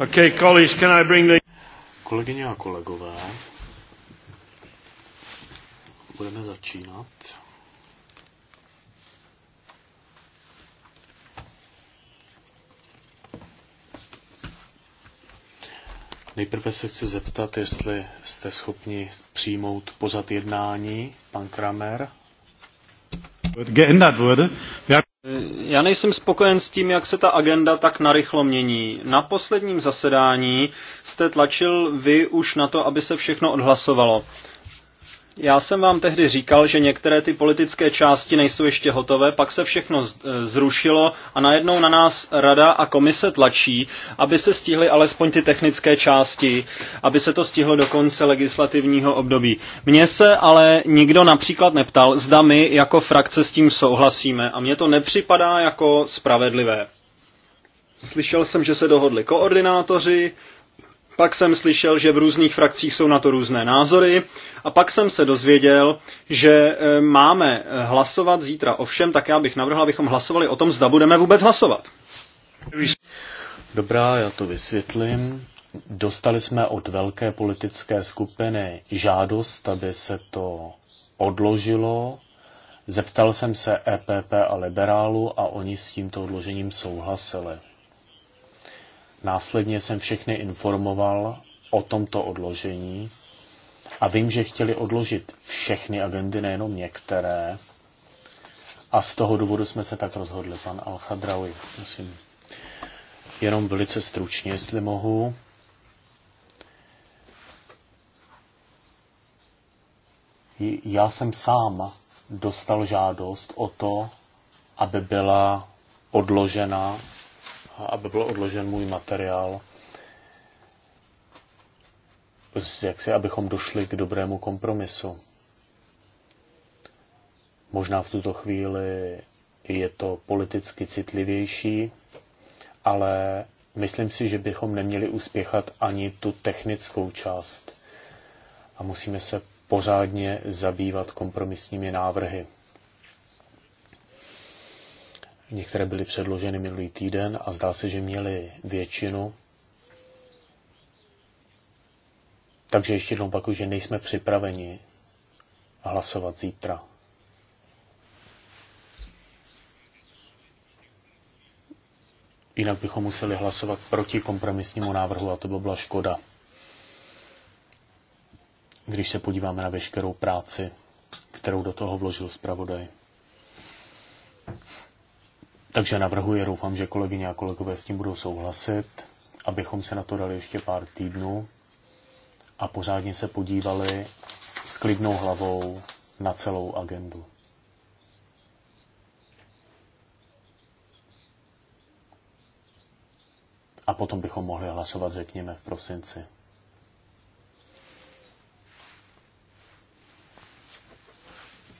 Okay, colleagues, can I bring the... Kolegyně a kolegové, budeme začínat. Nejprve se chci zeptat, jestli jste schopni přijmout pozad jednání, pan Kramer. Geändert wurde. Já nejsem spokojen s tím, jak se ta agenda tak narychlo mění. Na posledním zasedání jste tlačil vy už na to, aby se všechno odhlasovalo. Já jsem vám tehdy říkal, že některé ty politické části nejsou ještě hotové, pak se všechno e, zrušilo a najednou na nás rada a komise tlačí, aby se stihly alespoň ty technické části, aby se to stihlo do konce legislativního období. Mně se ale nikdo například neptal, zda my jako frakce s tím souhlasíme a mně to nepřipadá jako spravedlivé. Slyšel jsem, že se dohodli koordinátoři, pak jsem slyšel, že v různých frakcích jsou na to různé názory a pak jsem se dozvěděl, že e, máme e, hlasovat zítra Ovšem, tak já bych navrhl, abychom hlasovali o tom, zda budeme vůbec hlasovat. Dobrá, já to vysvětlím. Dostali jsme od velké politické skupiny žádost, aby se to odložilo. Zeptal jsem se EPP a liberálu a oni s tímto odložením souhlasili. Následně jsem všechny informoval o tomto odložení a vím, že chtěli odložit všechny agendy, nejenom některé. A z toho důvodu jsme se tak rozhodli, pan al musím jenom velice stručně, jestli mohu. Já jsem sám dostal žádost o to, aby byla odložena aby byl odložen můj materiál, jak si, abychom došli k dobrému kompromisu. Možná v tuto chvíli je to politicky citlivější, ale myslím si, že bychom neměli uspěchat ani tu technickou část. A musíme se pořádně zabývat kompromisními návrhy. Některé byly předloženy minulý týden a zdá se, že měly většinu. Takže ještě jednou opakuju, že nejsme připraveni hlasovat zítra. Jinak bychom museli hlasovat proti kompromisnímu návrhu a to by byla škoda. Když se podíváme na veškerou práci, kterou do toho vložil zpravodaj. Takže navrhuji, doufám, že kolegyně a kolegové s tím budou souhlasit, abychom se na to dali ještě pár týdnů a pořádně se podívali s klidnou hlavou na celou agendu. A potom bychom mohli hlasovat, řekněme, v prosinci.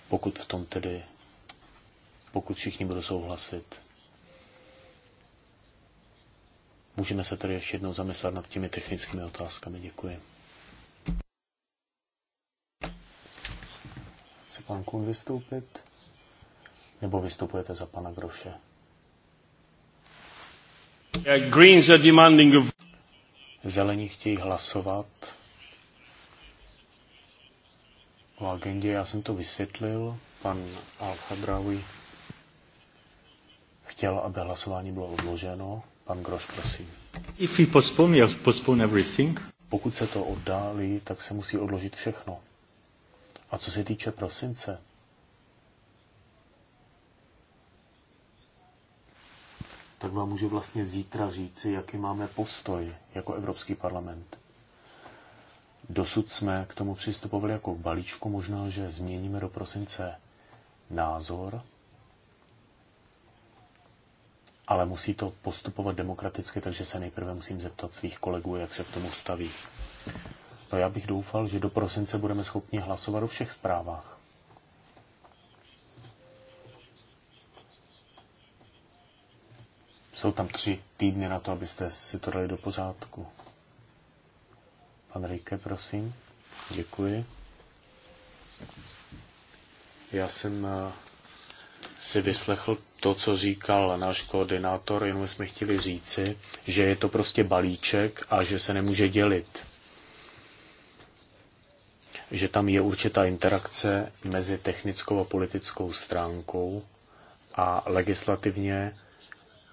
Pokud v tom tedy pokud všichni budou souhlasit. Můžeme se tedy ještě jednou zamyslet nad těmi technickými otázkami. Děkuji. Chce pan Kuhn vystoupit? Nebo vystupujete za pana Groše? Greens are demanding of... Zelení chtějí hlasovat o agendě. Já jsem to vysvětlil. Pan Al-Hadrawi chtěl, aby hlasování bylo odloženo. Pan Groš, prosím. If we postpone, we postpone everything. Pokud se to oddálí, tak se musí odložit všechno. A co se týče prosince, tak vám můžu vlastně zítra říci, jaký máme postoj jako Evropský parlament. Dosud jsme k tomu přistupovali jako k balíčku, možná, že změníme do prosince názor, ale musí to postupovat demokraticky, takže se nejprve musím zeptat svých kolegů, jak se k tomu staví. No já bych doufal, že do prosince budeme schopni hlasovat o všech zprávách. Jsou tam tři týdny na to, abyste si to dali do pořádku. Pan Rejke, prosím. Děkuji. Já jsem eh, si vyslechl to, co říkal náš koordinátor, jenom jsme chtěli říci, že je to prostě balíček a že se nemůže dělit. Že tam je určitá interakce mezi technickou a politickou stránkou a legislativně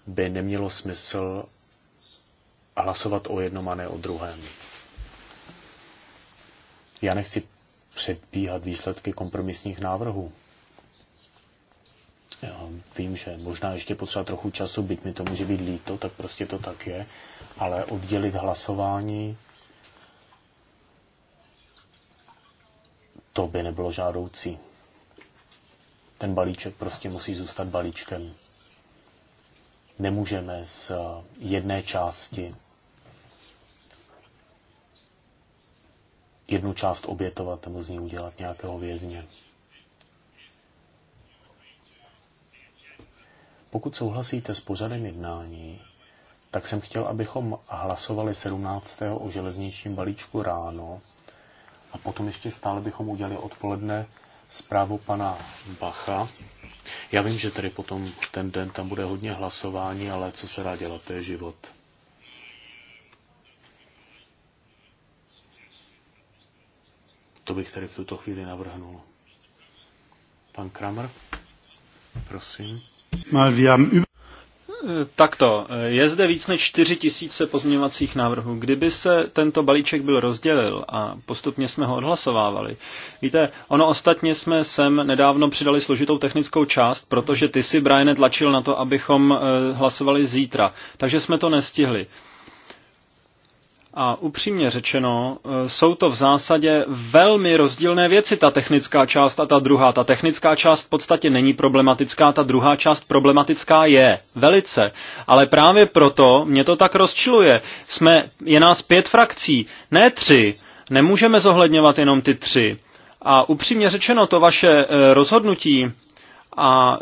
by nemělo smysl hlasovat o jednom a ne o druhém. Já nechci předbíhat výsledky kompromisních návrhů. Já vlastně, vím, že možná ještě potřeba trochu času, byť mi to může být líto, tak prostě to tak je, ale oddělit hlasování, to by nebylo žádoucí. Ten balíček prostě musí zůstat balíčkem. Nemůžeme z eh, jedné části jednu část obětovat nebo z ní udělat nějakého vězně. Pokud souhlasíte s pořadem jednání, tak jsem chtěl, abychom hlasovali 17. o železničním balíčku ráno a potom ještě stále bychom udělali odpoledne zprávu pana Bacha. Já vím, že tady potom ten den tam bude hodně hlasování, ale co se dá dělat, to je život. To bych tady v tuto chvíli navrhnul. Pan Kramer, prosím. Takto, je zde víc než 4 tisíce pozměňovacích návrhů. Kdyby se tento balíček byl rozdělil a postupně jsme ho odhlasovávali, víte, ono ostatně jsme sem nedávno přidali složitou technickou část, protože ty si, Brian, tlačil na to, abychom eh, hlasovali zítra, takže jsme to nestihli. A upřímně řečeno, e, jsou to v zásadě velmi rozdílné věci, ta technická část a ta druhá. Ta technická část v podstatě není problematická, ta druhá část problematická je. Velice. Ale právě proto mě to tak rozčiluje. Jsme, je nás pět frakcí, ne tři. Nemůžeme zohledňovat jenom ty tři. A upřímně řečeno, to vaše e, rozhodnutí a e,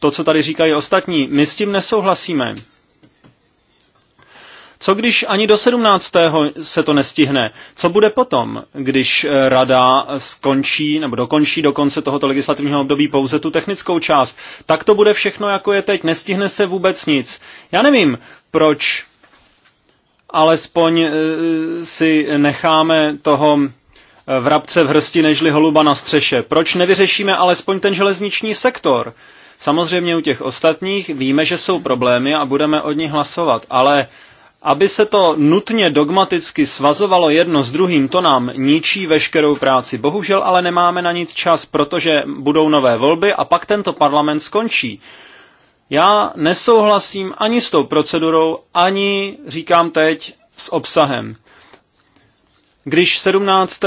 to, co tady říkají ostatní, my s tím nesouhlasíme. Co když ani do 17. se to nestihne? Co bude potom, když eh, rada skončí nebo dokončí do konce tohoto legislativního období pouze tu technickou část? Tak to bude všechno, jako je teď. Nestihne se vůbec nic. Já nevím, proč alespoň eh, si necháme toho eh, vrabce v hrsti nežli holuba na střeše. Proč nevyřešíme alespoň ten železniční sektor? Samozřejmě u těch ostatních víme, že jsou problémy a budeme od nich hlasovat, ale aby se to nutně dogmaticky svazovalo jedno s druhým, to nám ničí veškerou práci. Bohužel ale nemáme na nic čas, protože budou nové volby a pak tento parlament skončí. Já nesouhlasím ani s tou procedurou, ani, říkám teď, s obsahem. Když 17.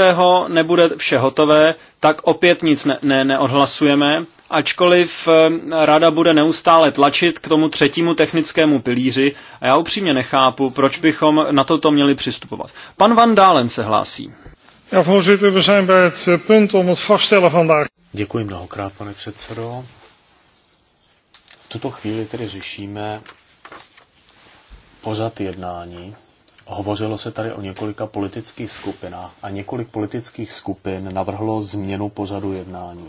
nebude vše hotové, tak opět nic ne, ne neodhlasujeme ačkoliv eh, rada bude neustále tlačit k tomu třetímu technickému pilíři a já upřímně nechápu, proč bychom na toto měli přistupovat. Pan Van Dalen se hlásí. Ja, voorzitter, we zijn bij het eh, punt om het vaststellen vandaag. Děkuji mnohokrát, pane předsedo. V tuto chvíli tedy řešíme pořad jednání. Hovořilo se tady o několika politických skupinách a několik politických skupin navrhlo změnu pořadu jednání.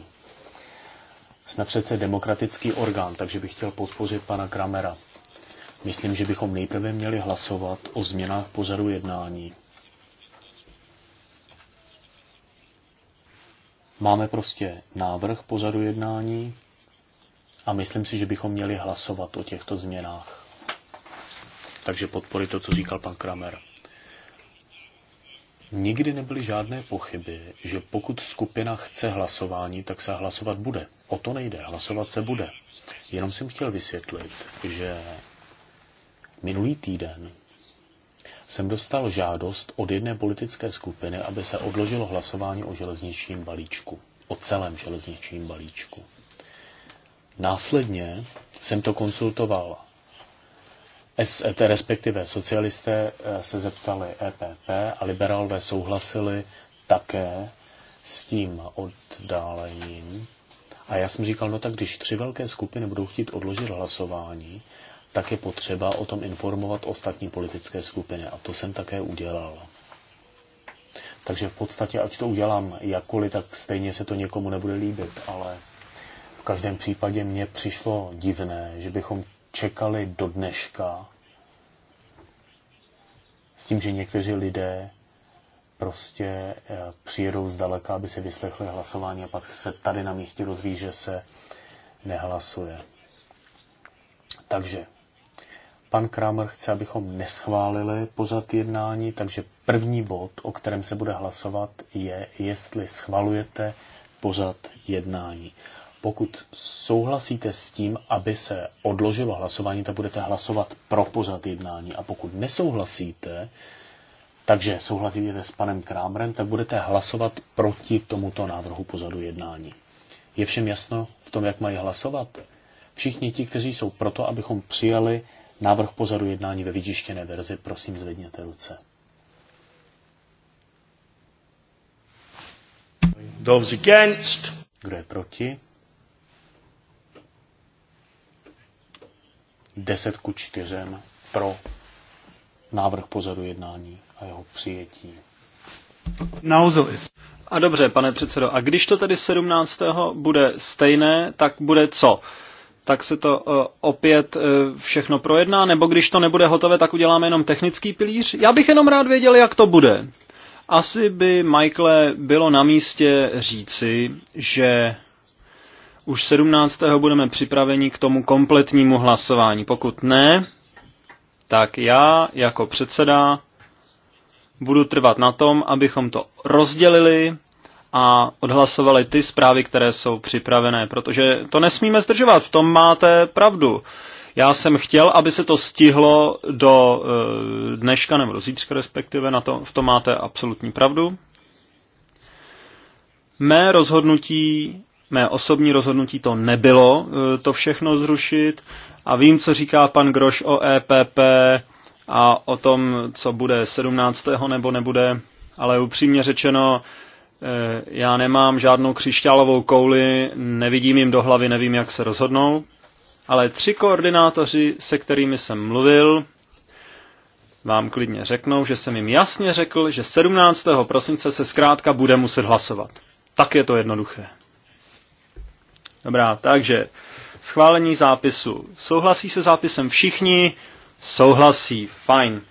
Jsme přece demokratický orgán, takže bych chtěl podpořit pana Kramera. Myslím, že bychom nejprve měli hlasovat o změnách pořadu jednání. Máme prostě návrh pořadu jednání a myslím si, že bychom měli hlasovat o těchto změnách. Takže podpory to, co říkal pan Kramer. Nikdy nebyly žádné pochyby, že pokud skupina chce hlasování, tak se hlasovat bude. O to nejde, hlasovat se bude. Jenom jsem chtěl vysvětlit, že minulý týden jsem dostal žádost od jedné politické skupiny, aby se odložilo hlasování o železničním balíčku, o celém železničním balíčku. Následně jsem to konsultoval SET, eh, respektive socialisté, eh, se zeptali EPP a liberálové souhlasili také s tím oddálením. A já jsem říkal, no tak když tři velké skupiny budou chtít odložit hlasování, tak je potřeba o tom informovat ostatní politické skupiny. A to jsem také udělal. Takže v podstatě, ať to udělám jakkoliv, tak stejně se to někomu nebude líbit, ale v každém případě mně přišlo divné, že bychom čekali do dneška s tím, že někteří lidé prostě eh, přijedou zdaleka, aby se vyslechli hlasování a pak se tady na místě rozví, že se nehlasuje. Takže pan Kramer chce, abychom neschválili pořad jednání, takže první bod, o kterém se bude hlasovat, je, jestli schvalujete pořad jednání. Pokud souhlasíte s tím, aby se odložilo hlasování, tak budete hlasovat pro pořad jednání. A pokud nesouhlasíte, takže souhlasíte s panem Krámrem, tak budete hlasovat proti tomuto návrhu pořadu jednání. Je všem jasno v tom, jak mají hlasovat? Všichni ti, kteří jsou proto, abychom přijali návrh pořadu jednání ve vytištěné verzi, prosím zvedněte ruce. Those against. Kdo je proti? 10 ku 4 pro návrh pozadu jednání a jeho přijetí. A dobře, pane předsedo, a když to tedy 17. bude stejné, tak bude co? Tak se to eh, opět eh, všechno projedná, nebo když to nebude hotové, tak uděláme jenom technický pilíř? Já bych jenom rád věděl, jak to bude. Asi by, Michael bylo na místě říci, že už 17. budeme připraveni k tomu kompletnímu hlasování. Pokud ne, tak já jako předseda budu trvat na tom, abychom to rozdělili a odhlasovali ty zprávy, které jsou připravené, protože to nesmíme zdržovat, v tom máte pravdu. Já jsem chtěl, aby se to stihlo do eh, dneška nebo do zítřka respektive, na to, v tom máte absolutní pravdu. Mé rozhodnutí Mé osobní rozhodnutí to nebylo e, to všechno zrušit a vím, co říká pan Groš o EPP a o tom, co bude 17. nebo nebude, ale upřímně řečeno, e, já nemám žádnou křišťálovou kouli, nevidím jim do hlavy, nevím, jak se rozhodnou, ale tři koordinátoři, se kterými jsem mluvil, vám klidně řeknou, že jsem jim jasně řekl, že 17. prosince se zkrátka bude muset hlasovat. Tak je to jednoduché. Dobrá, takže schválení zápisu. Souhlasí se zápisem všichni? Souhlasí, fajn.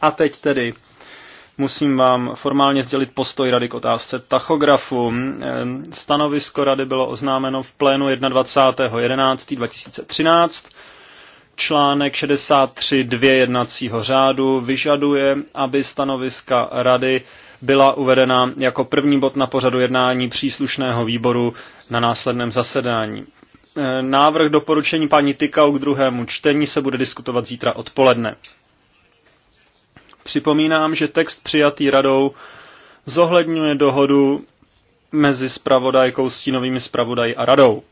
A teď tedy musím vám formálně sdělit postoj rady k otázce tachografu. Ehm, stanovisko rady bylo oznámeno v plénu 21.11.2013. Článek 63.2 jednacího řádu vyžaduje, aby stanoviska rady byla uvedena jako první bod na pořadu jednání příslušného výboru na následném zasedání. E, návrh doporučení paní Tykau k druhému čtení se bude diskutovat zítra odpoledne. Připomínám, že text přijatý radou zohledňuje dohodu mezi spravodajkou, stínovými spravodají a radou.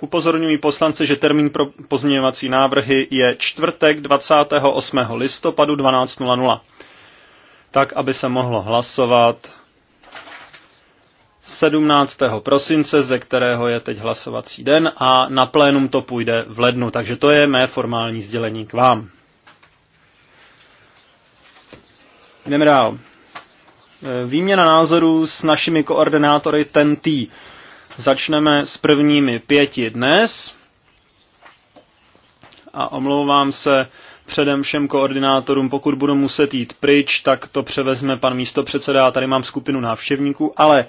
Upozorňuji poslance, že termín pro pozměňovací návrhy je čtvrtek 28. listopadu 12.00 tak aby se mohlo hlasovat 17. prosince, ze kterého je teď hlasovací den a na plénum to půjde v lednu. Takže to je mé formální sdělení k vám. Jdeme dál. E, výměna názorů s našimi koordinátory TNT. Začneme s prvními pěti dnes. A omlouvám se, předem všem koordinátorům, pokud budu muset jít pryč, tak to převezme pan místopředseda, já tady mám skupinu návštěvníků, ale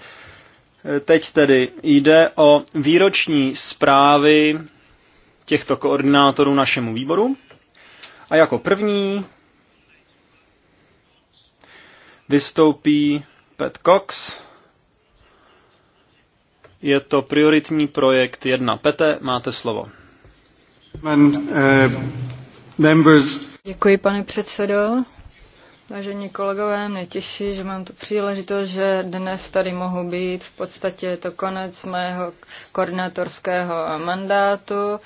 e, teď tedy jde o výroční zprávy těchto koordinátorů našemu výboru. A jako první vystoupí Pat Cox. Je to prioritní projekt 1. Pete, máte slovo. Man, uh... Děkuji, pane předsedo. Vážení kolegové, mě těší, že mám tu příležitost, že dnes tady mohu být. V podstatě je to konec mého koordinátorského mandátu.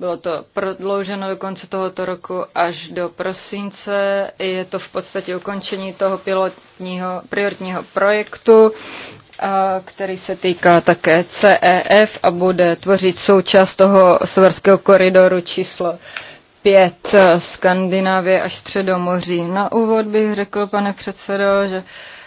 Bylo to prodlouženo do konce tohoto roku až do prosince. Je to v podstatě ukončení toho pilotního, prioritního projektu, který se týká také CEF a bude tvořit součást toho severského koridoru číslo pět eh, Skandinávie až Středomoří. Na úvod bych řekl, pane předsedo, že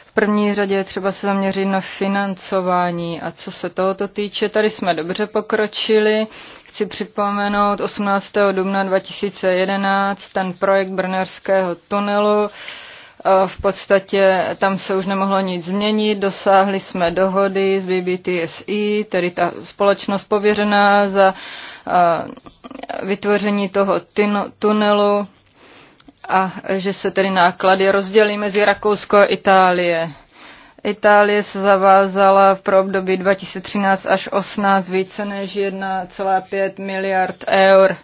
v první řadě je třeba se zaměřit na financování. A co se tohoto týče, tady jsme dobře pokročili. Chci připomenout 18. dubna 2011 ten projekt Brnerského tunelu. Eh, v podstatě tam se už nemohlo nic změnit. Dosáhli jsme dohody s BBTSI, tedy ta společnost pověřená za uh, Eh, vytvoření toho tunelu a že se tedy náklady rozdělí mezi Rakousko a Itálie. Itálie se zavázala v pro období 2013 až 2018 více než 1,5 miliard eur.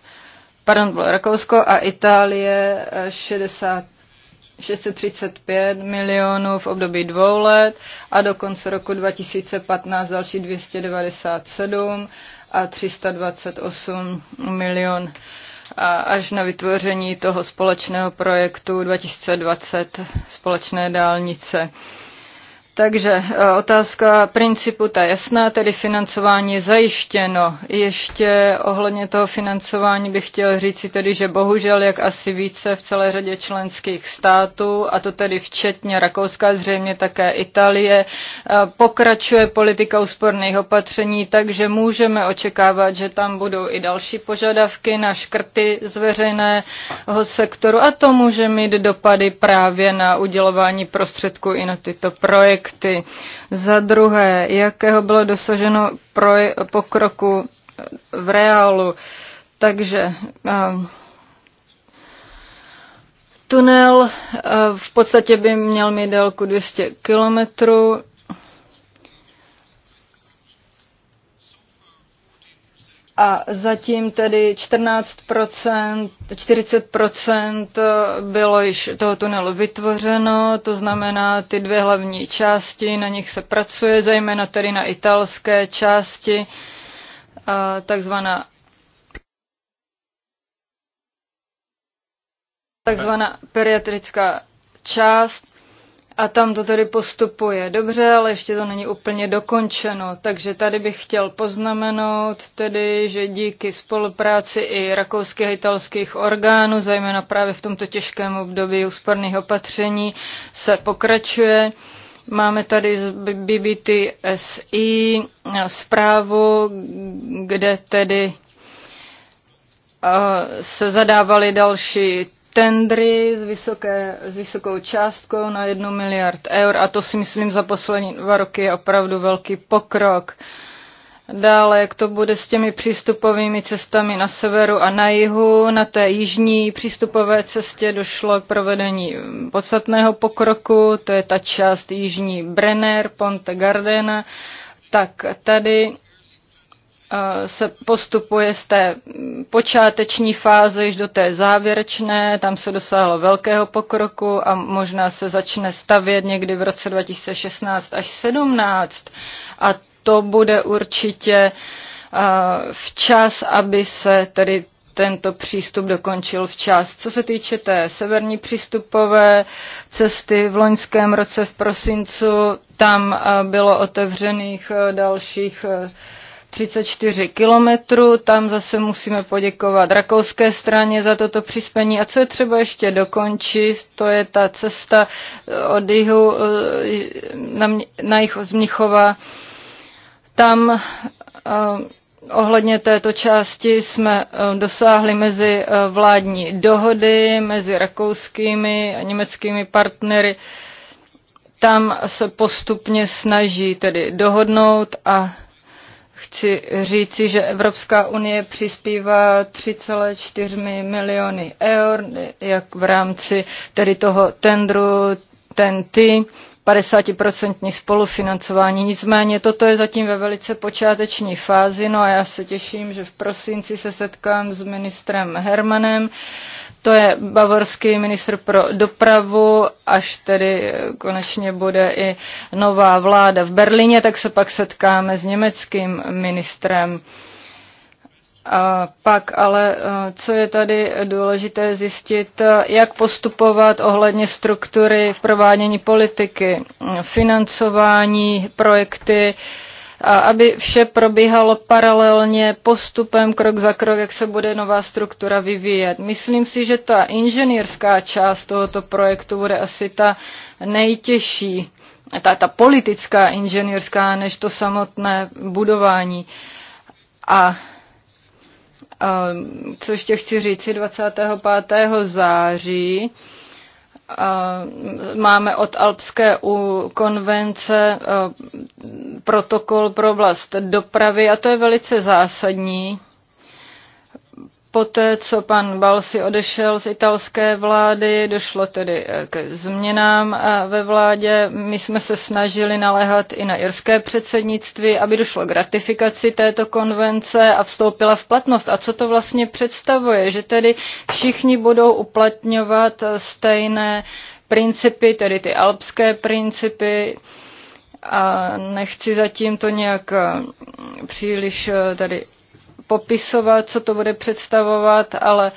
Pardon, bylo Rakousko a Itálie 60 eh, 635 milionů v období dvou let a do konce roku 2015 další 297 a 328 milion a až na vytvoření toho společného projektu 2020 společné dálnice. Takže e, otázka principu ta jasná, tedy financování je zajištěno. Ještě ohledně toho financování bych chtěl říci tedy, že bohužel, jak asi více v celé řadě členských států, a to tedy včetně Rakouska, zřejmě také Itálie, e, pokračuje politika úsporných opatření, takže můžeme očekávat, že tam budou i další požadavky na škrty z veřejného sektoru a to může mít dopady právě na udělování prostředků i na tyto projekty projekty. Za druhé, jakého bylo dosaženo pokroku v reálu. Takže ehm, tunel eh, v podstatě by měl mít délku 200 kilometrů a zatím tedy 14%, 40% bylo již toho tunelu vytvořeno, to znamená ty dvě hlavní části, na nich se pracuje, zejména tedy na italské části, takzvaná takzvaná periatrická část a tam to tedy postupuje dobře, ale ještě to není úplně dokončeno. Takže tady bych chtěl poznamenout tedy, že díky spolupráci i rakouských a italských orgánů, zejména právě v tomto těžkém období úsporných opatření, se pokračuje. Máme tady z BBTSI eh, zprávu, kde tedy eh, se zadávaly další tendry s, vysoké, s vysokou částkou na 1 miliard eur a to si myslím za poslední dva roky je opravdu velký pokrok. Dále, jak to bude s těmi přístupovými cestami na severu a na jihu. Na té jižní přístupové cestě došlo k provedení podstatného pokroku, to je ta část jižní Brenner, Ponte Gardena. Tak tady se postupuje z té počáteční fáze již do té závěrečné, tam se dosáhlo velkého pokroku a možná se začne stavět někdy v roce 2016 až 17 a to bude určitě včas, aby se tedy tento přístup dokončil včas. Co se týče té severní přístupové cesty v loňském roce v prosincu, tam bylo otevřených dalších 34 kilometrů. Tam zase musíme poděkovat rakouské straně za toto přispění. A co je třeba ještě dokončit, to je ta cesta eh, od jihu eh, na, na jich z Mnichova. Tam eh, ohledně této části jsme dosáhli mezi vládní dohody, mezi rakouskými a německými partnery tam se postupně snaží tedy dohodnout a Chci říci, že Evropská unie přispívá 3,4 miliony eur, jak v rámci tedy toho tendru TEN-T, 50% spolufinancování. Nicméně toto je zatím ve velice počáteční fázi, no a já se těším, že v prosinci se setkám s ministrem Hermanem, to je bavorský ministr pro dopravu, až tedy eh, konečně bude i nová vláda v Berlíně, tak se pak setkáme s německým ministrem a pak ale, eh, co je tady důležité zjistit, eh, jak postupovat ohledně struktury v provádění politiky, mm, financování, projekty, a aby vše probíhalo paralelně postupem, krok za krok, jak se bude nová struktura vyvíjet. Myslím si, že ta inženýrská část tohoto projektu bude asi ta nejtěžší, ta, ta politická inženýrská, než to samotné budování. A co ještě chci říci, 25. září máme od Alpské konvence protokol pro vlast dopravy a to je velice zásadní Poté, co pan Balsi odešel z italské vlády, došlo tedy eh, k změnám eh, ve vládě. My jsme se snažili naléhat i na irské předsednictví, aby došlo k ratifikaci této konvence a vstoupila v platnost. A co to vlastně představuje? Že tedy všichni budou uplatňovat eh, stejné principy, tedy ty alpské principy, a nechci zatím to nějak příliš tady popisovat, co to bude představovat, ale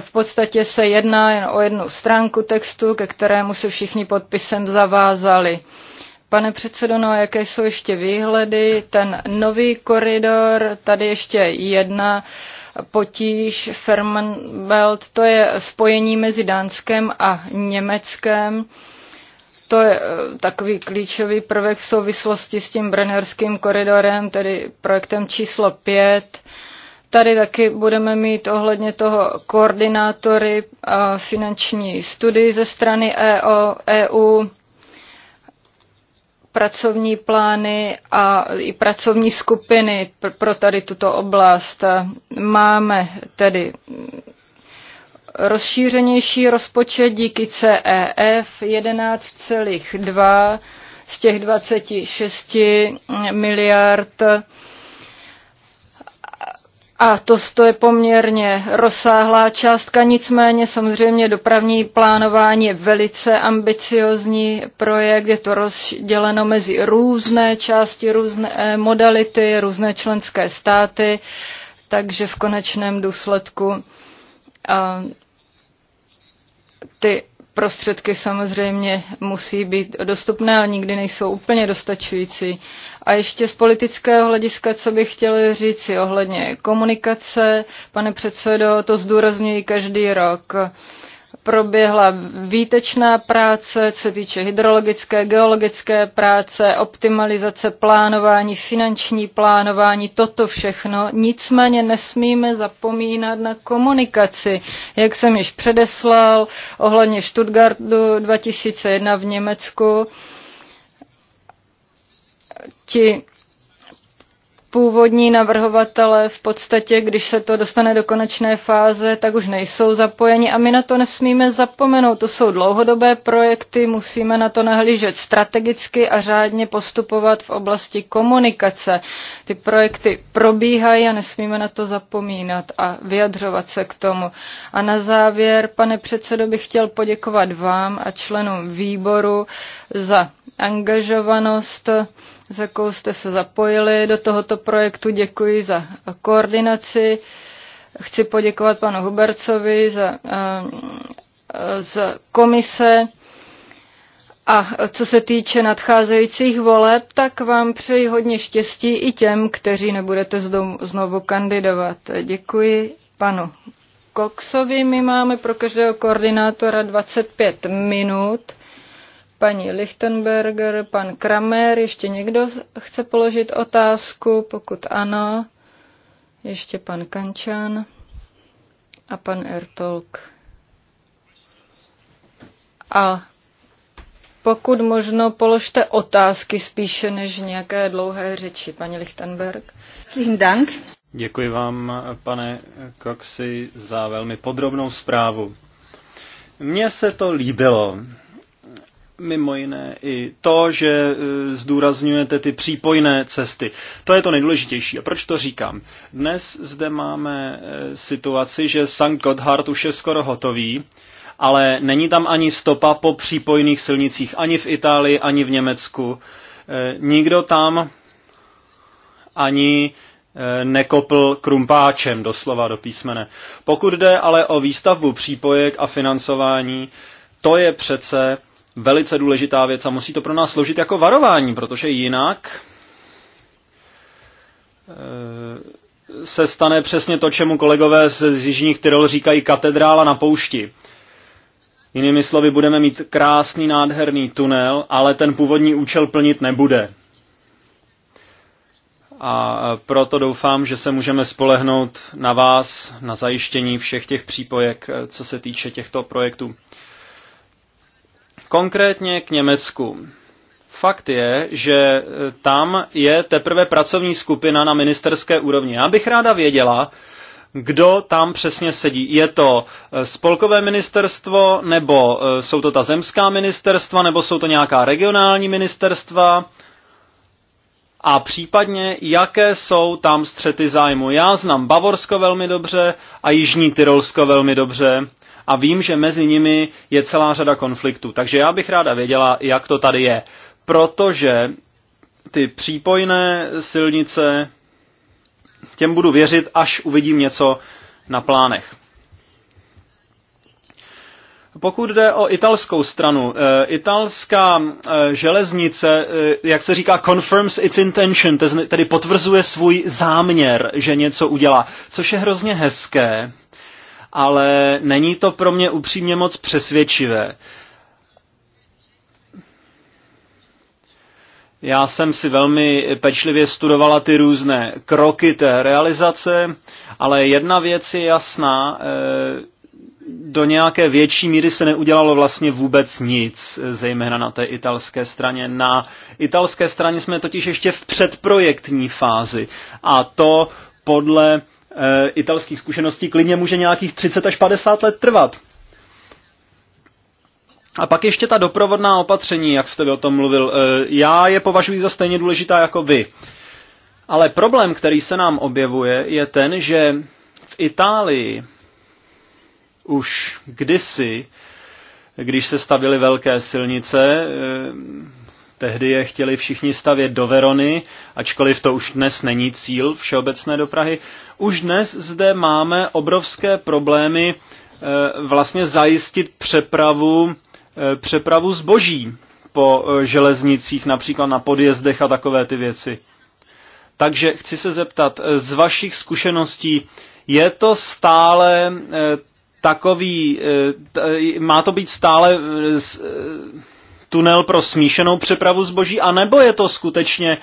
v podstatě se jedná jen o jednu stránku textu, ke kterému se všichni podpisem zavázali. Pane předsedo, no jaké jsou ještě výhledy? Ten nový koridor, tady ještě jedna potíž, Fermanbelt, to je spojení mezi Dánskem a Německem. To je eh, takový klíčový prvek v souvislosti s tím Brennerským koridorem, tedy projektem číslo 5 Tady taky budeme mít ohledně toho koordinátory a finanční studii ze strany EO, EU, pracovní plány a i pracovní skupiny pro tady tuto oblast. Máme tedy rozšířenější rozpočet díky e CEF 11,2 z těch 26 miliard a to, to je poměrně rozsáhlá částka, nicméně samozřejmě dopravní plánování je velice ambiciozní projekt, je to rozděleno mezi různé části, různé eh, modality, různé členské státy, takže v konečném důsledku a, eh, ty prostředky samozřejmě musí být dostupné a nikdy nejsou úplně dostačující. A ještě z politického hlediska, co bych chtěl říct, ohledně komunikace, pane předsedo, to zdůrazňuji každý rok proběhla výtečná práce, co se týče hydrologické, geologické práce, optimalizace plánování, finanční plánování, toto všechno. Nicméně nesmíme zapomínat na komunikaci. Jak jsem již předeslal, ohledně Stuttgartu 2001 v Německu, ti původní navrhovatele v podstatě, když se to dostane do konečné fáze, tak už nejsou zapojeni a my na to nesmíme zapomenout. To jsou dlouhodobé projekty, musíme na to nahlížet strategicky a řádně postupovat v oblasti komunikace. Ty projekty probíhají a nesmíme na to zapomínat a vyjadřovat se k tomu. A na závěr, pane předsedo, bych chtěl poděkovat vám a členům výboru za angažovanost s jakou jste se zapojili do tohoto projektu. Děkuji za koordinaci. Chci poděkovat panu Hubercovi za, eh, za komise. A co se týče nadcházejících voleb, tak vám přeji hodně štěstí i těm, kteří nebudete znovu kandidovat. Děkuji panu Koksovi. My máme pro každého koordinátora 25 minut paní Lichtenberger, pan Kramer, ještě někdo chce položit otázku? Pokud ano, ještě pan Kančan a pan Ertolk. A pokud možno položte otázky spíše než nějaké dlouhé řeči, paní Lichtenberg. Svým dank. Děkuji vám, pane Coxy, za velmi podrobnou zprávu. Mně se to líbilo mimo jiné i to, že e, zdůrazňujete ty přípojné cesty. To je to nejdůležitější. A proč to říkám? Dnes zde máme e, situaci, že St. Gotthard už je skoro hotový, ale není tam ani stopa po přípojných silnicích, ani v Itálii, ani v Německu. E, nikdo tam ani nekopl krumpáčem doslova do písmene. Pokud jde ale o výstavbu přípojek a financování, to je přece velice důležitá věc a musí to pro nás sloužit jako varování, protože jinak eh, se stane přesně to, čemu kolegové z Jižních Tyrol říkají katedrála na poušti. Jinými slovy, budeme mít krásný, nádherný tunel, ale ten původní účel plnit nebude. A proto doufám, že se můžeme spolehnout na vás, na zajištění všech těch přípojek, eh, co se týče těchto projektů. Konkrétně k Německu. Fakt je, že e, tam je teprve pracovní skupina na ministerské úrovni. Já bych ráda věděla, kdo tam přesně sedí. Je to e, spolkové ministerstvo, nebo e, jsou to ta zemská ministerstva, nebo jsou to nějaká regionální ministerstva? A případně, jaké jsou tam střety zájmu. Já znám Bavorsko velmi dobře a Jižní Tyrolsko velmi dobře a vím, že mezi nimi je celá řada konfliktů. Takže já bych ráda věděla, jak to tady je. Protože ty přípojné silnice, těm budu věřit, až uvidím něco na plánech. Pokud jde o italskou stranu, eh, italská eh, železnice, eh, jak se říká, confirms its intention, tedy potvrzuje svůj záměr, že něco udělá, což je hrozně hezké, ale není to pro mě upřímně moc přesvědčivé. Já jsem si velmi pečlivě studovala ty různé kroky té realizace, ale jedna věc je jasná, eh, do nějaké větší míry se neudělalo vlastně vůbec nic, eh, zejména na té italské straně. Na italské straně jsme totiž ještě v předprojektní fázi a to podle e, italských zkušeností klidně může nějakých 30 až 50 let trvat. A pak ještě ta doprovodná opatření, jak jste o tom mluvil. E, já je považuji za stejně důležitá jako vy. Ale problém, který se nám objevuje, je ten, že v Itálii už kdysi, když se stavily velké silnice, e, Tehdy je chtěli všichni stavět do Verony, ačkoliv to už dnes není cíl všeobecné dopravy. Už dnes zde máme obrovské problémy eh, vlastně zajistit přepravu, eh, přepravu zboží po eh, železnicích, například na podjezdech a takové ty věci. Takže chci se zeptat, z vašich zkušeností, je to stále takový, má to být stále tunel pro smíšenou přepravu zboží, anebo je to skutečně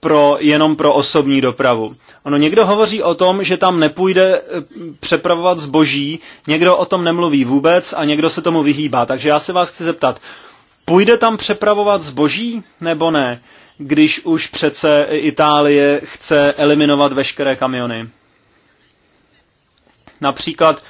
pro, jenom pro osobní dopravu. Ono někdo hovoří o tom, že tam nepůjde eh, přepravovat zboží, někdo o tom nemluví vůbec a někdo se tomu vyhýbá. Takže já se vás chci zeptat, půjde tam přepravovat zboží nebo ne, když už přece Itálie chce eliminovat veškeré kamiony? Například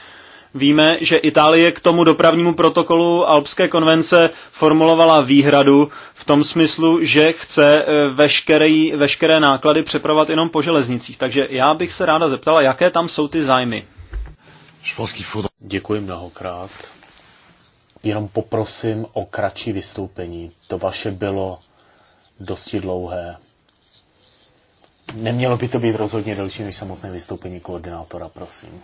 Víme, že Itálie k tomu dopravnímu protokolu Alpské konvence formulovala výhradu v tom smyslu, že chce eh, veškerý, veškeré náklady přepravovat jenom po železnicích. Takže já bych se ráda zeptala, jaké tam jsou ty zájmy. Děkuji mnohokrát. Jenom poprosím o kratší vystoupení. To vaše bylo dosti dlouhé. Nemělo by to být rozhodně delší než samotné vystoupení koordinátora, prosím.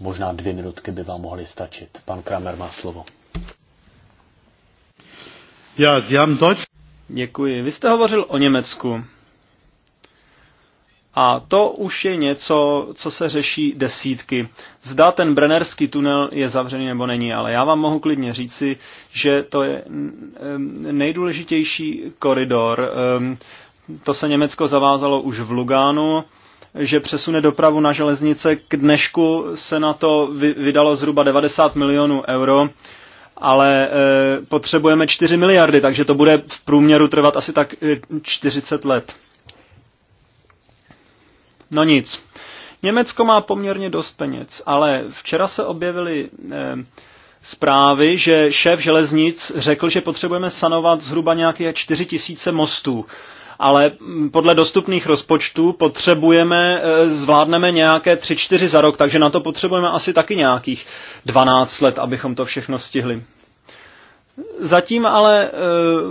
Možná dvě minutky by vám mohly stačit. Pan Kramer má slovo. Já, dělám toč. Děkuji. Vy jste hovořil o Německu. A to už je něco, co se řeší desítky. Zda ten Brennerský tunel je zavřený nebo není, ale já vám mohu klidně říci, že to je nejdůležitější koridor. To se Německo zavázalo už v Lugánu že přesune dopravu na železnice. K dnešku se na to vydalo zhruba 90 milionů euro, ale eh, potřebujeme 4 miliardy, takže to bude v průměru trvat asi tak 40 eh, let. No nic. Německo má poměrně dost peněz, ale včera se objevily eh, zprávy, že šéf železnic řekl, že potřebujeme sanovat zhruba nějaké 4 tisíce mostů ale podle dostupných rozpočtů potřebujeme, eh, zvládneme nějaké 3-4 za rok, takže na to potřebujeme asi taky nějakých 12 let, abychom to všechno stihli. Zatím ale eh,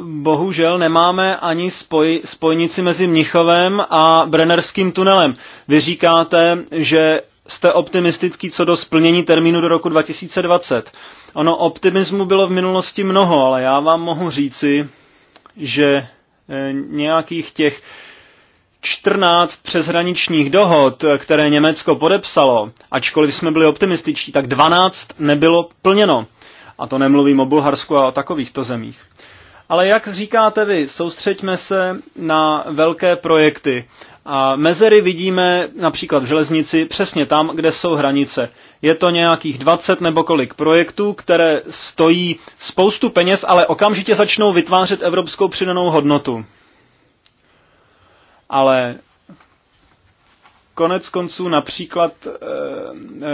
bohužel nemáme ani spoj, spojnici mezi Mnichovem a Brennerským tunelem. Vy říkáte, že jste optimistický co do splnění termínu do roku 2020. Ono optimismu bylo v minulosti mnoho, ale já vám mohu říci, že nějakých těch 14 přeshraničních dohod, které Německo podepsalo, ačkoliv jsme byli optimističtí, tak 12 nebylo plněno. A to nemluvím o Bulharsku a o takovýchto zemích. Ale jak říkáte vy, soustřeďme se na velké projekty a mezery vidíme například v železnici přesně tam, kde jsou hranice. Je to nějakých 20 nebo kolik projektů, které stojí spoustu peněz, ale okamžitě začnou vytvářet evropskou přidanou hodnotu. Ale konec konců například eh, eh,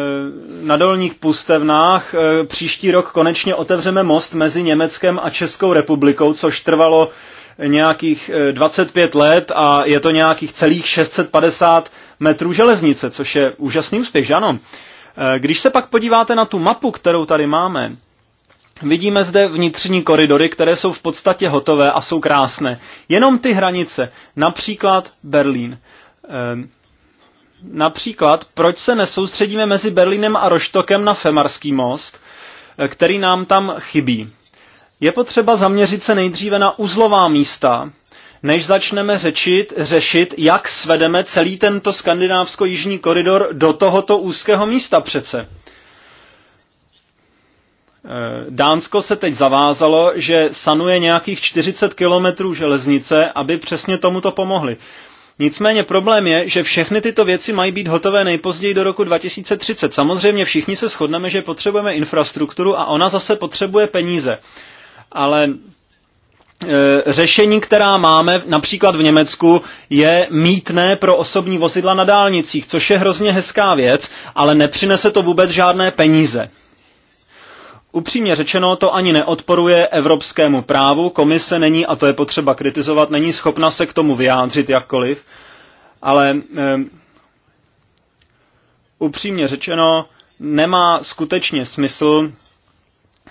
na dolních pustevnách eh, příští rok konečně otevřeme most mezi Německem a Českou republikou, což trvalo nějakých 25 eh, let a je to nějakých celých 650 metrů železnice, což je úžasný úspěch, že ano? Eh, když se pak podíváte na tu mapu, kterou tady máme, Vidíme zde vnitřní koridory, které jsou v podstatě hotové a jsou krásné. Jenom ty hranice, například Berlín. Eh, například, proč se nesoustředíme mezi Berlínem a Roštokem na Femarský most, který nám tam chybí. Je potřeba zaměřit se nejdříve na uzlová místa, než začneme řečit, řešit, jak svedeme celý tento skandinávsko-jižní koridor do tohoto úzkého místa přece. E, Dánsko se teď zavázalo, že sanuje nějakých 40 kilometrů železnice, aby přesně tomuto pomohli. Nicméně problém je, že všechny tyto věci mají být hotové nejpozději do roku 2030. Samozřejmě všichni se shodneme, že potřebujeme infrastrukturu a ona zase potřebuje peníze ale e, řešení, která máme například v Německu, je mítné pro osobní vozidla na dálnicích, což je hrozně hezká věc, ale nepřinese to vůbec žádné peníze. Upřímně řečeno, to ani neodporuje evropskému právu, komise není, a to je potřeba kritizovat, není schopna se k tomu vyjádřit jakkoliv, ale um, upřímně řečeno, nemá skutečně smysl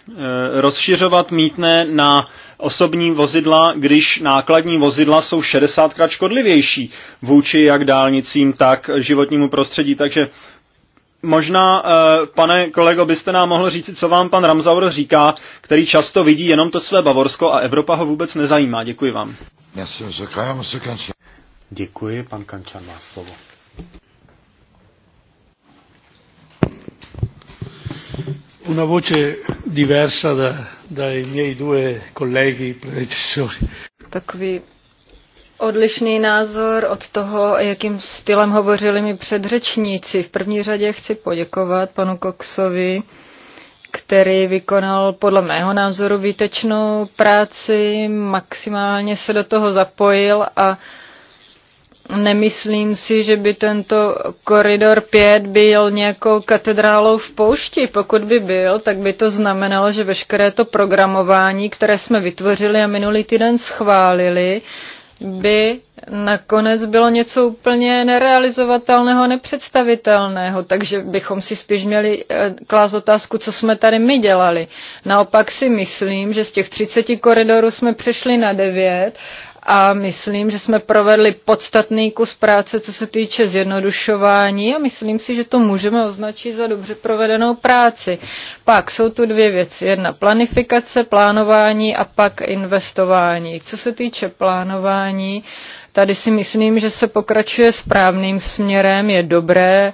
Eh, rozšiřovat mítné na osobní vozidla, když nákladní vozidla jsou 60krát škodlivější vůči jak dálnicím, tak životnímu prostředí. Takže možná, eh, pane kolego, byste nám mohl říct, co vám pan Ramzaur říká, který často vidí jenom to své Bavorsko a Evropa ho vůbec nezajímá. Děkuji vám. Děkuji, pan Kančan má slovo. una voce diversa da, dai miei due colleghi predecessori. Takový odlišný názor od toho, jakým stylem hovořili mi předřečníci. V první řadě chci poděkovat panu Coxovi, který vykonal podle mého názoru výtečnou práci, maximálně se do toho zapojil a nemyslím si, že by tento koridor 5 byl nějakou katedrálou v poušti. Pokud by byl, tak by to znamenalo, že veškeré to programování, které jsme vytvořili a minulý týden schválili, by nakonec bylo něco úplně nerealizovatelného, nepředstavitelného, takže bychom si spíš měli eh, klást otázku, co jsme tady my dělali. Naopak si myslím, že z těch 30 koridorů jsme přešli na 9 a myslím, že jsme provedli podstatný kus práce, co se týče zjednodušování a myslím si, že to můžeme označit za dobře provedenou práci. Pak jsou tu dvě věci. Jedna planifikace, plánování a pak investování. Co se týče plánování, tady si myslím, že se pokračuje správným směrem, je dobré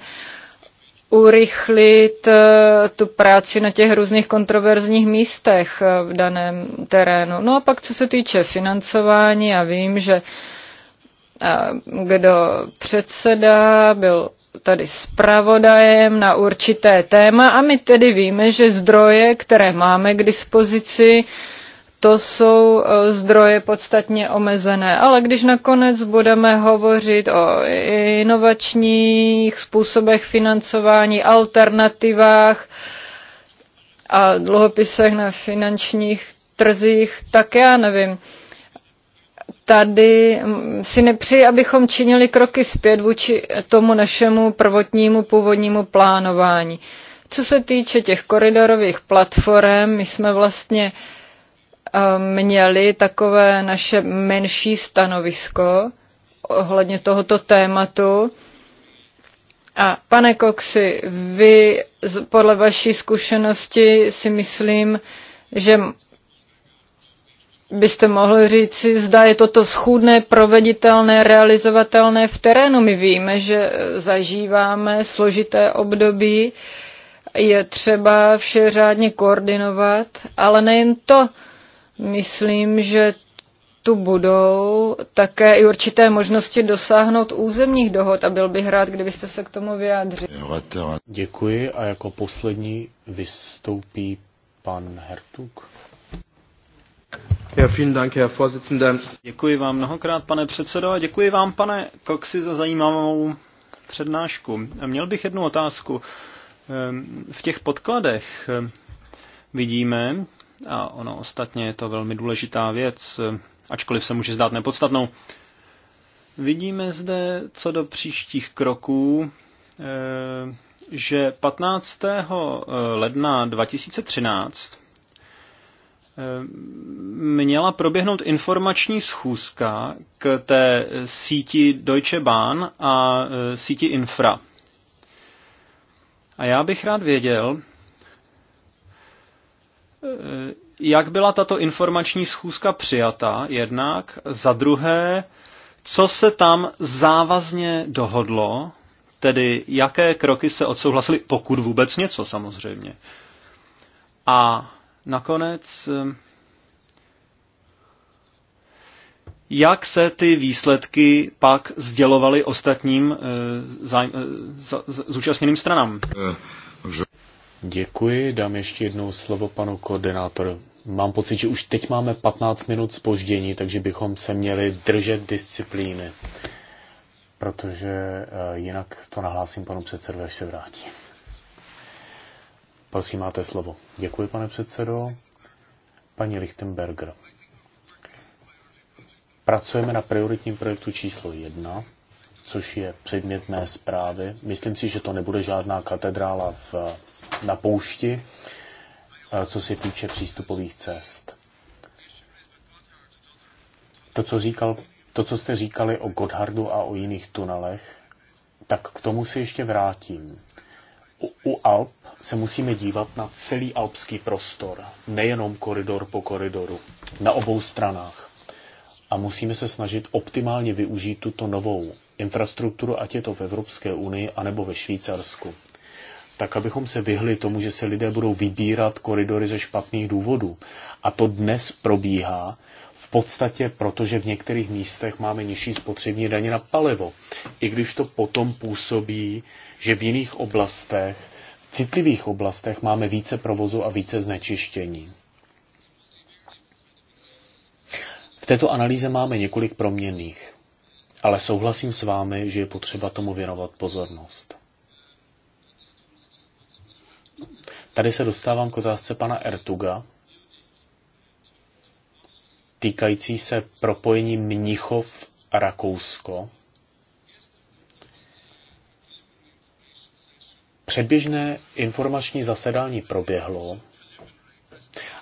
urychlit eh, tu práci na těch různých kontroverzních místech eh, v daném terénu. No a pak, co se týče financování, já vím, že kdo eh, předseda byl tady zpravodajem na určité téma a my tedy víme, že zdroje, které máme k dispozici, to jsou eh, zdroje podstatně omezené. Ale když nakonec budeme hovořit o inovačních způsobech financování, alternativách a dluhopisech na finančních trzích, tak já nevím. Tady si nepřeji, abychom činili kroky zpět vůči tomu našemu prvotnímu původnímu plánování. Co se týče těch koridorových platform, my jsme vlastně uh, měli takové naše menší stanovisko ohledně tohoto tématu. A pane Koxy, vy podle vaší zkušenosti si myslím, že byste mohli říci, zda je toto schůdné, proveditelné, realizovatelné v terénu. My víme, že e, zažíváme složité období, je třeba vše řádně koordinovat, ale nejen to, Myslím, že tu budou také i určité možnosti dosáhnout územních dohod a byl bych rád, kdybyste se k tomu vyjádřili. Děkuji a jako poslední vystoupí pan Hertug. Děkuji vám mnohokrát, pane předsedo, a děkuji vám, pane Coxy, za zajímavou přednášku. Měl bych jednu otázku. Ehm, v těch podkladech ehm, vidíme, a ono ostatně je to velmi důležitá věc, ačkoliv se může zdát nepodstatnou. Vidíme zde co do příštích kroků, eh, že 15. Eh, ledna 2013 eh, měla proběhnout informační schůzka k té síti Deutsche Bahn a síti Infra. A já bych rád věděl, Eh, jak byla tato informační schůzka přijata jednak, za druhé, co se tam závazně dohodlo, tedy jaké kroky se odsouhlasily, pokud vůbec něco samozřejmě. A nakonec, eh, jak se ty výsledky pak sdělovaly ostatním eh, zúčastněným stranám? Děkuji, dám ještě jednou slovo panu koordinátoru. Mám pocit, že už teď máme 15 minut spoždění, takže bychom se měli držet disciplíny, protože eh, jinak to nahlásím panu předsedovi, až se vrátí. Prosím, máte slovo. Děkuji, pane předsedo. Paní Lichtenberger. Pracujeme na prioritním projektu číslo jedna, což je předmět mé zprávy. Myslím si, že to nebude žádná katedrála v na poušti, eh, co se týče přístupových cest. To, co, říkal, to, co jste říkali o Godhardu a o jiných tunelech, tak k tomu se ještě vrátím. U, u Alp se musíme dívat na celý alpský prostor, nejenom koridor po koridoru, na obou stranách. A musíme se snažit optimálně využít tuto novou infrastrukturu, ať je to v Evropské unii anebo ve Švýcarsku tak abychom se vyhli tomu, že se lidé budou vybírat koridory ze špatných důvodů. A to dnes probíhá v podstatě proto, že v některých místech máme nižší spotřební daně na palivo. I když to potom působí, že v jiných oblastech, v citlivých oblastech máme více provozu a více znečištění. V této analýze máme několik proměnných, ale souhlasím s vámi, že je potřeba tomu věnovat pozornost. Tady se dostávám k otázce pana Ertuga, týkající se propojení Mnichov a Rakousko. Předběžné informační zasedání proběhlo,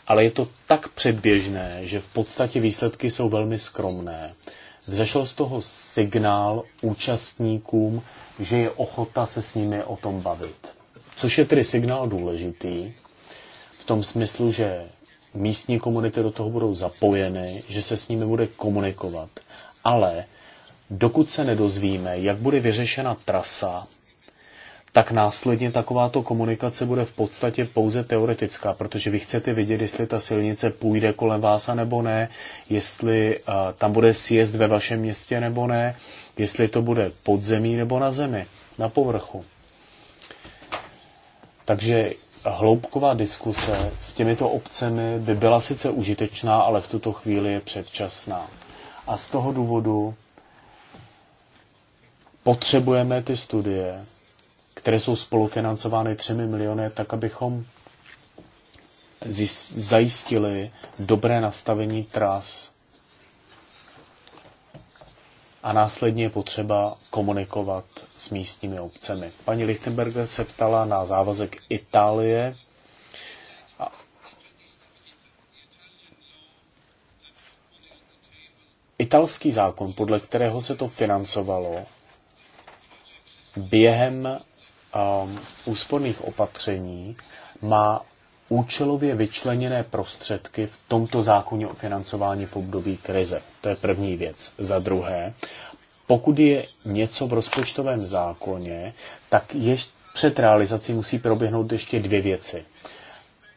ale je to tak předběžné, že v podstatě výsledky jsou velmi skromné. Vzešel z toho signál účastníkům, že je ochota se s nimi o tom bavit což je tedy signál důležitý v tom smyslu, že místní komunity do toho budou zapojeny, že se s nimi bude komunikovat. Ale dokud se nedozvíme, jak bude vyřešena trasa, tak následně takováto komunikace bude v podstatě pouze teoretická, protože vy chcete vidět, jestli ta silnice půjde kolem vás a nebo ne, jestli uh, tam bude sjezd ve vašem městě nebo ne, jestli to bude pod zemí nebo na zemi, na povrchu. Takže hloubková diskuse s těmito obcemi by byla sice užitečná, ale v tuto chvíli je předčasná. A z toho důvodu potřebujeme ty studie, které jsou spolufinancovány 3 miliony, tak abychom zajistili dobré nastavení tras a následně je potřeba komunikovat s místními obcemi. Paní Lichtenberger se ptala na závazek Itálie. italský zákon, podle kterého se to financovalo, během um, úsporných opatření má účelově vyčleněné prostředky v tomto zákoně o financování v období krize. To je první věc. Za druhé, pokud je něco v rozpočtovém zákoně, tak ještě před realizací musí proběhnout ještě dvě věci.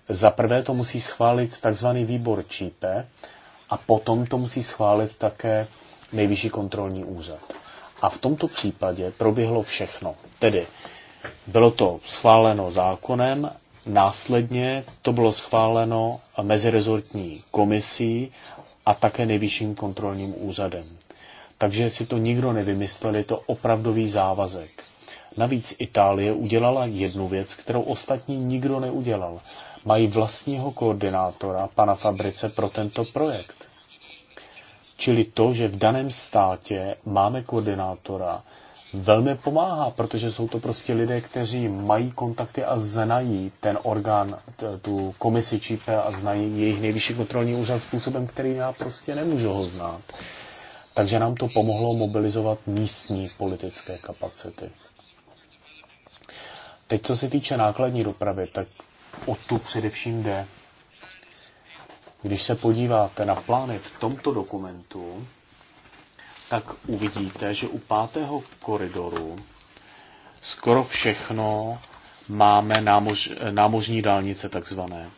Za prvé to musí schválit takzvaný výbor ČIPE a potom to musí schválit také nejvyšší kontrolní úřad. A v tomto případě proběhlo všechno. Tedy bylo to schváleno zákonem, Následně to bylo schváleno mezirezortní komisí a také nejvyšším kontrolním úřadem. Takže si to nikdo nevymyslel, je to opravdový závazek. Navíc Itálie udělala jednu věc, kterou ostatní nikdo neudělal. Mají vlastního koordinátora, pana Fabrice, pro tento projekt. Čili to, že v daném státě máme koordinátora, velmi pomáhá, protože jsou to prostě lidé, kteří mají kontakty a znají ten orgán, tu komisi ČIP a znají jejich nejvyšší kontrolní úřad způsobem, který já prostě nemůžu ho znát. Takže nám to pomohlo mobilizovat místní politické kapacity. Teď, co se týče nákladní dopravy, tak o tu především jde. Když se podíváte na plány v tomto dokumentu, tak uvidíte, že u pátého koridoru skoro všechno máme námož, námožní dálnice takzvané.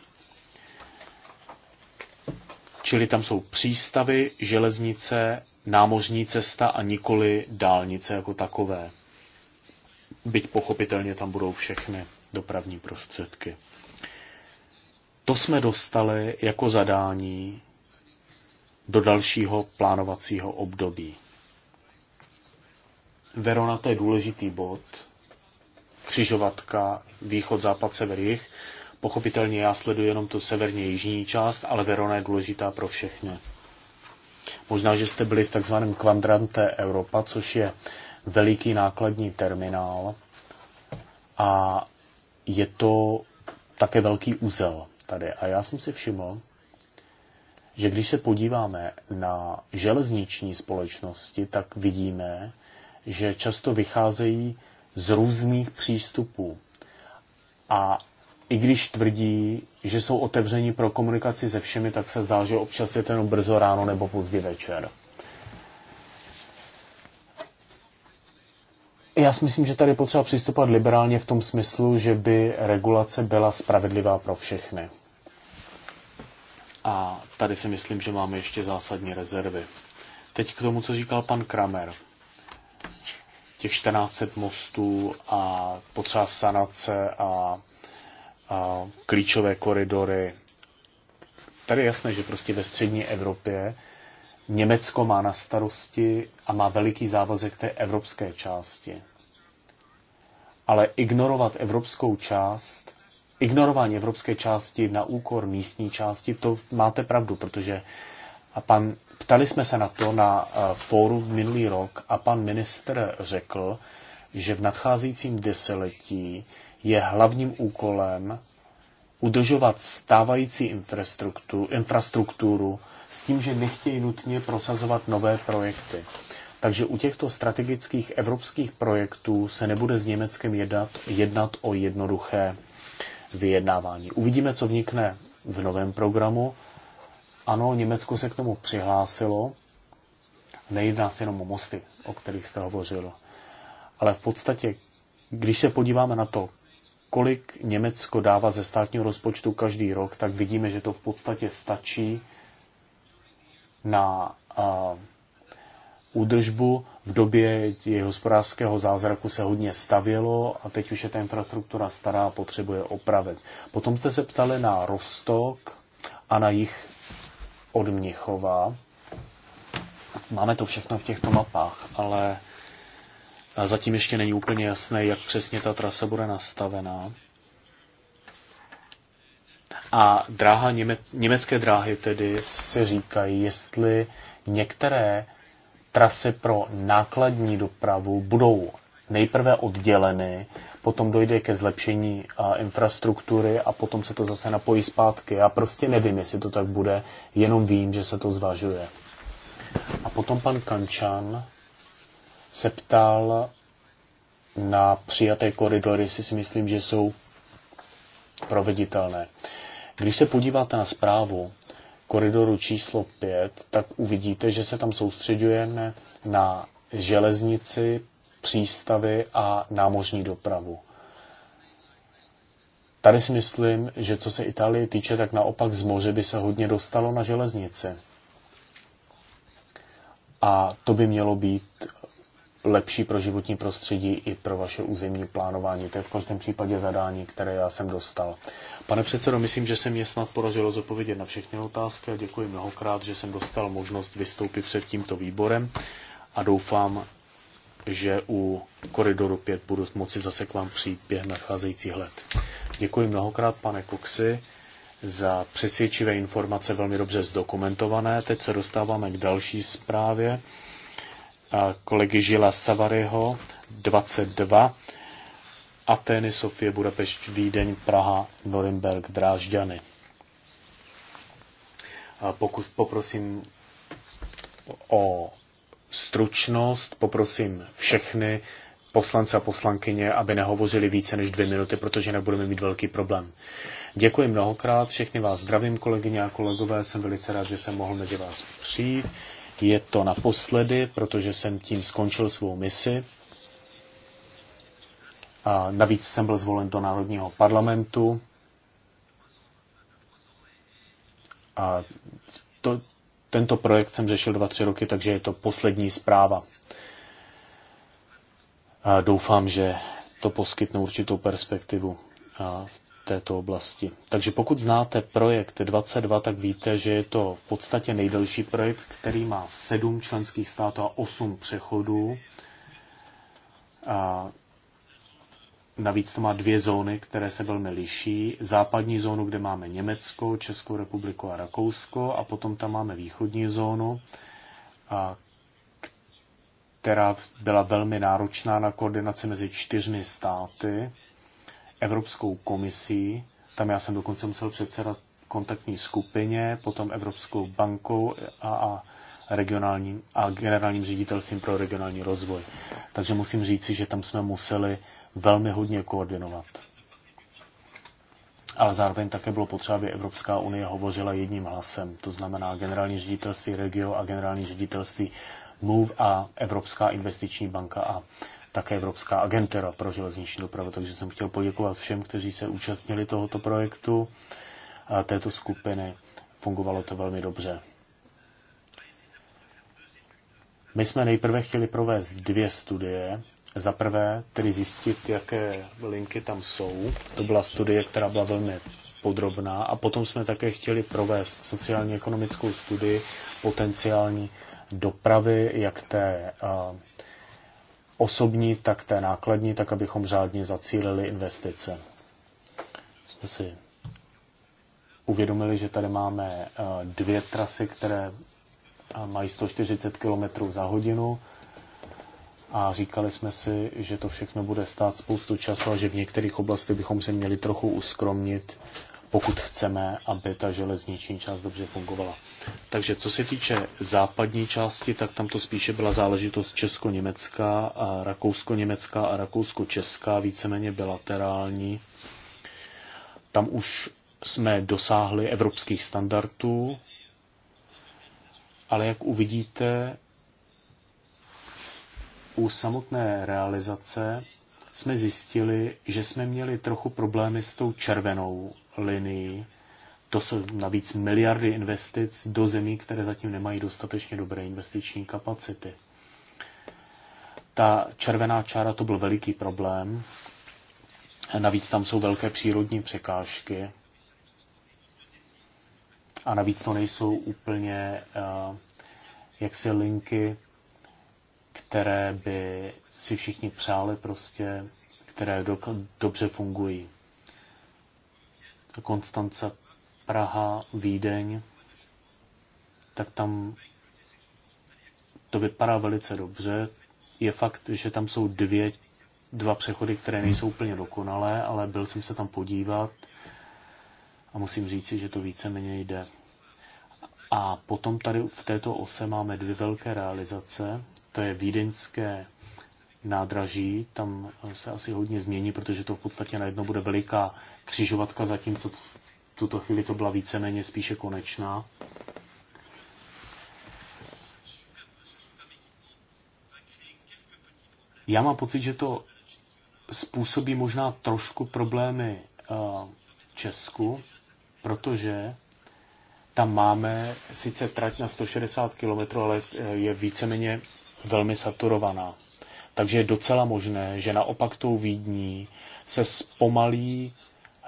Čili tam jsou přístavy, železnice, námožní cesta a nikoli dálnice jako takové. Byť pochopitelně tam budou všechny dopravní prostředky. To jsme dostali jako zadání do dalšího plánovacího období. Verona to je důležitý bod, křižovatka východ, západ, sever, jich. Pochopitelně já sleduji jenom tu severně jižní část, ale Verona je důležitá pro všechny. Možná, že jste byli v takzvaném kvadrante Europa, což je veliký nákladní terminál a je to také velký úzel tady. A já jsem si všiml, že když se podíváme na železniční společnosti, tak vidíme, že často vycházejí z různých přístupů. A i když tvrdí, že jsou otevření pro komunikaci se všemi, tak se zdá, že občas je jenom brzo ráno nebo pozdě večer. Já si myslím, že tady potřeba přistupovat liberálně v tom smyslu, že by regulace byla spravedlivá pro všechny. A tady si myslím, že máme ještě zásadní rezervy. Teď k tomu, co říkal pan Kramer. Těch 1400 mostů a potřeba sanace a, a klíčové koridory. Tady je jasné, že prostě ve střední Evropě Německo má na starosti a má veliký závazek té evropské části. Ale ignorovat evropskou část ignorování evropské části na úkor místní části, to máte pravdu, protože a pan, ptali jsme se na to na eh, fóru v minulý rok a pan ministr řekl, že v nadcházejícím desetiletí je hlavním úkolem udržovat stávající infrastrukturu, infrastrukturu s tím, že nechtějí nutně prosazovat nové projekty. Takže u těchto strategických evropských projektů se nebude s Německem jednat, jednat o jednoduché vyjednávání. Uvidíme, co vnikne v novém programu. Ano, Německo se k tomu přihlásilo. Nejedná se jenom o mosty, o kterých jste hovořil. Ale v podstatě, když se podíváme na to, kolik Německo dává ze státního rozpočtu každý rok, tak vidíme, že to v podstatě stačí na uh, údržbu. V době jejich hospodářského zázraku se hodně stavělo a teď už je ta infrastruktura stará a potřebuje opravit. Potom jste se ptali na Rostok a na jich od Měchova. Máme to všechno v těchto mapách, ale zatím ještě není úplně jasné, jak přesně ta trasa bude nastavená. A dráha, německé dráhy tedy se říkají, jestli některé trasy pro nákladní dopravu budou nejprve odděleny, potom dojde ke zlepšení infrastruktury a potom se to zase napojí zpátky. Já prostě nevím, jestli to tak bude, jenom vím, že se to zvažuje. A potom pan Kančan se ptal na přijaté koridory, jestli si myslím, že jsou proveditelné. Když se podíváte na zprávu, koridoru číslo 5, tak uvidíte, že se tam soustředujeme na železnici, přístavy a námořní dopravu. Tady si myslím, že co se Itálie týče, tak naopak z moře by se hodně dostalo na železnici. A to by mělo být lepší pro životní prostředí i pro vaše územní plánování. To je v každém případě zadání, které já jsem dostal. Pane předsedo, myslím, že se mě snad podařilo zodpovědět na všechny otázky a děkuji mnohokrát, že jsem dostal možnost vystoupit před tímto výborem a doufám, že u koridoru 5 budu moci zase k vám přijít během nadcházejících let. Děkuji mnohokrát, pane Koxy, za přesvědčivé informace, velmi dobře zdokumentované. Teď se dostáváme k další zprávě kolegy Žila Savaryho 22, Atény, Sofie, Budapešť, Vídeň, Praha, Norimberg, Drážďany. A pokud poprosím o stručnost, poprosím všechny poslance a poslankyně, aby nehovořili více než dvě minuty, protože nebudeme mít velký problém. Děkuji mnohokrát, všechny vás zdravím, kolegyně a kolegové, jsem velice rád, že jsem mohl mezi vás přijít je to naposledy, protože jsem tím skončil svou misi. A navíc jsem byl zvolen do Národního parlamentu. A to, tento projekt jsem řešil dva, tři roky, takže je to poslední zpráva. A doufám, že to poskytne určitou perspektivu v této oblasti. Takže pokud znáte projekt 22, tak víte, že je to v podstatě nejdelší projekt, který má sedm členských států a osm přechodů. A navíc to má dvě zóny, které se velmi liší. Západní zónu, kde máme Německo, Českou republiku a Rakousko, a potom tam máme východní zónu, a která byla velmi náročná na koordinaci mezi čtyřmi státy Evropskou komisí, tam já jsem dokonce musel předsedat kontaktní skupině, potom Evropskou bankou a, a regionálním a generálním ředitelstvím pro regionální rozvoj. Takže musím říci, že tam jsme museli velmi hodně koordinovat. Ale zároveň také bylo potřeba, aby Evropská unie hovořila jedním hlasem, to znamená generální ředitelství regio a generální ředitelství MOVE a Evropská investiční banka a také Evropská agentura pro železniční dopravu. Takže jsem chtěl poděkovat všem, kteří se účastnili tohoto projektu a této skupiny. Fungovalo to velmi dobře. My jsme nejprve chtěli provést dvě studie. Za prvé, tedy zjistit, jaké linky tam jsou. To byla studie, která byla velmi podrobná. A potom jsme také chtěli provést sociálně ekonomickou studii potenciální dopravy, jak té osobní, tak té nákladní, tak abychom řádně zacílili investice. Jsme si uvědomili, že tady máme eh, dvě trasy, které eh, mají 140 km za hodinu a říkali jsme si, že to všechno bude stát spoustu času a že v některých oblastech bychom se měli trochu uskromnit, pokud chceme, aby ta železniční část dobře fungovala. Takže co se týče západní části, tak tam to spíše byla záležitost česko-německá a rakousko-německá a rakousko-česká, víceméně bilaterální. Tam už jsme dosáhli evropských standardů, ale jak uvidíte, u samotné realizace jsme zjistili, že jsme měli trochu problémy s tou červenou linií, to jsou navíc miliardy investic do zemí, které zatím nemají dostatečně dobré investiční kapacity. Ta červená čára to byl veliký problém. Navíc tam jsou velké přírodní překážky. A navíc to nejsou úplně uh, jaksi linky, které by si všichni přáli prostě, které do, dobře fungují. Konstance Praha, Vídeň, tak tam to vypadá velice dobře. Je fakt, že tam jsou dvě, dva přechody, které hmm. nejsou úplně dokonalé, ale byl jsem se tam podívat a musím říci, že to víceméně jde. A potom tady v této ose máme dvě velké realizace. To je vídeňské nádraží, tam se asi hodně změní, protože to v podstatě najednou bude veliká křižovatka, zatímco tuto chvíli to byla víceméně spíše konečná. Já mám pocit, že to způsobí možná trošku problémy eh, Česku, protože tam máme sice trať na 160 km, ale eh, je víceméně velmi saturovaná. Takže je docela možné, že naopak tou Vídní se zpomalí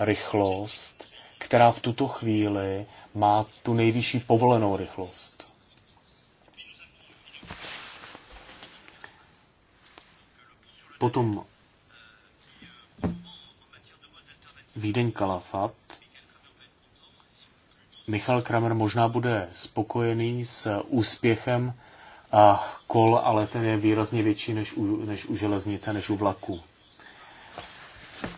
rychlost která v tuto chvíli má tu nejvyšší povolenou rychlost. Potom Vídeň Kalafat. Michal Kramer možná bude spokojený s úspěchem a kol, ale ten je výrazně větší než u, než u železnice, než u vlaku.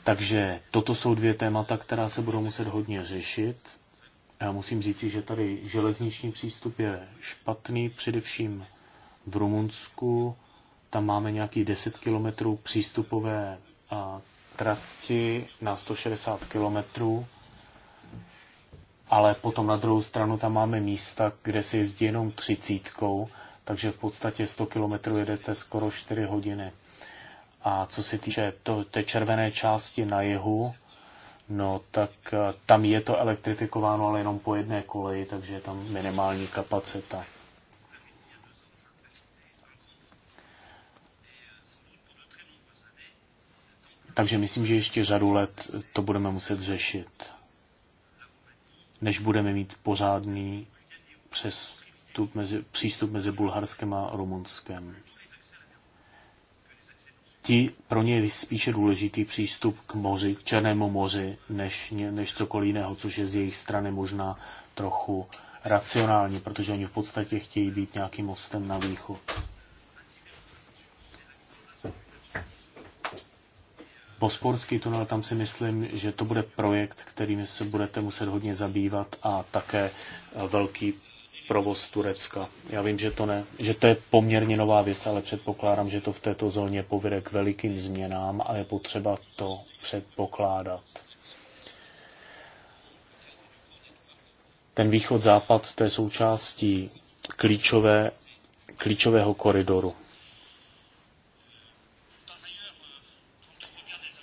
Takže toto jsou dvě témata, která se budou muset hodně řešit. Já musím říci, že tady železniční přístup je špatný, především v Rumunsku. Tam máme nějakých 10 kilometrů přístupové a, trati na 160 kilometrů, ale potom na druhou stranu tam máme místa, kde se jezdí jenom třicítkou, takže v podstatě 100 kilometrů jedete skoro 4 hodiny. A co se týče to, té červené části na jihu, no tak eh, tam je to elektrifikováno, ale jenom po jedné koleji, takže je tam minimální kapacita. Takže myslím, že ještě řadu let to budeme muset řešit, než budeme mít pořádný přes mezi, přístup mezi Bulharskem a Rumunskem ti, pro ně je spíše důležitý přístup k moři, k Černému moři, než, než cokoliv jiného, což je z jejich strany možná trochu racionální, protože oni v podstatě chtějí být nějakým mostem na východ. Bosporský tunel, tam si myslím, že to bude projekt, kterým se budete muset hodně zabývat a také velký provoz Turecka. Já vím, že to, ne, že to je poměrně nová věc, ale předpokládám, že to v této zóně povede k velikým změnám a je potřeba to předpokládat. Ten východ-západ to je součástí klíčové, klíčového koridoru.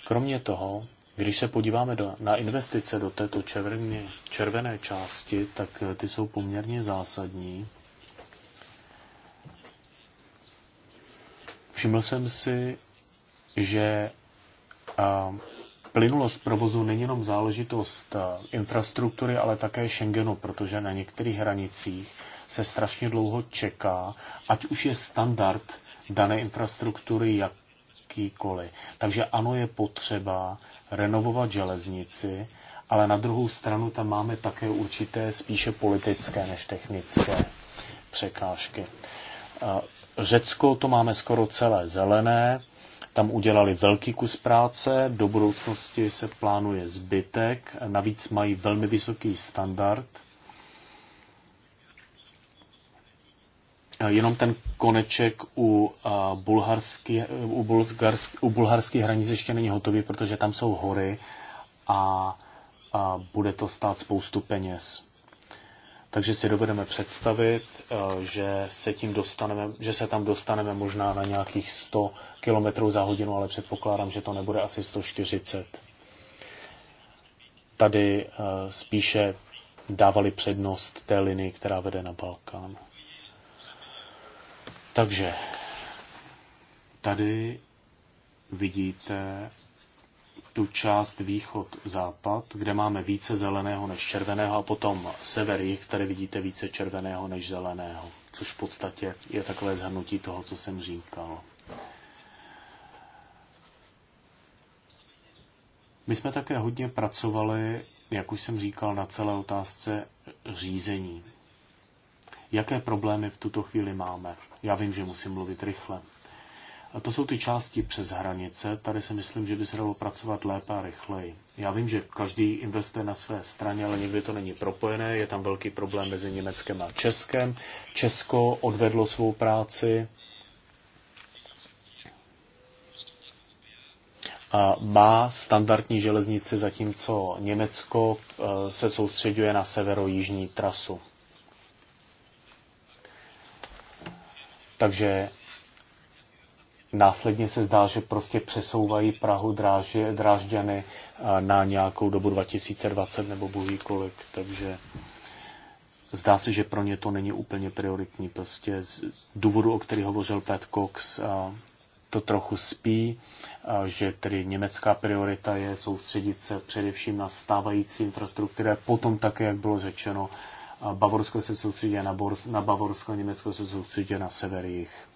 Kromě toho, když se podíváme do, na investice do této červené, červené části, tak eh, ty jsou poměrně zásadní. Všiml jsem si, že a, eh, plynulost provozu není jenom záležitost eh, infrastruktury, ale také Schengenu, protože na některých hranicích se strašně dlouho čeká, ať už je standard dané infrastruktury jak jakýkoliv. Takže ano, je potřeba renovovat železnici, ale na druhou stranu tam máme také určité spíše politické než technické překážky. Eh, Řecko to máme skoro celé zelené, tam udělali velký kus práce, do budoucnosti se plánuje zbytek, navíc mají velmi vysoký standard Eh, jenom ten koneček u, eh, bulharský, u, bulharský, u bulharský hranic ještě není hotový, protože tam jsou hory a, a bude to stát spoustu peněz. Takže si dovedeme představit, eh, že se, tím dostaneme, že se tam dostaneme možná na nějakých 100 km za hodinu, ale předpokládám, že to nebude asi 140. Tady spíše dávali přednost té linii, která vede na Balkán. Takže tady vidíte tu část východ-západ, kde máme více zeleného než červeného a potom sever jich, tady vidíte více červeného než zeleného, což v podstatě je takové zhrnutí toho, co jsem říkal. My jsme také hodně pracovali, jak už jsem říkal, na celé otázce řízení jaké problémy v tuto chvíli máme. Já vím, že musím mluvit rychle. A to jsou ty části přes hranice. Tady si myslím, že by se dalo pracovat lépe a rychleji. Já vím, že každý investuje na své straně, ale nikdy to není propojené. Je tam velký problém mezi Německem a Českem. Česko odvedlo svou práci. A má standardní železnici, zatímco Německo eh, se soustředuje na severo-jižní trasu. Takže následně se zdá, že prostě přesouvají Prahu drážďany eh, na nějakou dobu 2020 nebo bohý kolik, takže zdá se, že pro ně to není úplně prioritní. Prostě z důvodu, o který hovořil Pat Cox, eh, to trochu spí, eh, že tedy německá priorita je soustředit se především na stávající infrastruktury, potom také, jak bylo řečeno, Bavorsko se soustředí na, Bors, na Bavorsko, Německo se soustředí na sever jich.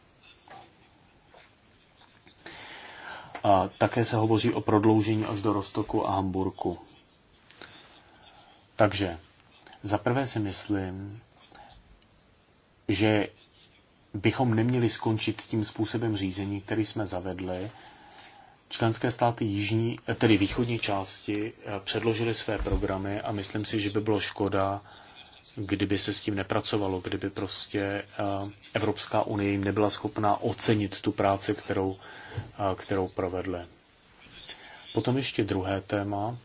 A také se hovoří o prodloužení až do Rostoku a Hamburku. Takže za prvé si myslím, že bychom neměli skončit s tím způsobem řízení, který jsme zavedli. Členské státy jižní, tedy východní části eh, předložily své programy a myslím si, že by bylo škoda kdyby se s tím nepracovalo, kdyby prostě eh, Evropská unie jim nebyla schopná ocenit tu práci, kterou, eh, kterou provedli. Potom ještě druhé téma,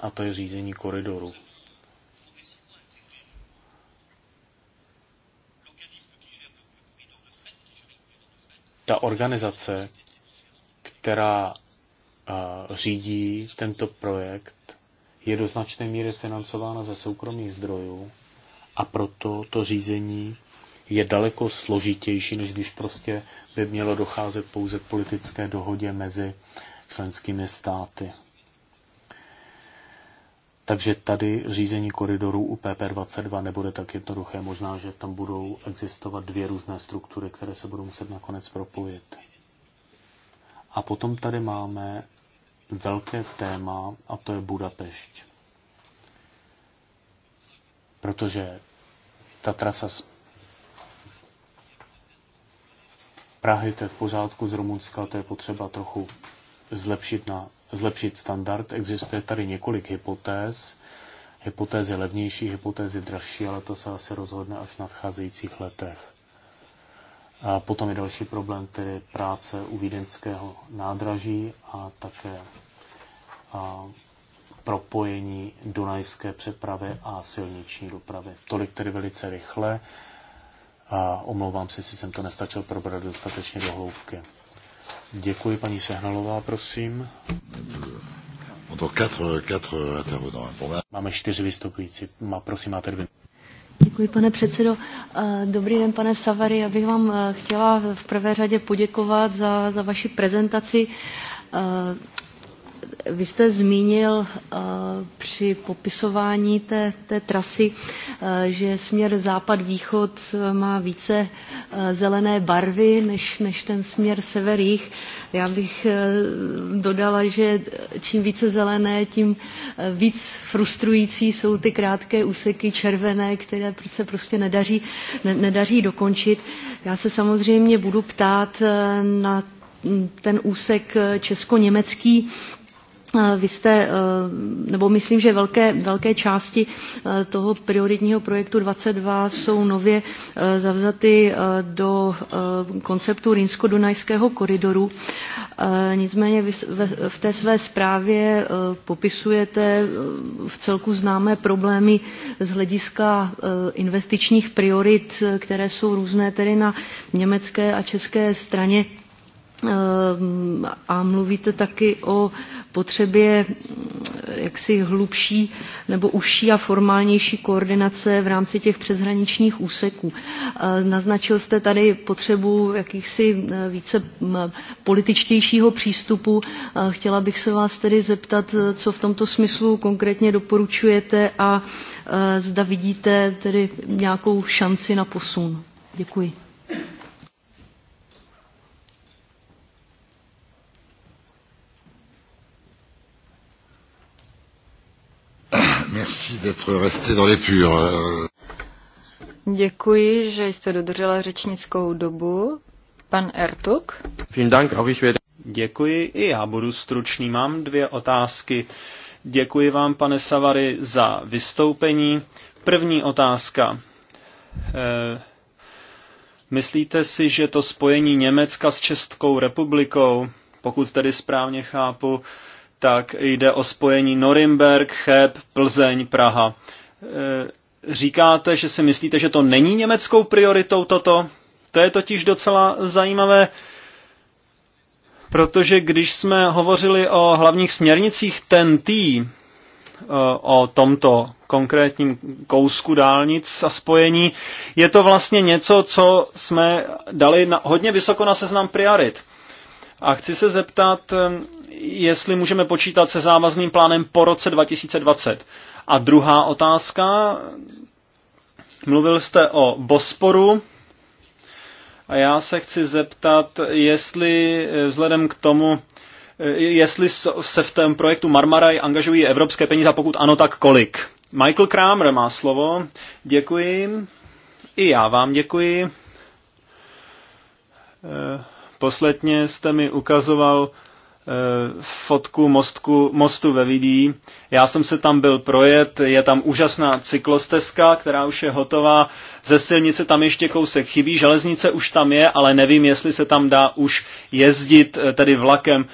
a to je řízení koridoru. Ta organizace, která eh, řídí tento projekt, je do značné míry financována ze soukromých zdrojů a proto to řízení je daleko složitější, než když prostě by mělo docházet pouze k politické dohodě mezi členskými státy. Takže tady řízení koridorů u PP22 nebude tak jednoduché. Možná, že tam budou existovat dvě různé struktury, které se budou muset nakonec propojit. A potom tady máme velké téma a to je Budapešť. Protože ta trasa z Prahy, to je v pořádku, z Rumunska to je potřeba trochu zlepšit, na, zlepšit standard. Existuje tady několik hypotéz. Hypotézy levnější, hypotézy dražší, ale to se asi rozhodne až v nadcházejících letech. A potom je další problém, tedy práce u vídeňského nádraží a také a propojení dunajské přepravy a silniční dopravy. Tolik tedy velice rychle. A omlouvám se, jestli jsem to nestačil probrat dostatečně do hloubky. Děkuji, paní Sehnalová, prosím. Máme čtyři vystupující. Má, prosím, máte dvě. Děkuji, pane předsedo. Eh, dobrý den, pane Savary. Já bych vám eh, chtěla v prvé řadě poděkovat za, za vaši prezentaci. Eh, vy jste zmínil eh, při popisování té, té trasy, eh, že směr západ-východ má více eh, zelené barvy než, než ten směr sever-jih. Já bych dodala, že čím více zelené, tím víc frustrující jsou ty krátké úseky červené, které se prostě nedaří, ne, nedaří dokončit. Já se samozřejmě budu ptát na ten úsek česko-německý Eh, vy jste, eh, nebo myslím, že velké, velké části eh, toho prioritního projektu 22 jsou nově zavzaty do konceptu Rýnsko-Dunajského koridoru. Nicméně vy v té své zprávě popisujete v celku známé problémy z hlediska investičních priorit, které jsou různé tedy na německé a české straně Ehm, a mluvíte taky o potřebě mm, jaksi hlubší nebo užší a formálnější koordinace v rámci těch přeshraničních úseků. Ehm, naznačil jste tady potřebu jakýchsi eh, více mm, političtějšího přístupu. Ehm, chtěla bych se vás tedy zeptat, eh, co v tomto smyslu konkrétně doporučujete a eh, zda vidíte tedy nějakou šanci na posun. Děkuji. Merci d'être resté dans les purs. Děkuji, že jste dodržela řečnickou dobu. Pan Ertuk. Děkuji, i já budu stručný. Mám dvě otázky. Děkuji vám, pane Savary, za vystoupení. První otázka. E, myslíte si, že to spojení Německa s Českou republikou, pokud tedy správně chápu, e, tak jde o spojení Norimberg, Cheb, Plzeň, Praha. E, říkáte, že si myslíte, že to není německou prioritou toto? To je totiž docela zajímavé, protože když jsme hovořili o hlavních směrnicích ten TNT, e, o tomto konkrétním kousku dálnic a spojení, je to vlastně něco, co jsme dali na, hodně vysoko na seznam priorit. A chci se zeptat, jestli můžeme počítat se závazným plánem po roce 2020. A druhá otázka, mluvil jste o Bosporu, a já se chci zeptat, jestli e, vzhledem k tomu, e, jestli se v tom projektu Marmaraj angažují evropské peníze, a pokud ano, tak kolik? Michael Kramer má slovo. Děkuji. I já vám děkuji. E, Posledně jste mi ukazoval eh, fotku mostku, mostu ve Vidí. Já jsem se tam byl projet, je tam úžasná cyklostezka, která už je hotová. Ze silnice tam ještě kousek chybí, železnice už tam je, ale nevím, jestli se tam dá už jezdit eh, tedy vlakem.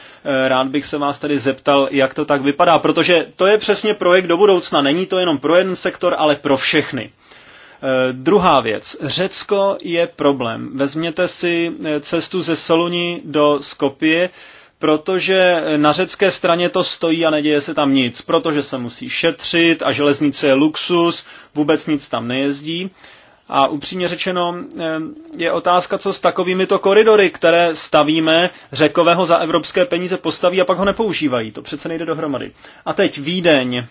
Eh, rád bych se vás tedy zeptal, jak to tak vypadá, protože to je přesně projekt do budoucna. Není to jenom pro jeden sektor, ale pro všechny. Eh, druhá věc. Řecko je problém. Vezměte si eh, cestu ze Soluní do Skopie, protože eh, na řecké straně to stojí a neděje se tam nic, protože se musí šetřit a železnice je luxus, vůbec nic tam nejezdí. A upřímně řečeno je otázka, co s takovými to koridory, které stavíme, řekového za evropské peníze postaví a pak ho nepoužívají. To přece nejde dohromady. A teď Vídeň.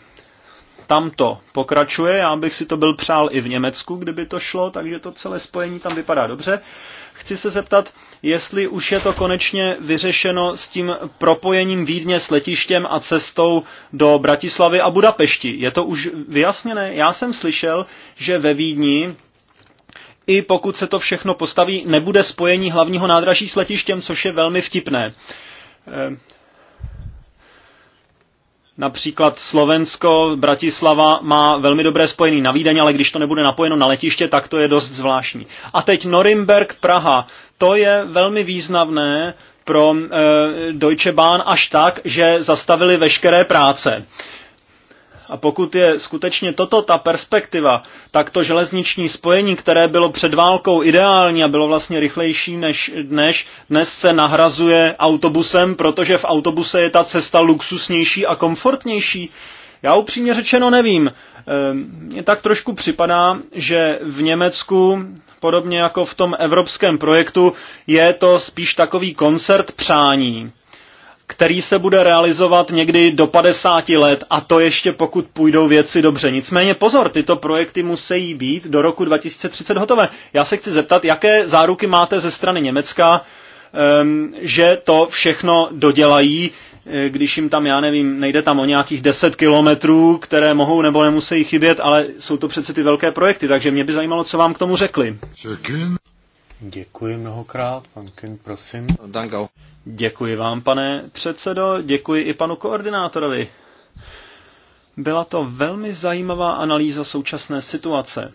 Tam to pokračuje, já bych si to byl přál i v Německu, kdyby to šlo, takže to celé spojení tam vypadá dobře. Chci se zeptat, jestli už je to konečně vyřešeno s tím propojením Vídně s letištěm a cestou do Bratislavy a Budapešti. Je to už vyjasněné? Já jsem slyšel, že ve Vídni i pokud se to všechno postaví, nebude spojení hlavního nádraží s letištěm, což je velmi vtipné. Například Slovensko, Bratislava má velmi dobré spojení na Vídeň, ale když to nebude napojeno na letiště, tak to je dost zvláštní. A teď Norimberg, Praha. To je velmi významné pro e, Deutsche Bahn až tak, že zastavili veškeré práce. A pokud je skutečně toto ta perspektiva, tak to železniční spojení, které bylo před válkou ideální a bylo vlastně rychlejší než dnes, dnes se nahrazuje autobusem, protože v autobuse je ta cesta luxusnější a komfortnější. Já upřímně řečeno nevím. Ehm, mně tak trošku připadá, že v Německu, podobně jako v tom evropském projektu, je to spíš takový koncert přání který se bude realizovat někdy do 50 let a to ještě pokud půjdou věci dobře. Nicméně pozor, tyto projekty musí být do roku 2030 hotové. Já se chci zeptat, jaké záruky máte ze strany Německa, ehm, že to všechno dodělají, eh, když jim tam, já nevím, nejde tam o nějakých 10 kilometrů, které mohou nebo nemusí chybět, ale jsou to přece ty velké projekty, takže mě by zajímalo, co vám k tomu řekli. Second. Děkuji mnohokrát, pan kyn, prosím. Danko. Děkuji vám, pane předsedo, děkuji i panu koordinátorovi. Byla to velmi zajímavá analýza současné situace.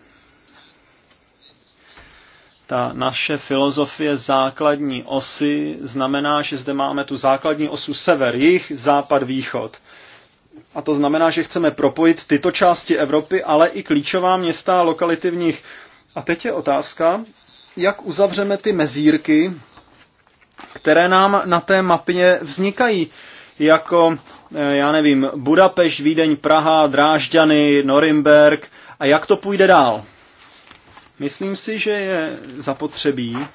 Ta naše filozofie základní osy znamená, že zde máme tu základní osu sever, jih, západ, východ. A to znamená, že chceme propojit tyto části Evropy, ale i klíčová města a lokality v nich. A teď je otázka, jak uzavřeme ty mezírky, které nám na té mapě vznikají, jako, eh, já nevím, Budapešť, Vídeň, Praha, Drážďany, Norimberg a jak to půjde dál. Myslím si, že je zapotřebí,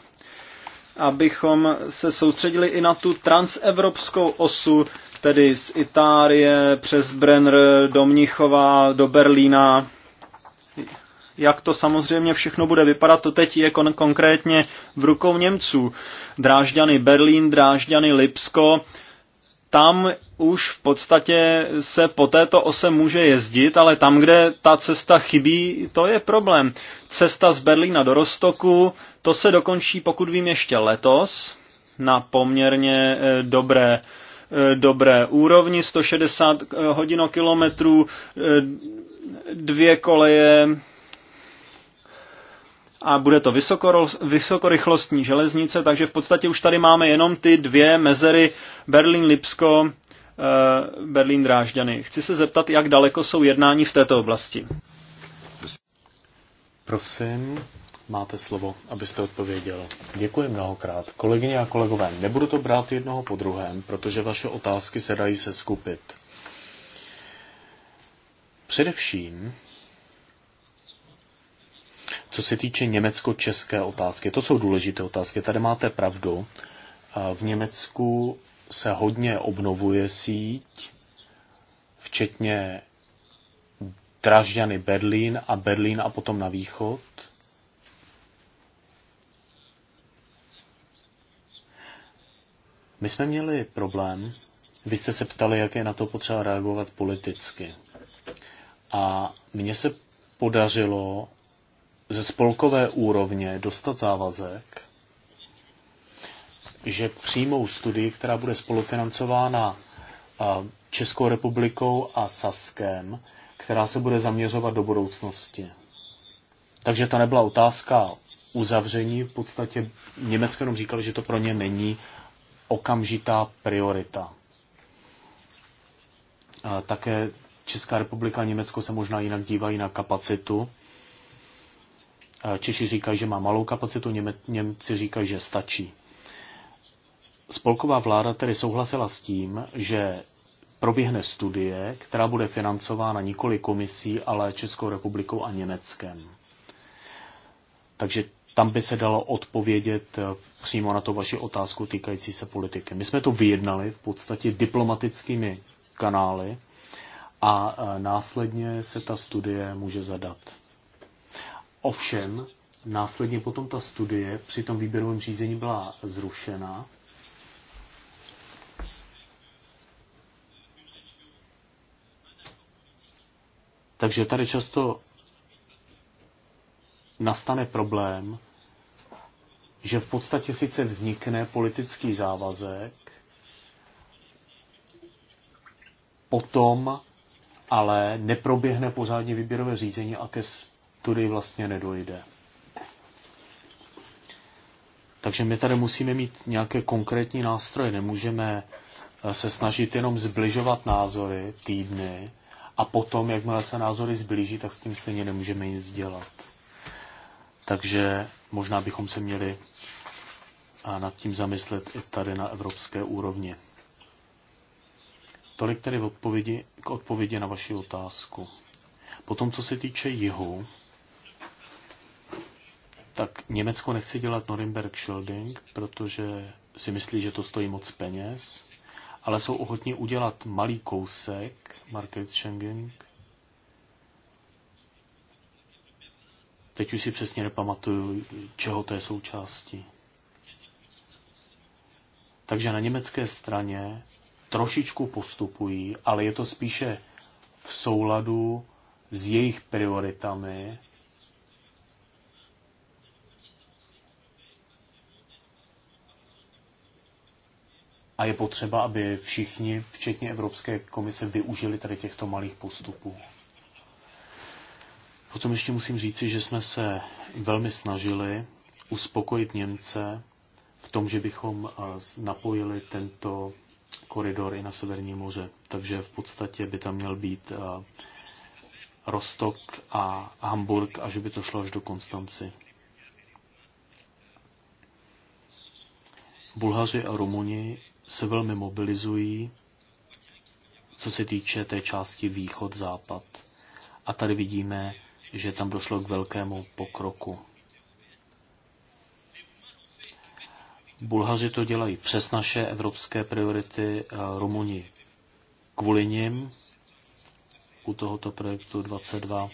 abychom se soustředili i na tu transevropskou osu, tedy z Itálie přes Brenner do Mnichova, do Berlína, jak to samozřejmě všechno bude vypadat, to teď je kon- konkrétně v rukou Němců. Drážďany Berlín, Drážďany Lipsko, tam už v podstatě se po této ose může jezdit, ale tam, kde ta cesta chybí, to je problém. Cesta z Berlína do Rostoku, to se dokončí, pokud vím, ještě letos na poměrně e, dobré e, dobré úrovni, 160 e, hodinokilometrů, dvě koleje a bude to vysokorychlostní železnice, takže v podstatě už tady máme jenom ty dvě mezery Berlín-Lipsko, eh, Berlín-Drážďany. Chci se zeptat, jak daleko jsou jednání v této oblasti. Prosím, máte slovo, abyste odpověděl. Děkuji mnohokrát. Kolegyně a kolegové, nebudu to brát jednoho po druhém, protože vaše otázky se dají se skupit. Především co se týče německo-české otázky, to jsou důležité otázky. Tady máte pravdu. V Německu se hodně obnovuje síť, včetně Dražďany Berlín a Berlín a potom na východ. My jsme měli problém, vy jste se ptali, jak je na to potřeba reagovat politicky. A mně se podařilo ze spolkové úrovně dostat závazek, že přijmou studii, která bude spolufinancována Českou republikou a Saskem, která se bude zaměřovat do budoucnosti. Takže to nebyla otázka uzavření. V podstatě Německo jenom říkali, že to pro ně není okamžitá priorita. Také Česká republika a Německo se možná jinak dívají na kapacitu Češi říkají, že má malou kapacitu, Němci říkají, že stačí. Spolková vláda tedy souhlasila s tím, že proběhne studie, která bude financována nikoli komisí, ale Českou republikou a Německem. Takže tam by se dalo odpovědět eh, přímo na to vaši otázku týkající se politiky. My jsme to vyjednali v podstatě diplomatickými kanály a eh, následně se ta studie může zadat. Ovšem, následně potom ta studie při tom výběrovém řízení byla zrušena. Takže tady často nastane problém, že v podstatě sice vznikne politický závazek, potom ale neproběhne pořádně výběrové řízení a ke tudy vlastně nedojde. Takže my tady musíme mít nějaké konkrétní nástroje. Nemůžeme eh, se snažit jenom zbližovat názory týdny a potom, jakmile se názory zblíží, tak s tím stejně nemůžeme nic dělat. Takže možná bychom se měli eh, nad tím zamyslet i tady na evropské úrovni. Tolik tedy odpovědi, k odpovědi na vaši otázku. Potom, co se týče jihu, tak Německo nechce dělat Norimberg Shielding, protože si myslí, že to stojí moc peněz, ale jsou ochotní udělat malý kousek market Schengen. Teď už si přesně nepamatuju, čeho to je součástí. Takže na německé straně trošičku postupují, ale je to spíše v souladu s jejich prioritami A je potřeba, aby všichni, včetně Evropské komise, využili tady těchto malých postupů. Potom ještě musím říci, že jsme se velmi snažili uspokojit Němce v tom, že bychom eh, napojili tento koridor i na Severní moře. Takže v podstatě by tam měl být eh, Rostok a Hamburg a že by to šlo až do Konstanci. Bulhaři a Rumuni se velmi mobilizují, co se týče té části východ-západ. A tady vidíme, že tam došlo k velkému pokroku. Bulhaři to dělají přes naše evropské priority, Rumuni kvůli nim u tohoto projektu 22.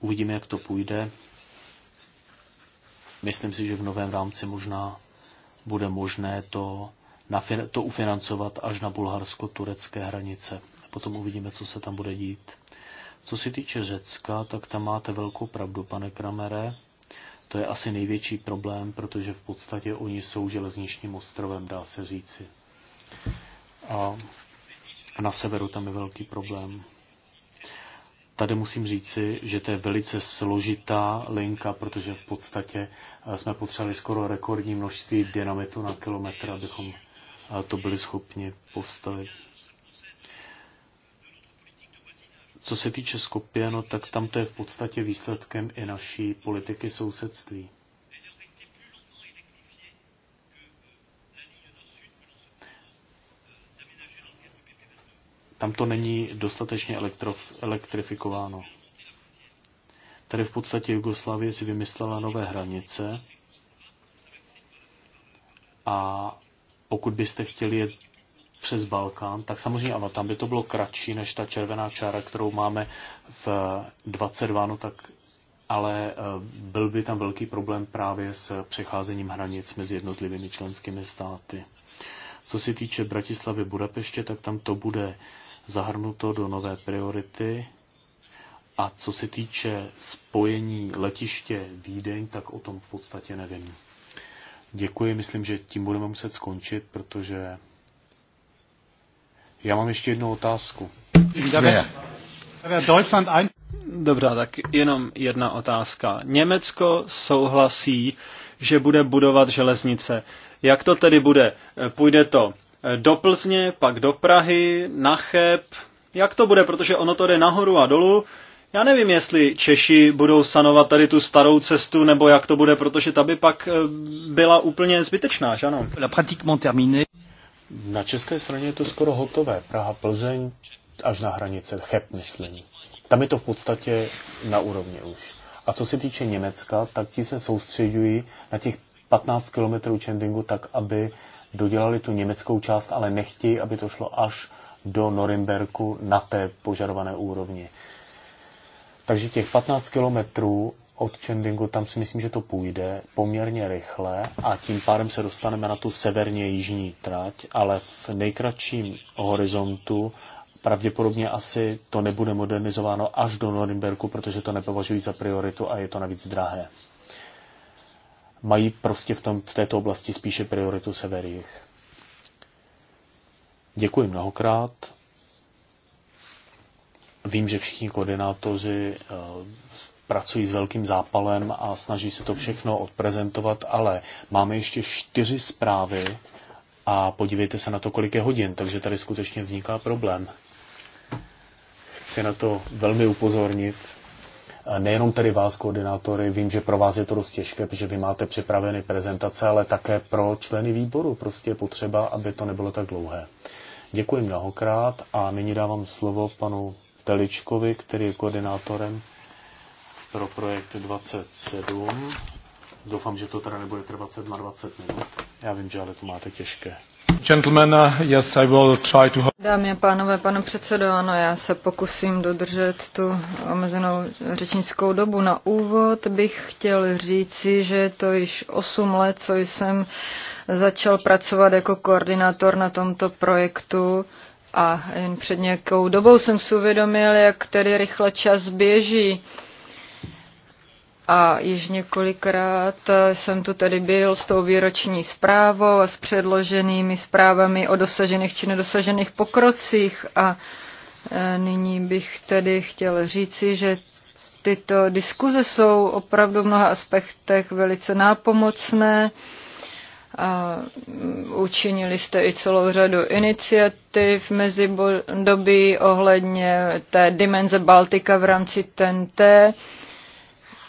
Uvidíme, jak to půjde. Myslím si, že v novém rámci možná bude možné to, to ufinancovat až na bulharsko-turecké hranice. Potom uvidíme, co se tam bude dít. Co se týče Řecka, tak tam máte velkou pravdu, pane Kramere. To je asi největší problém, protože v podstatě oni jsou železničním ostrovem, dá se říci. A na severu tam je velký problém. Tady musím říci, že to je velice složitá linka, protože v podstatě eh, jsme potřebovali skoro rekordní množství dynamitu na kilometr, abychom eh, to byli schopni postavit. Co se týče Skopje, no, tak tam to je v podstatě výsledkem i naší politiky sousedství. tam to není dostatečně elektrof, elektrifikováno. Tady v podstatě Jugoslávie si vymyslela nové hranice a pokud byste chtěli jet přes Balkán, tak samozřejmě ano, tam by to bylo kratší než ta červená čára, kterou máme v 22, no tak ale eh, byl by tam velký problém právě s přecházením hranic mezi jednotlivými členskými státy. Co se týče Bratislavy Budapeště, tak tam to bude zahrnuto do nové priority. A co se týče spojení letiště Vídeň, tak o tom v podstatě nevím. Děkuji, myslím, že tím budeme muset skončit, protože já mám ještě jednu otázku. Dobrá, tak jenom jedna otázka. Německo souhlasí, že bude budovat železnice. Jak to tedy bude? Půjde to do Plzně, pak do Prahy, na Cheb. Jak to bude, protože ono to jde nahoru a dolů. Já nevím, jestli Češi budou sanovat tady tu starou cestu, nebo jak to bude, protože ta by pak eh, byla úplně zbytečná, že ano? Na české straně je to skoro hotové. Praha, Plzeň, až na hranice, Cheb, myslím. Tam je to v podstatě na úrovni už. A co se týče Německa, tak ti se soustředují na těch 15 kilometrů Čendingu tak, aby dodělali tu německou část, ale nechtějí, aby to šlo až do Norimberku na té požadované úrovni. Takže těch 15 kilometrů od Čendingu, tam si myslím, že to půjde poměrně rychle a tím pádem se dostaneme na tu severně jižní trať, ale v nejkratším horizontu pravděpodobně asi to nebude modernizováno až do Norimberku, protože to nepovažují za prioritu a je to navíc drahé mají prostě v, tom, v této oblasti spíše prioritu severích. Děkuji mnohokrát. Vím, že všichni koordinátoři eh, pracují s velkým zápalem a snaží se to všechno odprezentovat, ale máme ještě čtyři zprávy a podívejte se na to, kolik je hodin, takže tady skutečně vzniká problém. Chci na to velmi upozornit nejenom tedy vás, koordinátory, vím, že pro vás je to dost těžké, protože vy máte připraveny prezentace, ale také pro členy výboru prostě je potřeba, aby to nebylo tak dlouhé. Děkuji mnohokrát a nyní dávám slovo panu Teličkovi, který je koordinátorem pro projekt 27. Doufám, že to teda nebude trvat 27 minut. Já vím, že ale to máte těžké. Uh, Dámy a pánové, pane předsedo, ano, já se pokusím dodržet tu omezenou řečnickou dobu. Na úvod bych chtěl říci, že je to již 8 let, co jsem začal pracovat jako koordinátor na tomto projektu. A jen před nějakou dobou jsem si uvědomil, jak tedy rychle čas běží. A již několikrát jsem tu tedy byl s tou výroční zprávou a s předloženými zprávami o dosažených či nedosažených pokrocích. A e, nyní bych tedy chtěl říci, že tyto diskuze jsou opravdu v mnoha aspektech velice nápomocné. A učinili jste i celou řadu iniciativ mezi doby ohledně té dimenze Baltika v rámci TNT.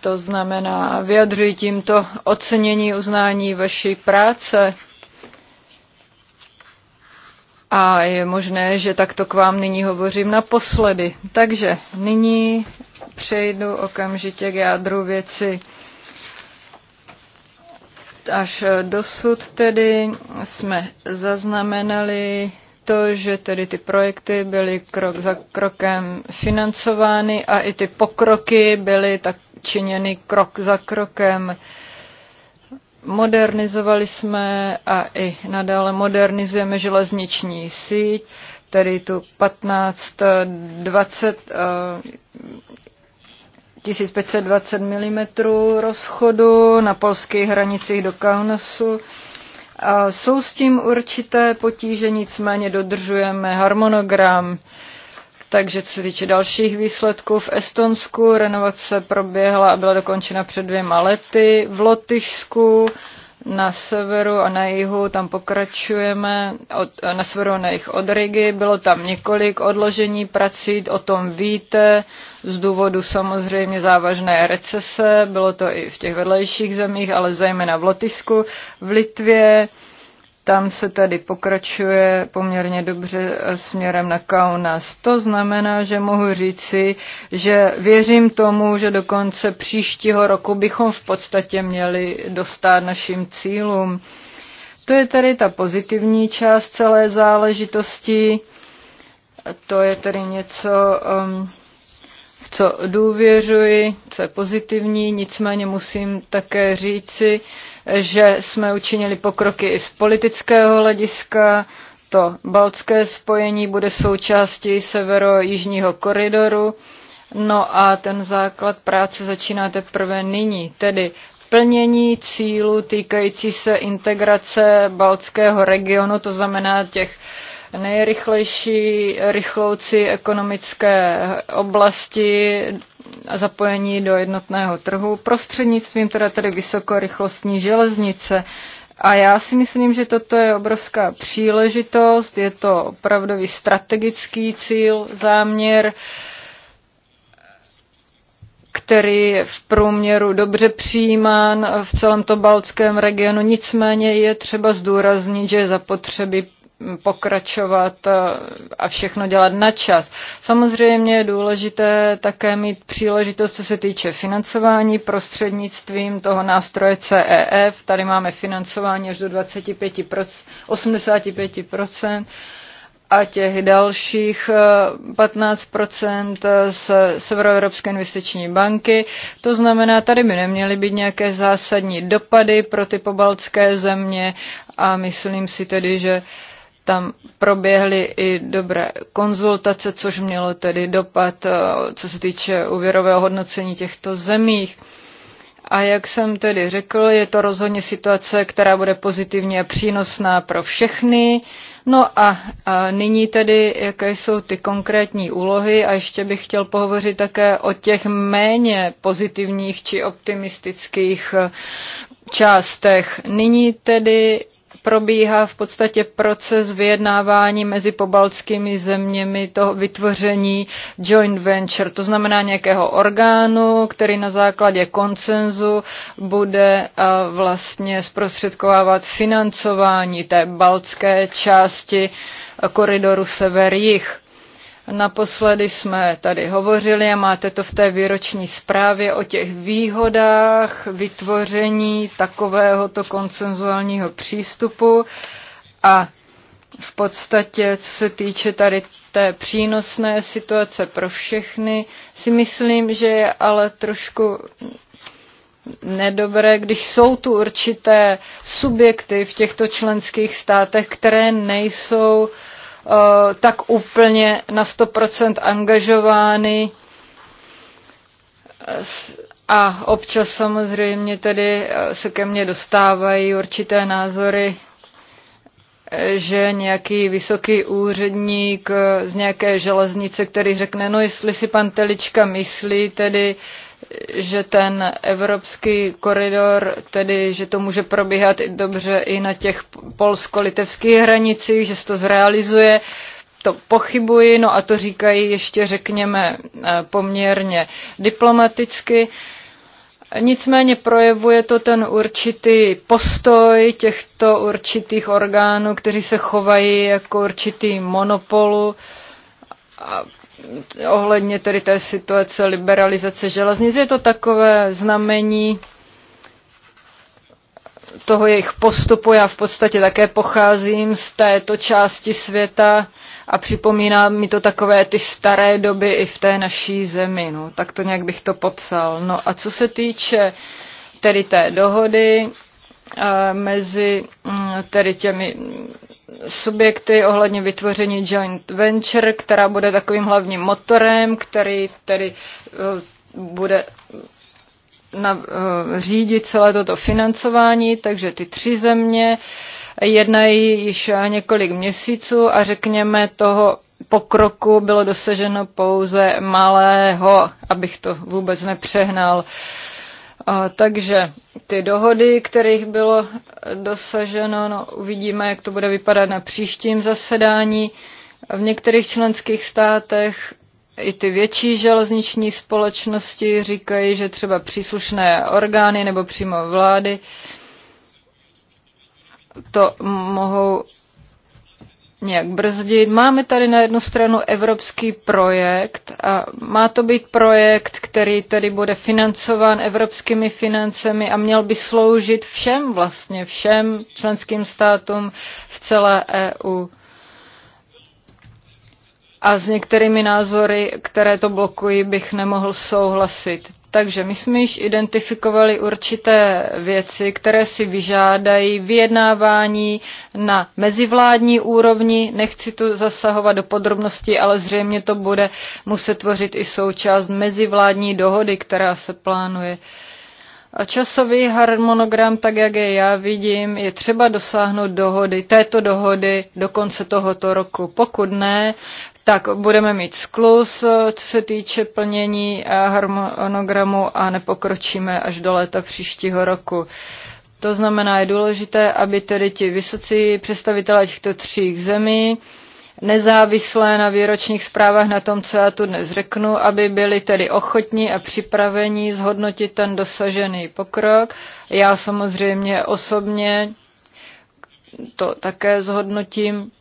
To znamená, vyjadřuji tímto ocenění, uznání vaší práce. A je možné, že takto k vám nyní hovořím naposledy. Takže nyní přejdu okamžitě k jádru věci. Až dosud tedy jsme zaznamenali to, že tedy ty projekty byly krok za krokem financovány a i ty pokroky byly tak činěny krok za krokem. Modernizovali jsme a i nadále modernizujeme železniční síť, tedy tu 15, 20, 1520 mm rozchodu na polských hranicích do Kaunasu. A jsou s tím určité potíže, nicméně dodržujeme harmonogram. Takže co se týče dalších výsledků v Estonsku, renovace proběhla a byla dokončena před dvěma lety. V Lotyšsku na severu a na jihu tam pokračujeme, od, na severu a na jih od Rigi. Bylo tam několik odložení prací, o tom víte, z důvodu samozřejmě závažné recese, bylo to i v těch vedlejších zemích, ale zejména v Lotyšsku, v Litvě tam se tady pokračuje poměrně dobře směrem na Kaunas. To znamená, že mohu říci, že věřím tomu, že do konce příštího roku bychom v podstatě měli dostat našim cílům. To je tady ta pozitivní část celé záležitosti. To je tedy něco, um, v co důvěřuji, co je pozitivní, nicméně musím také říci, že jsme učinili pokroky i z politického hlediska. To baltské spojení bude součástí severo-jižního koridoru. No a ten základ práce začíná teprve nyní, tedy plnění cílů týkající se integrace baltského regionu, to znamená těch nejrychlejší rychlouci ekonomické oblasti zapojení do jednotného trhu prostřednictvím teda tedy vysokorychlostní železnice. A já si myslím, že toto je obrovská příležitost, je to opravdový strategický cíl, záměr, který je v průměru dobře přijímán v celém to baltském regionu. Nicméně je třeba zdůraznit, že je zapotřebí pokračovat eh, a všechno dělat na čas. Samozřejmě je důležité také mít příležitost, co se týče financování prostřednictvím toho nástroje CEF. Tady máme financování až do 25%, 85% a těch dalších 15 eh, eh, z Severoevropské investiční banky. To znamená, tady by neměly být nějaké zásadní dopady pro ty pobaltské země a myslím si tedy, že tam proběhly i dobré konzultace, což mělo tedy dopad, eh, co se týče úvěrového hodnocení těchto zemích. A jak jsem tedy řekl, je to rozhodně situace, která bude pozitivně přínosná pro všechny. No a, a nyní tedy, jaké jsou ty konkrétní úlohy a ještě bych chtěl pohovořit také o těch méně pozitivních či optimistických eh, částech. Nyní tedy probíhá v podstatě proces vyjednávání mezi pobaltskými zeměmi toho vytvoření joint venture, to znamená nějakého orgánu, který na základě koncenzu bude eh, vlastně zprostředkovávat financování té baltské části eh, koridoru sever-jih. Naposledy jsme tady hovořili a máte to v té výroční zprávě o těch výhodách vytvoření takovéhoto koncenzuálního přístupu a v podstatě, co se týče tady té přínosné situace pro všechny, si myslím, že je ale trošku nedobré, když jsou tu určité subjekty v těchto členských státech, které nejsou uh, Eh, tak úplně na 100% angažovány eh, a občas samozřejmě tedy eh, se ke mně dostávají určité názory, že nějaký vysoký úředník z nějaké železnice, který řekne, no jestli si pan Telička myslí tedy, že ten evropský koridor, tedy že to může probíhat i dobře i na těch polsko-litevských hranicích, že se to zrealizuje, to pochybuji, no a to říkají ještě, řekněme, eh, poměrně diplomaticky. Nicméně projevuje to ten určitý postoj těchto určitých orgánů, kteří se chovají jako určitý monopolu a ohledně tedy té situace liberalizace železnic. Je to takové znamení toho jejich postupu. Já v podstatě také pocházím z této části světa a připomíná mi to takové ty staré doby i v té naší zemi. No, tak to nějak bych to popsal. No a co se týče tedy té dohody eh, mezi mm, tedy těmi subjekty ohledně vytvoření joint venture, která bude takovým hlavním motorem, který tedy eh, bude na, eh, řídit celé toto financování, takže ty tři země jednají již několik měsíců a řekněme toho pokroku bylo dosaženo pouze malého, abych to vůbec nepřehnal. Uh, a, takže ty dohody, kterých bylo dosaženo, no, uvidíme, jak to bude vypadat na příštím zasedání. V některých členských státech i ty větší železniční společnosti říkají, že třeba příslušné orgány nebo přímo vlády to mohou nějak brzdit. Máme tady na jednu stranu evropský projekt a má to být projekt, který tedy bude financován evropskými financemi a měl by sloužit všem vlastně, všem členským státům v celé EU. A s některými názory, které to blokují, bych nemohl souhlasit. Takže my jsme již identifikovali určité věci, které si vyžádají vyjednávání na mezivládní úrovni. Nechci tu zasahovat do podrobností, ale zřejmě to bude muset tvořit i součást mezivládní dohody, která se plánuje. A časový harmonogram, tak jak je já vidím, je třeba dosáhnout dohody, této dohody do konce tohoto roku. Pokud ne, tak budeme mít sklus, co se týče plnění eh, harmonogramu a nepokročíme až do léta příštího roku. To znamená, je důležité, aby tedy ti vysocí představitelé těchto tří zemí nezávislé na výročních zprávách na tom, co já tu dnes řeknu, aby byli tedy ochotní a připraveni zhodnotit ten dosažený pokrok. Já samozřejmě osobně to také zhodnotím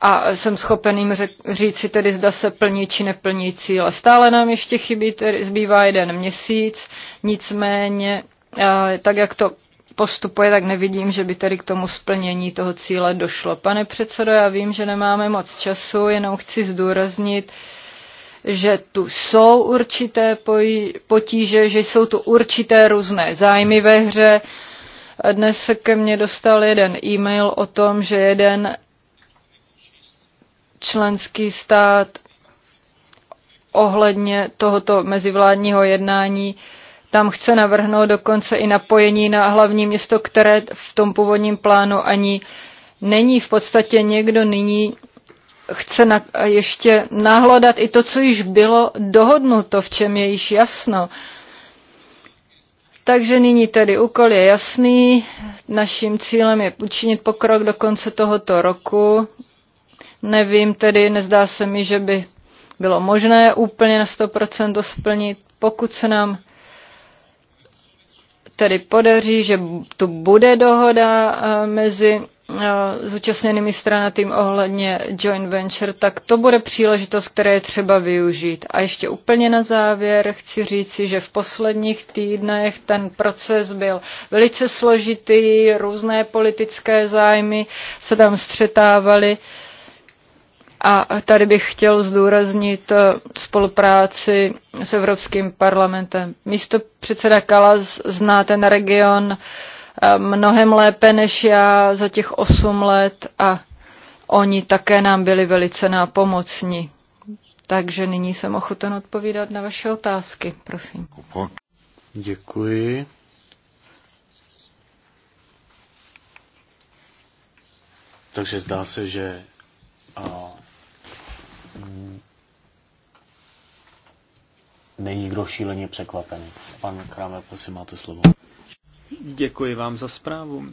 a jsem schopen jim říct si tedy, zda se plní či neplní cíle. Stále nám ještě chybí, tedy zbývá jeden měsíc, nicméně eh, tak, jak to postupuje, tak nevidím, že by tedy k tomu splnění toho cíle došlo. Pane předsedo, já vím, že nemáme moc času, jenom chci zdůraznit, že tu jsou určité potíže, že jsou tu určité různé zájmy ve hře. Dnes se ke mně dostal jeden e-mail o tom, že jeden členský stát ohledně tohoto mezivládního jednání tam chce navrhnout dokonce i napojení na hlavní město, které v tom původním plánu ani není. V podstatě někdo nyní chce na, ještě nahlodat i to, co již bylo dohodnuto, v čem je již jasno. Takže nyní tedy úkol je jasný. Naším cílem je učinit pokrok do konce tohoto roku Nevím tedy, nezdá se mi, že by bylo možné úplně na 100% to splnit. Pokud se nám tedy podaří, že tu bude dohoda eh, mezi eh, zúčastněnými stranatým ohledně joint venture, tak to bude příležitost, které je třeba využít. A ještě úplně na závěr chci říci, že v posledních týdnech ten proces byl velice složitý, různé politické zájmy se tam střetávaly. A tady bych chtěl zdůraznit eh, spolupráci s Evropským parlamentem. Místo předseda Kalas zná ten region eh, mnohem lépe než já za těch osm let a oni také nám byli velice nápomocní. Takže nyní jsem ochoten odpovídat na vaše otázky, prosím. Děkuji. Takže zdá se, že Mm. není kdo šíleně překvapený. Pan Kramer, prosím, máte slovo. Děkuji vám za zprávu.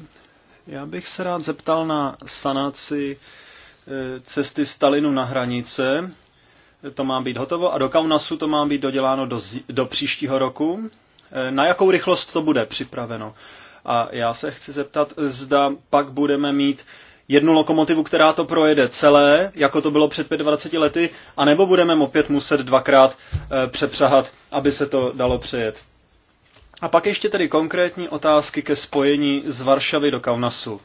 Já bych se rád zeptal na sanaci eh, cesty Stalinu na hranice. To má být hotovo a do Kaunasu to má být doděláno do, do příštího roku. Eh, na jakou rychlost to bude připraveno? A já se chci zeptat, zda pak budeme mít jednu lokomotivu, která to projede celé, jako to bylo před 25 lety, anebo budeme opět muset dvakrát e, přepřahat, aby se to dalo přejet. A pak ještě tedy konkrétní otázky ke spojení z Varšavy do Kaunasu.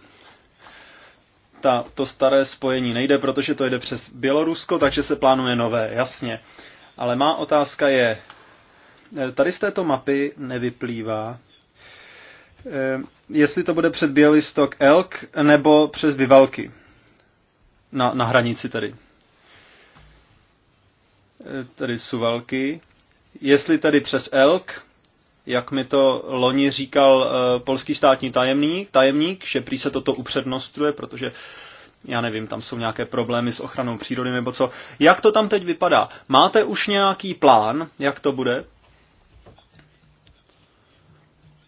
Ta, to staré spojení nejde, protože to jde přes Bělorusko, takže se plánuje nové, jasně. Ale má otázka je, eh, tady z této mapy nevyplývá, Eh, jestli to bude před Bělistok Elk nebo přes Bivalky. Na, na hranici tady. Eh, tady Suvalky. Jestli tady přes Elk, jak mi to loni říkal uh, polský státní tajemník, tajemník, že prý se toto upřednostuje, protože já nevím, tam jsou nějaké problémy s ochranou přírody nebo co. Jak to tam teď vypadá? Máte už nějaký plán, jak to bude?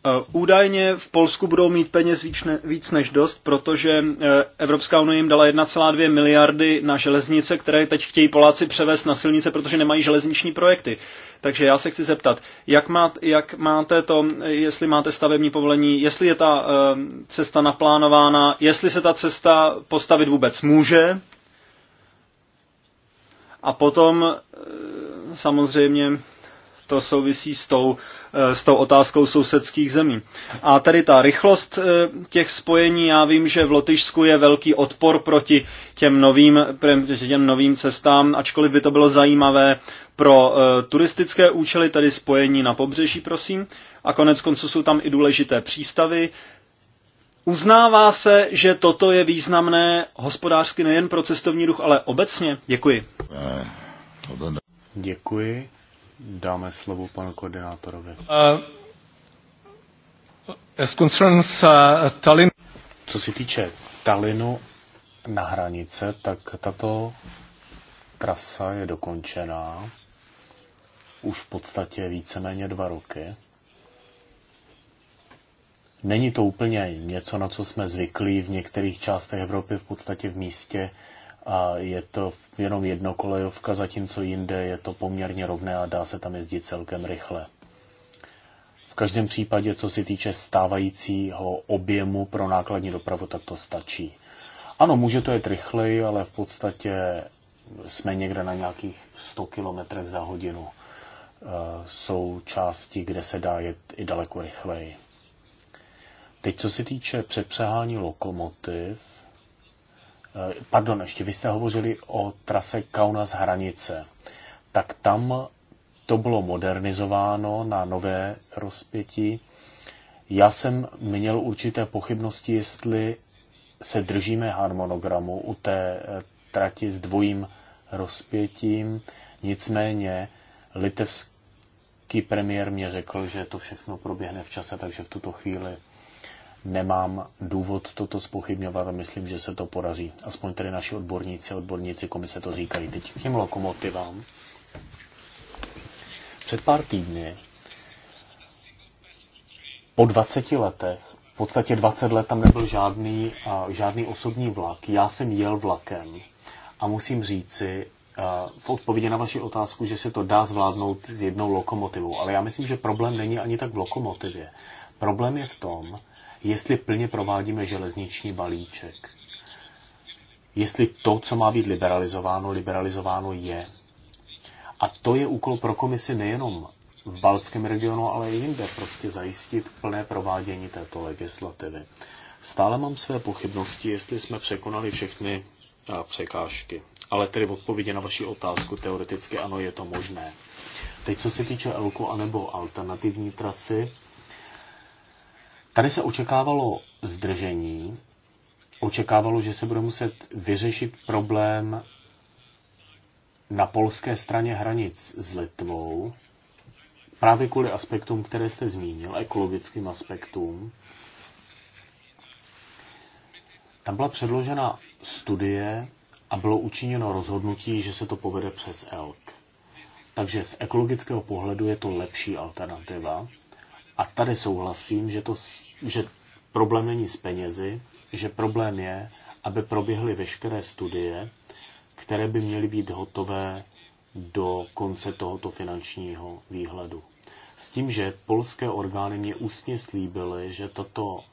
Eh, údajně v Polsku budou mít peněz víc, ne, víc než dost, protože eh, Evropská unie jim dala 1,2 miliardy na železnice, které teď chtějí Poláci převést na silnice, protože nemají železniční projekty. Takže já se chci zeptat, jak, má, jak máte to, jestli máte stavební povolení, jestli je ta eh, cesta naplánována, jestli se ta cesta postavit vůbec může. A potom samozřejmě to souvisí s tou, eh, s tou otázkou sousedských zemí. A tady ta rychlost eh, těch spojení, já vím, že v Lotyšsku je velký odpor proti těm novým, těm novým cestám, ačkoliv by to bylo zajímavé pro eh, turistické účely, tedy spojení na pobřeží, prosím. A konec konců jsou tam i důležité přístavy, Uznává se, že toto je významné hospodářsky nejen pro cestovní ruch, ale obecně? Děkuji. Děkuji. Dáme slovo panu koordinátorovi. Uh, as concerns, uh, Tallinn... Co se týče Talinu na hranice, tak tato trasa je dokončená už v podstatě víceméně dva roky. Není to úplně něco, na co jsme zvyklí v některých částech Evropy, v podstatě v místě, a je to jenom jednokolejovka, zatímco jinde je to poměrně rovné a dá se tam jezdit celkem rychle. V každém případě, co se týče stávajícího objemu pro nákladní dopravu, tak to stačí. Ano, může to jet rychleji, ale v podstatě jsme někde na nějakých 100 km za hodinu. E, jsou části, kde se dá jet i daleko rychleji. Teď, co se týče přepřehání lokomotiv, Eh, pardon, ještě vy jste hovořili o trase Kaunas hranice. Tak tam to bylo modernizováno na nové rozpětí. Já jsem měl určité pochybnosti, jestli se držíme harmonogramu u té eh, trati s dvojím rozpětím. Nicméně litevský premiér mě řekl, že to všechno proběhne v čase, takže v tuto chvíli nemám důvod toto spochybňovat a myslím, že se to podaří. Aspoň tedy naši odborníci a odborníci komise to říkají. Teď k těm lokomotivám. Před pár týdny, po 20 letech, v podstatě 20 let tam nebyl žádný, žádný osobní vlak. Já jsem jel vlakem a musím říci, v odpovědi na vaši otázku, že se to dá zvládnout s jednou lokomotivou. Ale já myslím, že problém není ani tak v lokomotivě. Problém je v tom, jestli plně provádíme železniční balíček. Jestli to, co má být liberalizováno, liberalizováno je. A to je úkol pro komisi nejenom v Balckém regionu, ale i jinde, prostě zajistit plné provádění této legislativy. Stále mám své pochybnosti, jestli jsme překonali všechny eh, překážky. Ale tedy v odpovědi na vaši otázku, teoreticky ano, je to možné. Teď, co se týče Elku anebo alternativní trasy, Tady se očekávalo zdržení, očekávalo, že se bude muset vyřešit problém na polské straně hranic s Litvou, právě kvůli aspektům, které jste zmínil, ekologickým aspektům. Tam byla předložena studie a bylo učiněno rozhodnutí, že se to povede přes ELK. Takže z ekologického pohledu je to lepší alternativa. A tady souhlasím, že, to, že problém není s penězi, že problém je, aby proběhly veškeré studie, které by měly být hotové do konce tohoto finančního výhledu. S tím, že polské orgány mě ústně slíbily, že tato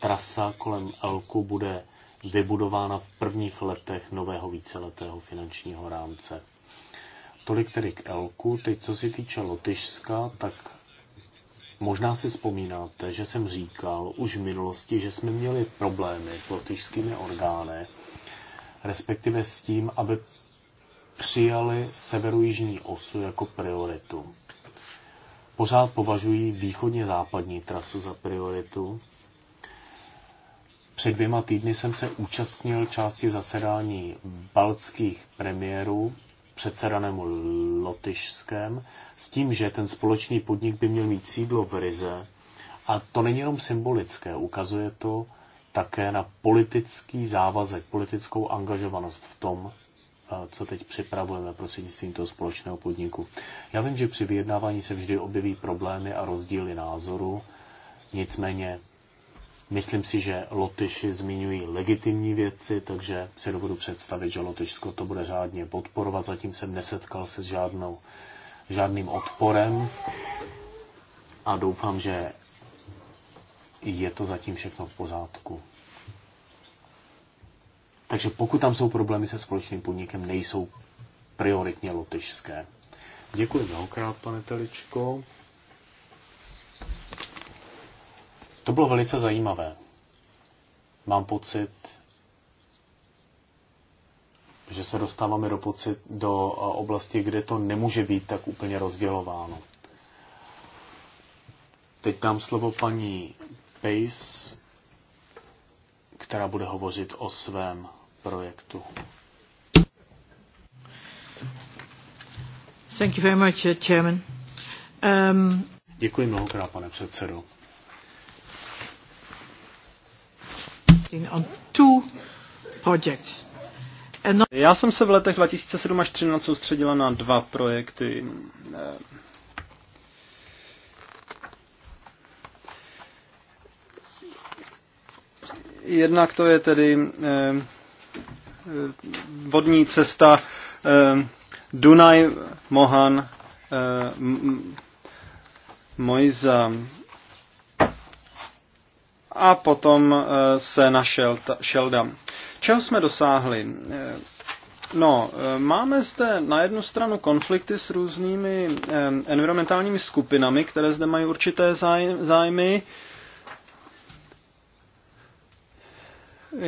trasa kolem Elku bude vybudována v prvních letech nového víceletého finančního rámce. Tolik tedy k Elku. Teď, co se týče Lotyšska, tak Možná si vzpomínáte, že jsem říkal už v minulosti, že jsme měli problémy s lotyšskými orgány, respektive s tím, aby přijali severojižní osu jako prioritu. Pořád považují východně západní trasu za prioritu. Před dvěma týdny jsem se účastnil části zasedání baltských premiérů předsedanému Lotyšském s tím, že ten společný podnik by měl mít sídlo v Rize. A to není jenom symbolické, ukazuje to také na politický závazek, politickou angažovanost v tom, eh, co teď připravujeme prostřednictvím toho společného podniku. Já vím, že při vyjednávání se vždy objeví problémy a rozdíly názoru, nicméně Myslím si, že Lotyši zmiňují legitimní věci, takže si dovedu představit, že Lotyšsko to bude řádně podporovat. Zatím jsem nesetkal se s žádnou, žádným odporem a doufám, že je to zatím všechno v pořádku. Takže pokud tam jsou problémy se společným podnikem, nejsou prioritně lotyšské. Děkuji mnohokrát, pane Teličko. To bylo velice zajímavé. Mám pocit, že se dostáváme do, pocit, do eh, oblasti, kde to nemůže být tak úplně rozdělováno. Teď dám slovo paní Pace, která bude hovořit o svém projektu. Thank you very much, uh, Chairman. Um... Děkuji mnohokrát, pane předsedo. Já jsem se v letech 2007 až 2013 soustředila na dva projekty. Jednak to je tedy eh, vodní cesta eh, Dunaj Mohan eh, Mojza a potom eh, se našel Sheldam. Čeho jsme dosáhli? Eh, no, eh, máme zde na jednu stranu konflikty s různými environmentálními skupinami, které zde mají určité zájmy.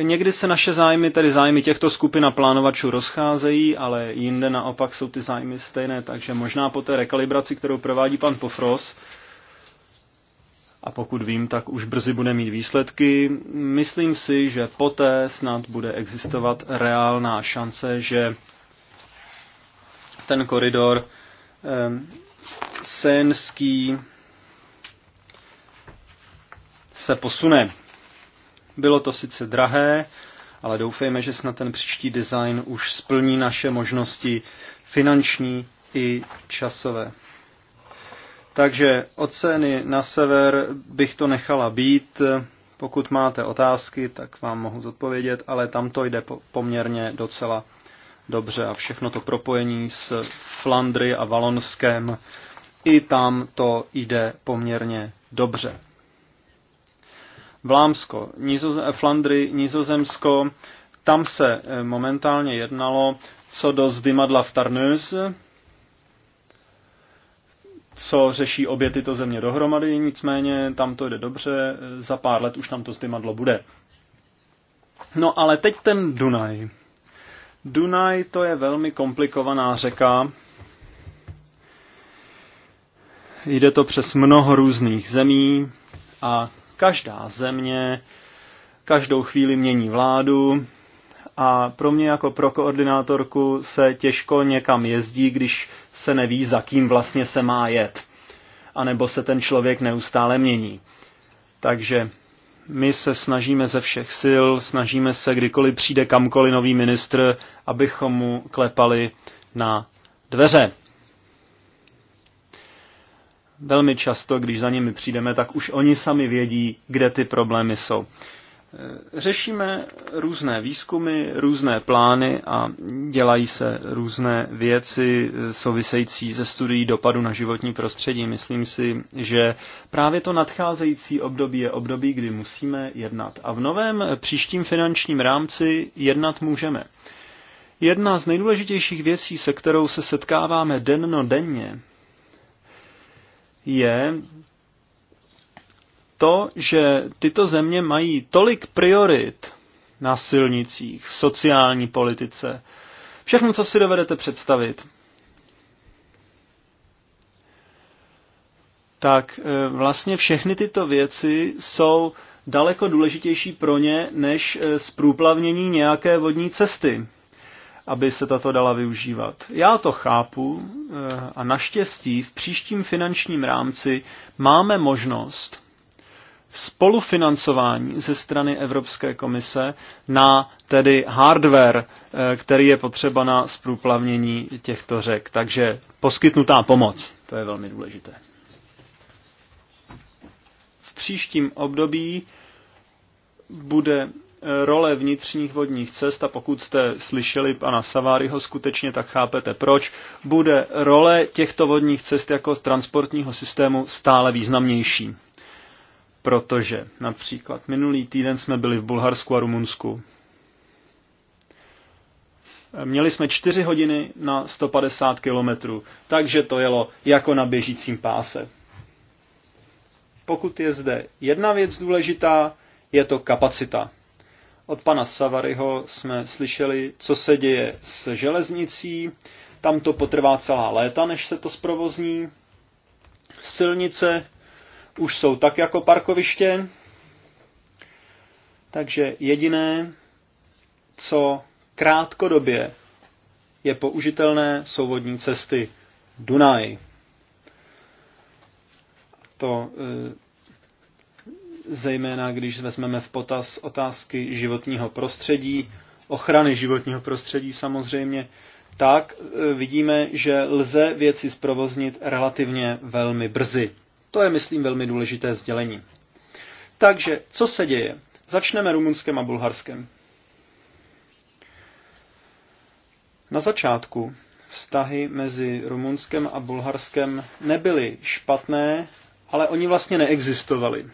Někdy se naše zájmy, tedy zájmy těchto skupin a plánovačů rozcházejí, ale jinde naopak jsou ty zájmy stejné, takže možná po té rekalibraci, kterou provádí pan Pofros, a pokud vím, tak už brzy bude mít výsledky. Myslím si, že poté snad bude existovat reálná šance, že ten koridor eh, Sénský se posune. Bylo to sice drahé, ale doufejme, že snad ten příští design už splní naše možnosti finanční i časové. Takže oceny na sever bych to nechala být. Pokud máte otázky, tak vám mohu zodpovědět, ale tam to jde poměrně docela dobře a všechno to propojení s Flandry a Valonskem, i tam to jde poměrně dobře. Vlámsko, Nizozem, Flandry, Nizozemsko, tam se eh, momentálně jednalo co do zdymadla v Tarnöse, co řeší obě tyto země dohromady, nicméně tam to jde dobře, za pár let už tam to zdymadlo bude. No ale teď ten Dunaj. Dunaj to je velmi komplikovaná řeka. Jde to přes mnoho různých zemí a každá země každou chvíli mění vládu, a pro mě jako pro koordinátorku se těžko někam jezdí, když se neví, za kým vlastně se má jet. A nebo se ten člověk neustále mění. Takže my se snažíme ze všech sil, snažíme se, kdykoliv přijde kamkoliv nový ministr, abychom mu klepali na dveře. Velmi často, když za nimi přijdeme, tak už oni sami vědí, kde ty problémy jsou. Eh, řešíme různé výzkumy, různé plány a dělají se různé věci eh, související ze studií dopadu na životní prostředí. Myslím si, že právě to nadcházející období je období, kdy musíme jednat. A v novém eh, příštím finančním rámci jednat můžeme. Jedna z nejdůležitějších věcí, se kterou se setkáváme denno denně, je to, že tyto země mají tolik priorit na silnicích, v sociální politice, všechno, co si dovedete představit, tak eh, vlastně všechny tyto věci jsou daleko důležitější pro ně než eh, zprůplavnění nějaké vodní cesty, aby se tato dala využívat. Já to chápu eh, a naštěstí v příštím finančním rámci máme možnost spolufinancování ze strany Evropské komise na tedy hardware, eh, který je potřeba na zprůplavnění těchto řek. Takže poskytnutá pomoc, to je velmi důležité. V příštím období bude eh, role vnitřních vodních cest, a pokud jste slyšeli pana Saváryho skutečně, tak chápete proč, bude role těchto vodních cest jako transportního systému stále významnější protože například minulý týden jsme byli v Bulharsku a Rumunsku. Měli jsme 4 hodiny na 150 km, takže to jelo jako na běžícím páse. Pokud je zde jedna věc důležitá, je to kapacita. Od pana Savaryho jsme slyšeli, co se děje s železnicí. Tam to potrvá celá léta, než se to zprovozní. Silnice už jsou tak jako parkoviště, takže jediné, co krátkodobě je použitelné, jsou vodní cesty Dunaj. To eh, zejména když vezmeme v potaz otázky životního prostředí, ochrany životního prostředí samozřejmě, tak eh, vidíme, že lze věci zprovoznit relativně velmi brzy. To je, myslím, velmi důležité sdělení. Takže, co se děje? Začneme rumunském a bulharském. Na začátku vztahy mezi rumunském a bulharském nebyly špatné, ale oni vlastně neexistovali.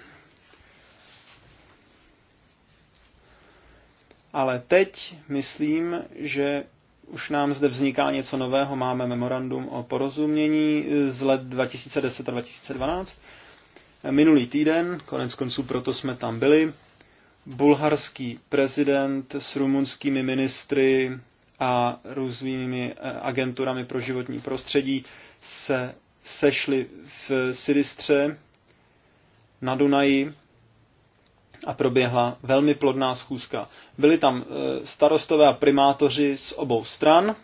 Ale teď myslím, že už nám zde vzniká něco nového, máme memorandum o porozumění z let 2010 a 2012. Minulý týden, konec konců proto jsme tam byli, bulharský prezident s rumunskými ministry a různými eh, agenturami pro životní prostředí se sešli v Sidistře na Dunaji a proběhla velmi plodná schůzka. Byli tam eh, starostové a primátoři z obou stran,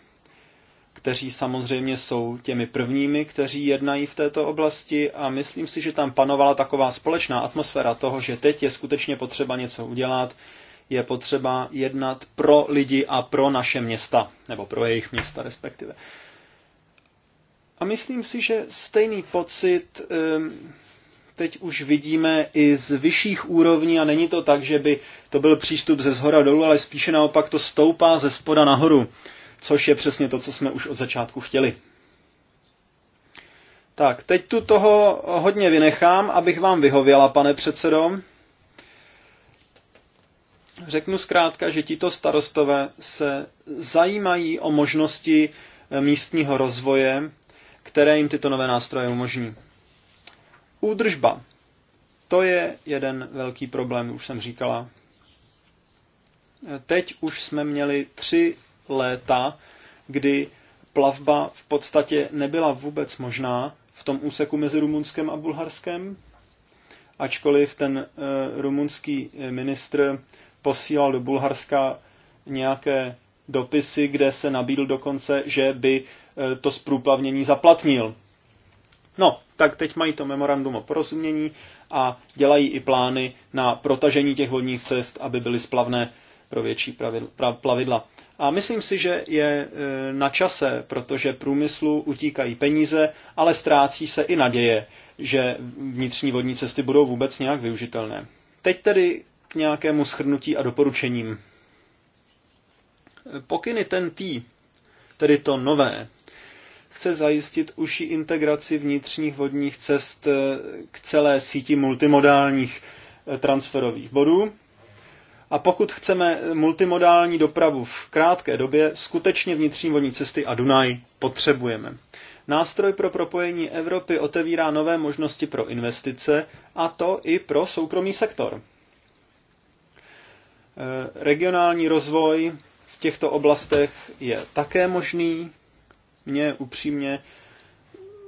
kteří samozřejmě jsou těmi prvními, kteří jednají v této oblasti a myslím si, že tam panovala taková společná atmosféra toho, že teď je skutečně potřeba něco udělat, je potřeba jednat pro lidi a pro naše města, nebo pro jejich města respektive. A myslím si, že stejný pocit ehm, teď už vidíme i z vyšších úrovní a není to tak, že by to byl přístup ze zhora dolů, ale spíše naopak to stoupá ze spoda nahoru, což je přesně to, co jsme už od začátku chtěli. Tak, teď tu toho hodně vynechám, abych vám vyhověla, pane předsedo. Řeknu zkrátka, že tito starostové se zajímají o možnosti místního rozvoje, které jim tyto nové nástroje umožní. Údržba. To je jeden velký problém, už jsem říkala. Teď už jsme měli tři léta, kdy plavba v podstatě nebyla vůbec možná v tom úseku mezi Rumunskem a Bulharskem, ačkoliv ten eh, rumunský eh, ministr posílal do Bulharska nějaké dopisy, kde se nabídl dokonce, že by eh, to zprůplavnění zaplatnil. No, tak teď mají to memorandum o porozumění a dělají i plány na protažení těch vodních cest, aby byly splavné pro větší plavidla. A myslím si, že je e, na čase, protože průmyslu utíkají peníze, ale ztrácí se i naděje, že vnitřní vodní cesty budou vůbec nějak využitelné. Teď tedy k nějakému schrnutí a doporučením. Pokyny ten tý, tedy to nové, chce zajistit užší integraci vnitřních vodních cest eh, k celé síti multimodálních eh, transferových bodů. A pokud chceme eh, multimodální dopravu v krátké době, skutečně vnitřní vodní cesty a Dunaj potřebujeme. Nástroj pro propojení Evropy otevírá nové možnosti pro investice, a to i pro soukromý sektor. Regionální rozvoj v těchto oblastech je také možný mě upřímně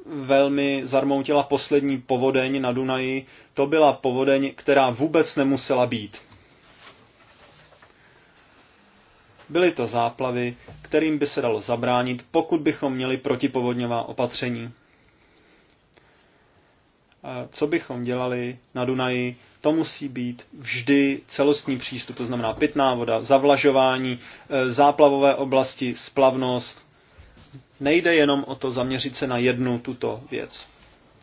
velmi zarmoutila poslední povodeň na Dunaji. To byla povodeň, která vůbec nemusela být. Byly to záplavy, kterým by se dalo zabránit, pokud bychom měli protipovodňová opatření. Co bychom dělali na Dunaji, to musí být vždy celostní přístup, to znamená pitná voda, zavlažování, e, záplavové oblasti, splavnost, nejde jenom o to zaměřit se na jednu tuto věc.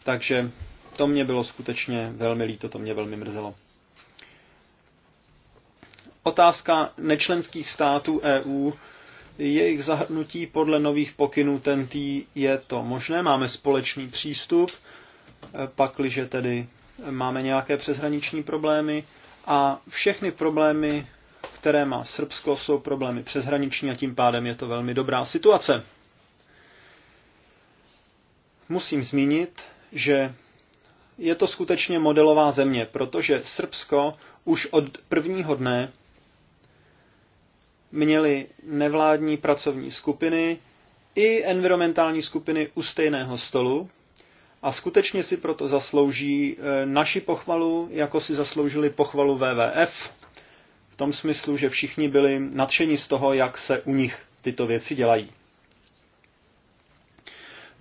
Takže to mě bylo skutečně velmi líto, to mě velmi mrzelo. Otázka nečlenských států EU, jejich zahrnutí podle nových pokynů TNT je to možné, máme společný přístup, pakliže tedy máme nějaké přeshraniční problémy a všechny problémy, které má Srbsko, jsou problémy přeshraniční a tím pádem je to velmi dobrá situace musím zmínit, že je to skutečně modelová země, protože Srbsko už od prvního dne měli nevládní pracovní skupiny i environmentální skupiny u stejného stolu a skutečně si proto zaslouží eh, naši pochvalu, jako si zasloužili pochvalu WWF, v tom smyslu, že všichni byli nadšeni z toho, jak se u nich tyto věci dělají.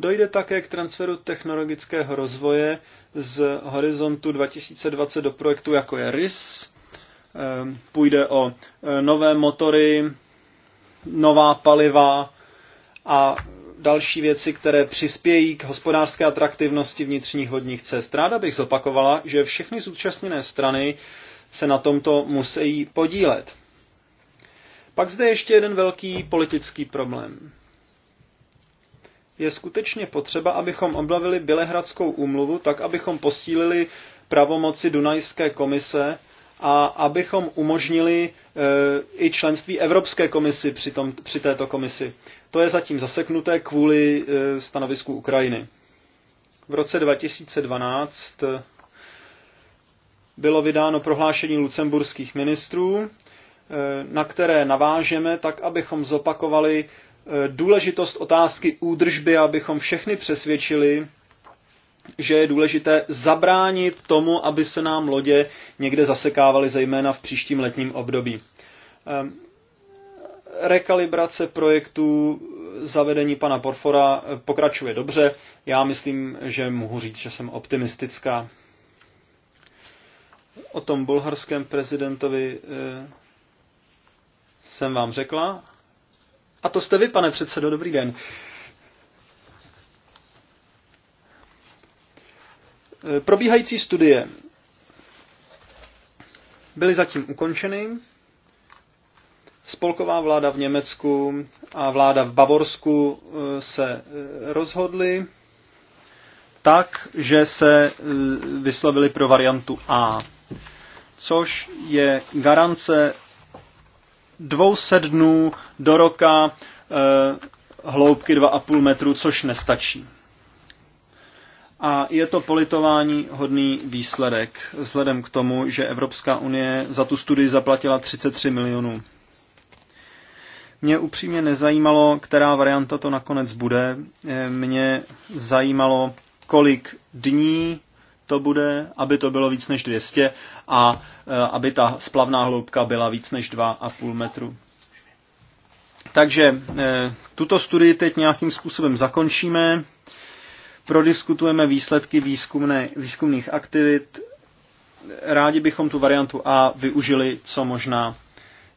Dojde také k transferu technologického rozvoje z horizontu 2020 do projektu jako je RIS. Ehm, půjde o e, nové motory, nová paliva a další věci, které přispějí k hospodářské atraktivnosti vnitřních vodních cest. Ráda bych zopakovala, že všechny zúčastněné strany se na tomto musí podílet. Pak zde ještě jeden velký politický problém je skutečně potřeba, abychom obnovili Bělehradskou úmluvu, tak abychom posílili pravomoci Dunajské komise a abychom umožnili e, i členství Evropské komisi při, tom, při této komisi. To je zatím zaseknuté kvůli e, stanovisku Ukrajiny. V roce 2012 e, bylo vydáno prohlášení lucemburských ministrů, e, na které navážeme, tak abychom zopakovali Eh, důležitost otázky údržby, abychom všechny přesvědčili, že je důležité zabránit tomu, aby se nám lodě někde zasekávaly, zejména v příštím letním období. Eh, rekalibrace projektů eh, zavedení pana Porfora pokračuje dobře. Já myslím, že mohu říct, že jsem optimistická. O tom bulharském prezidentovi jsem vám řekla. A to jste vy, pane předsedo, dobrý den. Probíhající studie byly zatím ukončeny. Spolková vláda v Německu a vláda v Bavorsku eh, se eh, rozhodly tak, že se eh, vyslovili pro variantu A, což je garance 200 dnů do roka eh, hloubky 2,5 metru, což nestačí. A je to politování hodný výsledek, vzhledem k tomu, že Evropská unie za tu studii zaplatila 33 milionů. Mě upřímně nezajímalo, která varianta to nakonec bude. Eh, mě zajímalo, kolik dní to bude, aby to bylo víc než 200 a e, aby ta splavná hloubka byla víc než 2,5 metru. Takže e, tuto studii teď nějakým způsobem zakončíme. Prodiskutujeme výsledky výzkumné, výzkumných aktivit. Rádi bychom tu variantu A využili co možná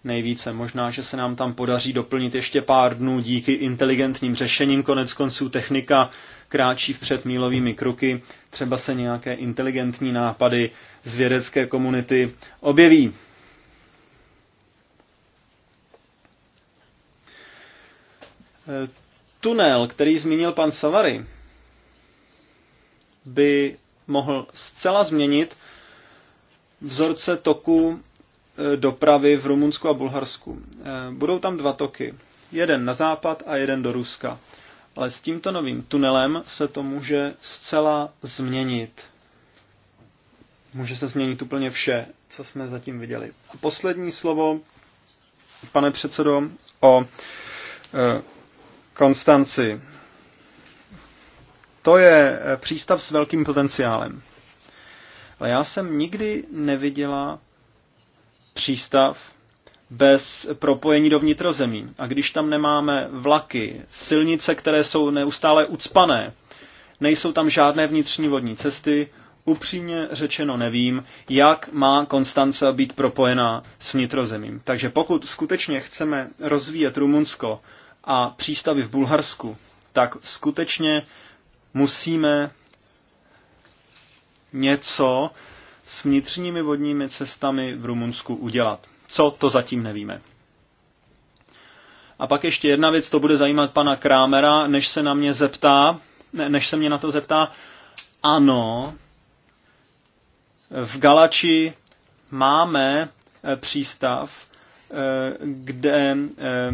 nejvíce. Možná, že se nám tam podaří doplnit ještě pár dnů díky inteligentním řešením. Konec konců technika kráčí vpřed mílovými kroky, třeba se nějaké inteligentní nápady z vědecké komunity objeví. E, tunel, který zmínil pan Savary, by mohl zcela změnit vzorce toku e, dopravy v Rumunsku a Bulharsku. E, budou tam dva toky. Jeden na západ a jeden do Ruska. Ale s tímto novým tunelem se to může zcela změnit. Může se změnit úplně vše, co jsme zatím viděli. A poslední slovo, pane předsedo, o e, Konstanci. To je e, přístav s velkým potenciálem. Ale já jsem nikdy neviděla přístav, bez propojení do vnitrozemí. A když tam nemáme vlaky, silnice, které jsou neustále ucpané, nejsou tam žádné vnitřní vodní cesty, upřímně řečeno nevím, jak má Konstance být propojená s vnitrozemím. Takže pokud skutečně chceme rozvíjet Rumunsko a přístavy v Bulharsku, tak skutečně musíme něco s vnitřními vodními cestami v Rumunsku udělat. Co, to zatím nevíme. A pak ještě jedna věc, to bude zajímat pana Krámera, než se na mě zeptá, ne, než se mě na to zeptá, ano, v Galači máme eh, přístav, eh, kde, eh,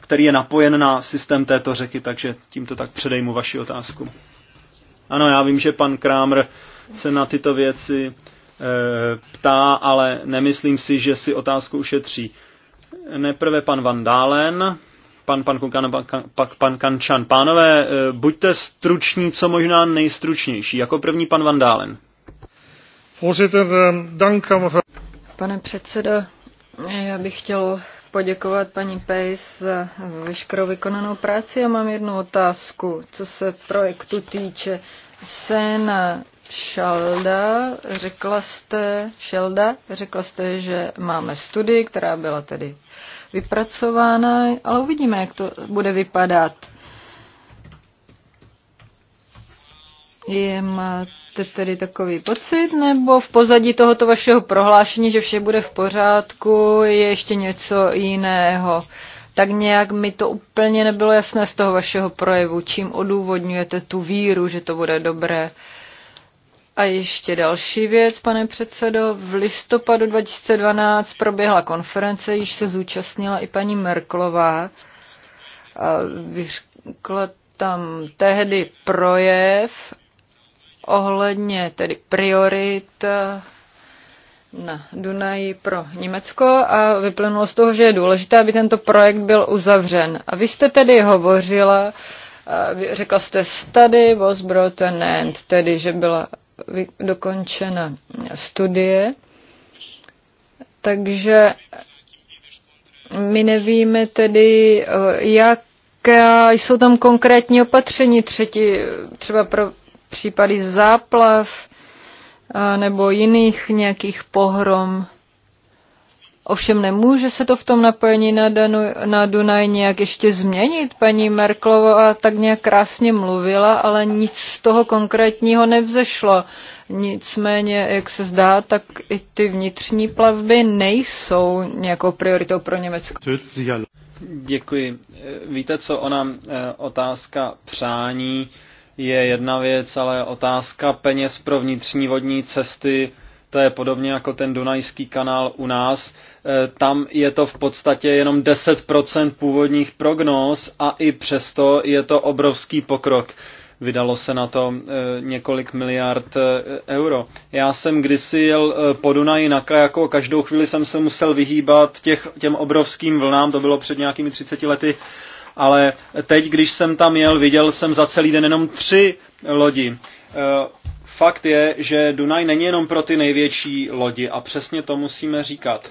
který je napojen na systém této řeky, takže tímto tak předejmu vaši otázku. Ano, já vím, že pan Krámer se na tyto věci Eh, ptá, ale nemyslím si, že si otázku ušetří. Neprve pan Van Dálen, pan, pan, Kukan, pan, pan Kančan. Pánové, eh, buďte struční, co možná nejstručnější. Jako první pan Van Dálen. Eh, Pane předsedo, já bych chtěl poděkovat paní Pejs za veškerou vykonanou práci a mám jednu otázku, co se projektu týče. Sen Šalda, řekla jste, Šelda, řekla jste, že máme studii, která byla tedy vypracována, ale uvidíme, jak to bude vypadat. Je, máte tedy takový pocit, nebo v pozadí tohoto vašeho prohlášení, že vše bude v pořádku, je ještě něco jiného? Tak nějak mi to úplně nebylo jasné z toho vašeho projevu, čím odůvodňujete tu víru, že to bude dobré. Uh, a ještě další věc, pane předsedo. V listopadu 2012 proběhla konference, již se zúčastnila i paní Merklová. A vyřkla tam tehdy projev ohledně tedy priorit na Dunaji pro Německo a vyplynulo z toho, že je důležité, aby tento projekt byl uzavřen. A vy jste tedy hovořila, řekla jste study was brought an end, tedy že byla dokončena studie, takže my nevíme tedy, jak eh, jaká jsou tam konkrétní opatření třetí, třeba pro případy záplav eh, nebo jiných nějakých pohrom. Ovšem nemůže se to v tom napojení na, Danu, na Dunaj nějak ještě změnit. Paní Merklová tak nějak krásně mluvila, ale nic z toho konkrétního nevzešlo. Nicméně, jak se zdá, tak i ty vnitřní plavby nejsou nějakou prioritou pro Německo. Děkuji. Víte co, ona eh, otázka přání je jedna věc, ale otázka peněz pro vnitřní vodní cesty to je podobně jako ten Dunajský kanál u nás. Eh, tam je to v podstatě jenom 10% původních prognóz a i přesto je to obrovský pokrok. Vydalo se na to eh, několik miliard eh, euro. Já jsem kdysi jel po Dunaji na kajaku, každou chvíli jsem se musel vyhýbat těch, těm obrovským vlnám, to bylo před nějakými 30 lety, ale teď, když jsem tam jel, viděl jsem za celý den jenom tři lodi. Fakt je, že Dunaj není jenom pro ty největší lodi a přesně to musíme říkat.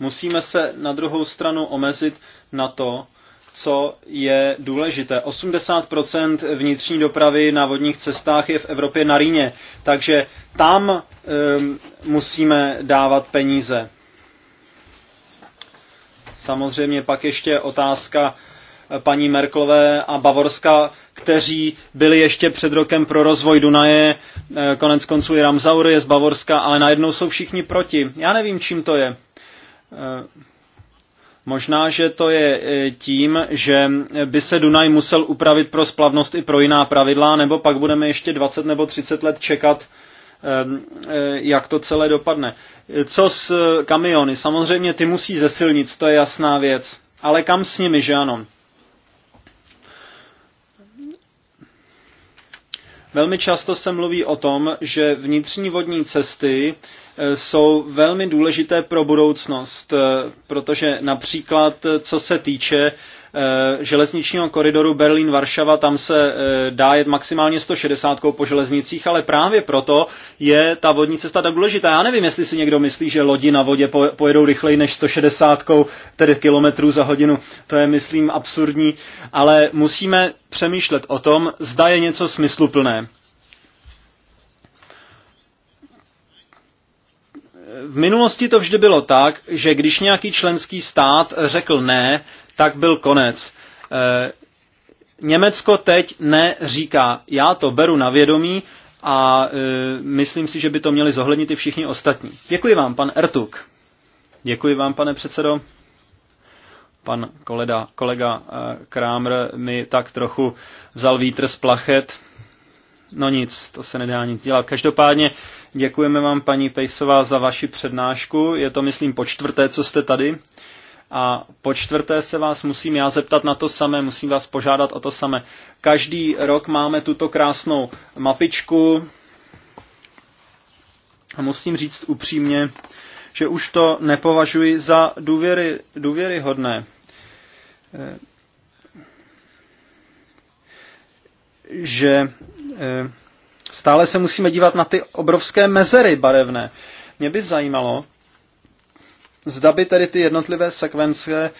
Musíme se na druhou stranu omezit na to, co je důležité. 80% vnitřní dopravy na vodních cestách je v Evropě na Rýně, takže tam um, musíme dávat peníze. Samozřejmě pak ještě otázka eh, paní Merklové a Bavorska, kteří byli ještě před rokem pro rozvoj Dunaje, eh, konec konců i Ramzaur je z Bavorska, ale najednou jsou všichni proti. Já nevím, čím to je. Eh, možná, že to je eh, tím, že by se Dunaj musel upravit pro splavnost i pro jiná pravidla, nebo pak budeme ještě 20 nebo 30 let čekat, ehm, eh, jak to celé dopadne. Co s kamiony? Samozřejmě ty musí zesilnit, to je jasná věc. Ale kam s nimi, že ano? Velmi často se mluví o tom, že vnitřní vodní cesty e, jsou velmi důležité pro budoucnost, e, protože například e, co se týče Eh, železničního koridoru Berlín-Varšava, tam se eh, dá jet maximálně 160 po železnicích, ale právě proto je ta vodní cesta tak důležitá. Já nevím, jestli si někdo myslí, že lodi na vodě pojedou rychleji než 160, tedy kilometrů za hodinu. To je, myslím, absurdní, ale musíme přemýšlet o tom, zda je něco smysluplné. v minulosti to vždy bylo tak, že když nějaký členský stát řekl ne, tak byl konec. E, Německo teď neříká, já to beru na vědomí a e, myslím si, že by to měli zohlednit i všichni ostatní. Děkuji vám, pan Ertuk. Děkuji vám, pane předsedo. Pan koleda, kolega eh, Krámr mi tak trochu vzal vítr z plachet. No nic, to se nedá nic dělat. Každopádně děkujeme vám, paní Pejsová, za vaši přednášku. Je to, myslím, po čtvrté, co jste tady. A po čtvrté se vás musím já zeptat na to samé, musím vás požádat o to samé. Každý rok máme tuto krásnou mapičku a musím říct upřímně, že už to nepovažuji za důvěry, důvěryhodné. Že eh, stále se musíme dívat na ty obrovské mezery barevné. Mě by zajímalo, Zda by tedy ty jednotlivé sekvence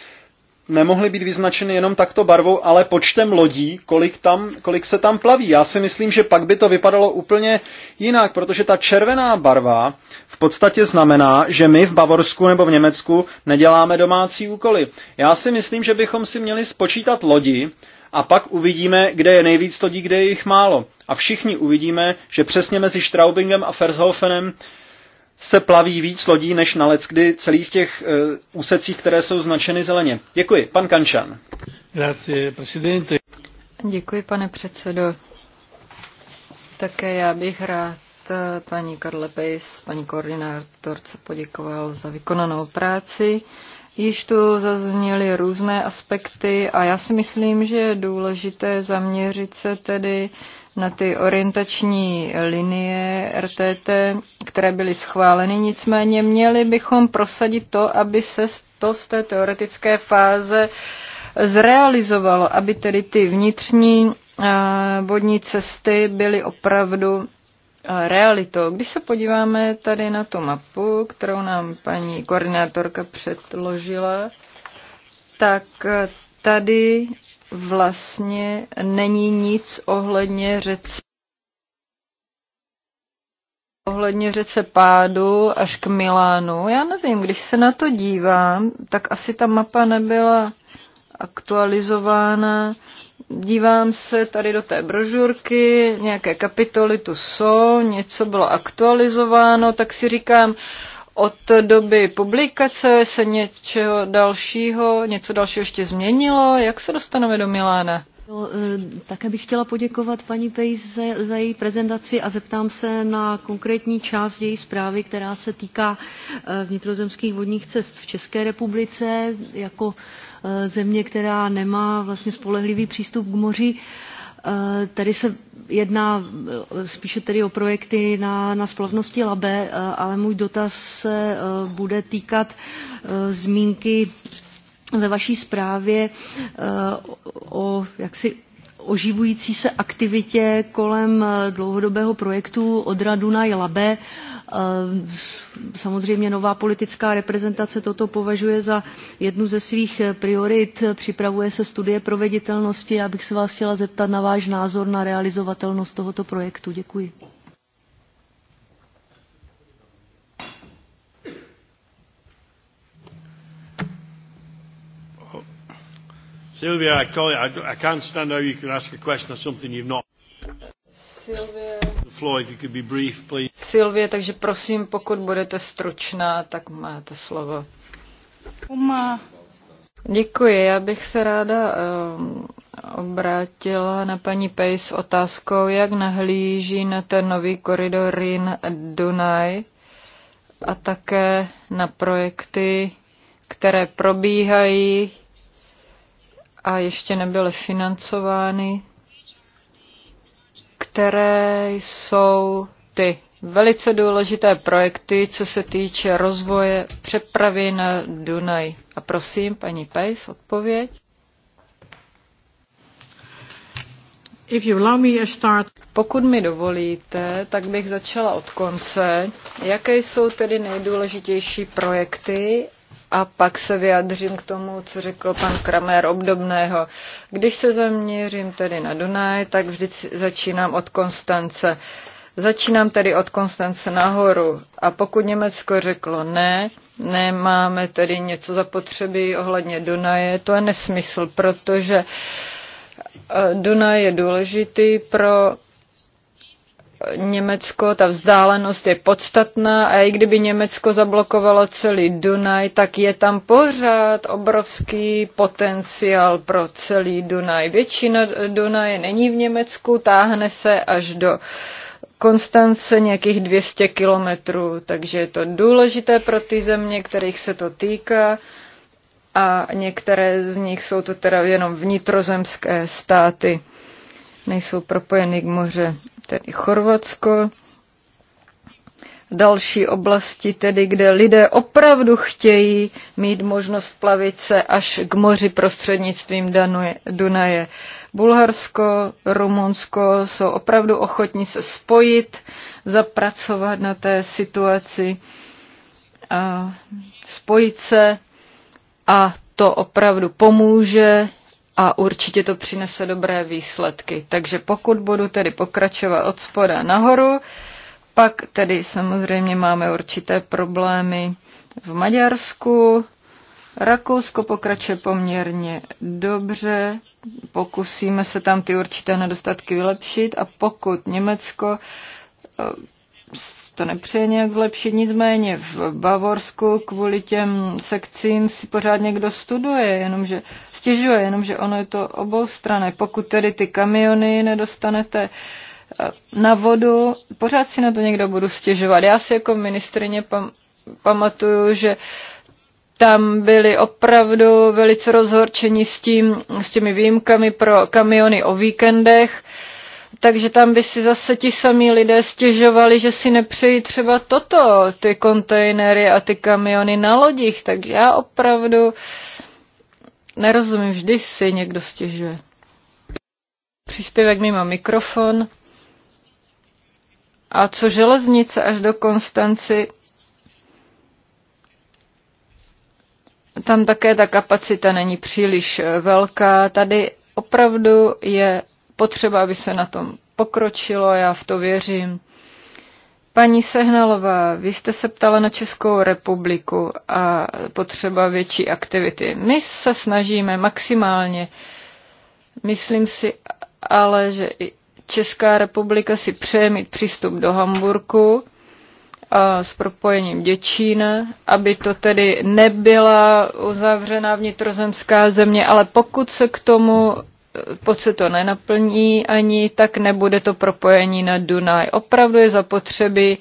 nemohly být vyznačeny jenom takto barvou, ale počtem lodí, kolik, tam, kolik se tam plaví. Já si myslím, že pak by to vypadalo úplně jinak, protože ta červená barva v podstatě znamená, že my v Bavorsku nebo v Německu neděláme domácí úkoly. Já si myslím, že bychom si měli spočítat lodi a pak uvidíme, kde je nejvíc lodí, kde je jich málo. A všichni uvidíme, že přesně mezi Straubingem a Fershofenem se plaví víc lodí než na leckdy celých těch uh, úsecích, které jsou značeny zeleně. Děkuji. Pan Kančan. Grazie, presidente. Děkuji, pane předsedo. Také já bych rád eh, paní Karle Pejs, paní koordinátorce poděkoval za vykonanou práci. Již tu zazněly různé aspekty a já si myslím, že je důležité zaměřit se tedy uh, na ty orientační linie RTT, které byly schváleny. Nicméně měli bychom prosadit to, aby se to z té teoretické fáze zrealizovalo, aby tedy ty vnitřní eh, vodní cesty byly opravdu eh, realitou. Když se podíváme tady na tu mapu, kterou nám paní koordinátorka předložila, tak eh, tady vlastně není nic ohledně řece ohledně řece Pádu až k Milánu. Já nevím, když se na to dívám, tak asi ta mapa nebyla aktualizována. Dívám se tady do té brožurky, nějaké kapitoly tu jsou, něco bylo aktualizováno, tak si říkám, od doby publikace se něčeho dalšího, něco dalšího ještě změnilo? Jak se dostaneme do Milána? No, eh, také bych chtěla poděkovat paní Pejs za, za její prezentaci a zeptám se na konkrétní část její zprávy, která se týká eh, vnitrozemských vodních cest v České republice jako eh, země, která nemá vlastně spolehlivý přístup k moři. Eh, tady se jedná eh, spíše tedy o projekty na, na splavnosti Labe, eh, ale můj dotaz se bude týkat zmínky ve vaší zprávě o jaksi oživující se aktivitě kolem eh, dlouhodobého projektu Odra Dunaj Labe. Eh, samozřejmě nová politická reprezentace toto považuje za jednu ze svých eh, priorit. Připravuje se studie proveditelnosti. Já bych se vás chtěla zeptat na váš názor na realizovatelnost tohoto projektu. Děkuji. Sylvia, I, call you, I, I can't stand how you can ask a question of something you've not. Sylvie. The floor, if you could be brief, please. takže prosím, pokud budete stručná, tak máte slovo. Uma. Děkuji. Já bych se ráda um, obrátila na paní Pace s otázkou, jak nahlíží na ten nový koridor Rin-Dunaj a také na projekty, které probíhají a ještě nebyly financovány, které jsou ty velice důležité projekty, co se týče rozvoje přepravy na Dunaj. A prosím, paní Pejs, odpověď. If you allow me a start... Pokud mi dovolíte, tak bych začala od konce. Jaké jsou tedy nejdůležitější projekty a pak se vyjadřím k tomu, co řekl pan Kramer obdobného. Když se zaměřím tedy na Dunaj, tak vždy začínám od Konstance. Začínám tedy od Konstance nahoru a pokud Německo řeklo ne, nemáme tedy něco zapotřebí ohledně Dunaje, to je nesmysl, protože eh, Dunaj je důležitý pro Německo, ta vzdálenost je podstatná a i kdyby Německo zablokovalo celý Dunaj, tak je tam pořád obrovský potenciál pro celý Dunaj. Většina Dunaje není v Německu, táhne se až do Konstance nějakých 200 kilometrů, takže je to důležité pro ty země, kterých se to týká a některé z nich jsou to teda jenom vnitrozemské státy nejsou propojeny k moře, tedy Chorvatsko. Další oblasti, tedy kde lidé opravdu chtějí mít možnost plavit se až k moři prostřednictvím Dunaje. Bulharsko, Rumunsko jsou opravdu ochotní se spojit, zapracovat na té situaci, a spojit se a to opravdu pomůže a určitě to přinese dobré výsledky. Takže pokud budu tedy pokračovat od spoda nahoru, pak tedy samozřejmě máme určité problémy v Maďarsku. Rakousko pokračuje poměrně dobře, pokusíme se tam ty určité nedostatky vylepšit a pokud Německo to nepřeje nějak zlepšit, nicméně v Bavorsku kvůli těm sekcím si pořád někdo studuje, jenomže stěžuje, jenomže ono je to obou strany. Pokud tedy ty kamiony nedostanete eh, na vodu, pořád si na to někdo budu stěžovat. Já si jako ministrině pam- pamatuju, že tam byli opravdu velice rozhorčeni s, tím, s těmi výjimkami pro kamiony o víkendech, takže tam by si zase ti samí lidé stěžovali, že si nepřejí třeba toto, ty kontejnery a ty kamiony na lodích, takže já opravdu nerozumím, vždy si někdo stěžuje. Příspěvek mimo mikrofon. A co železnice až do Konstanci, tam také ta kapacita není příliš velká. Tady opravdu je potřeba, aby se na tom pokročilo, já v to věřím. Paní Sehnalová, vy jste se ptala na Českou republiku a potřeba větší aktivity. My se snažíme maximálně. Myslím si ale, že i Česká republika si přeje mít přístup do Hamburku a s propojením Děčína, aby to tedy nebyla uzavřená vnitrozemská země, ale pokud se k tomu pokud se to nenaplní ani, tak nebude to propojení na Dunaj. Opravdu je zapotřebí,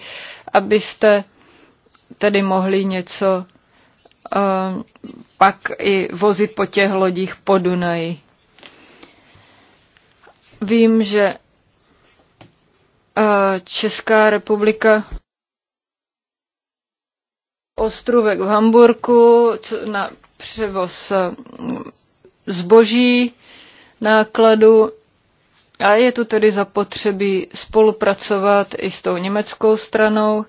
abyste tedy mohli něco eh, pak i vozit po těch lodích po Dunaji. Vím, že uh, Česká republika ostrůvek v Hamburku na převoz eh, zboží nákladu a je tu tedy zapotřebí spolupracovat i s tou německou stranou.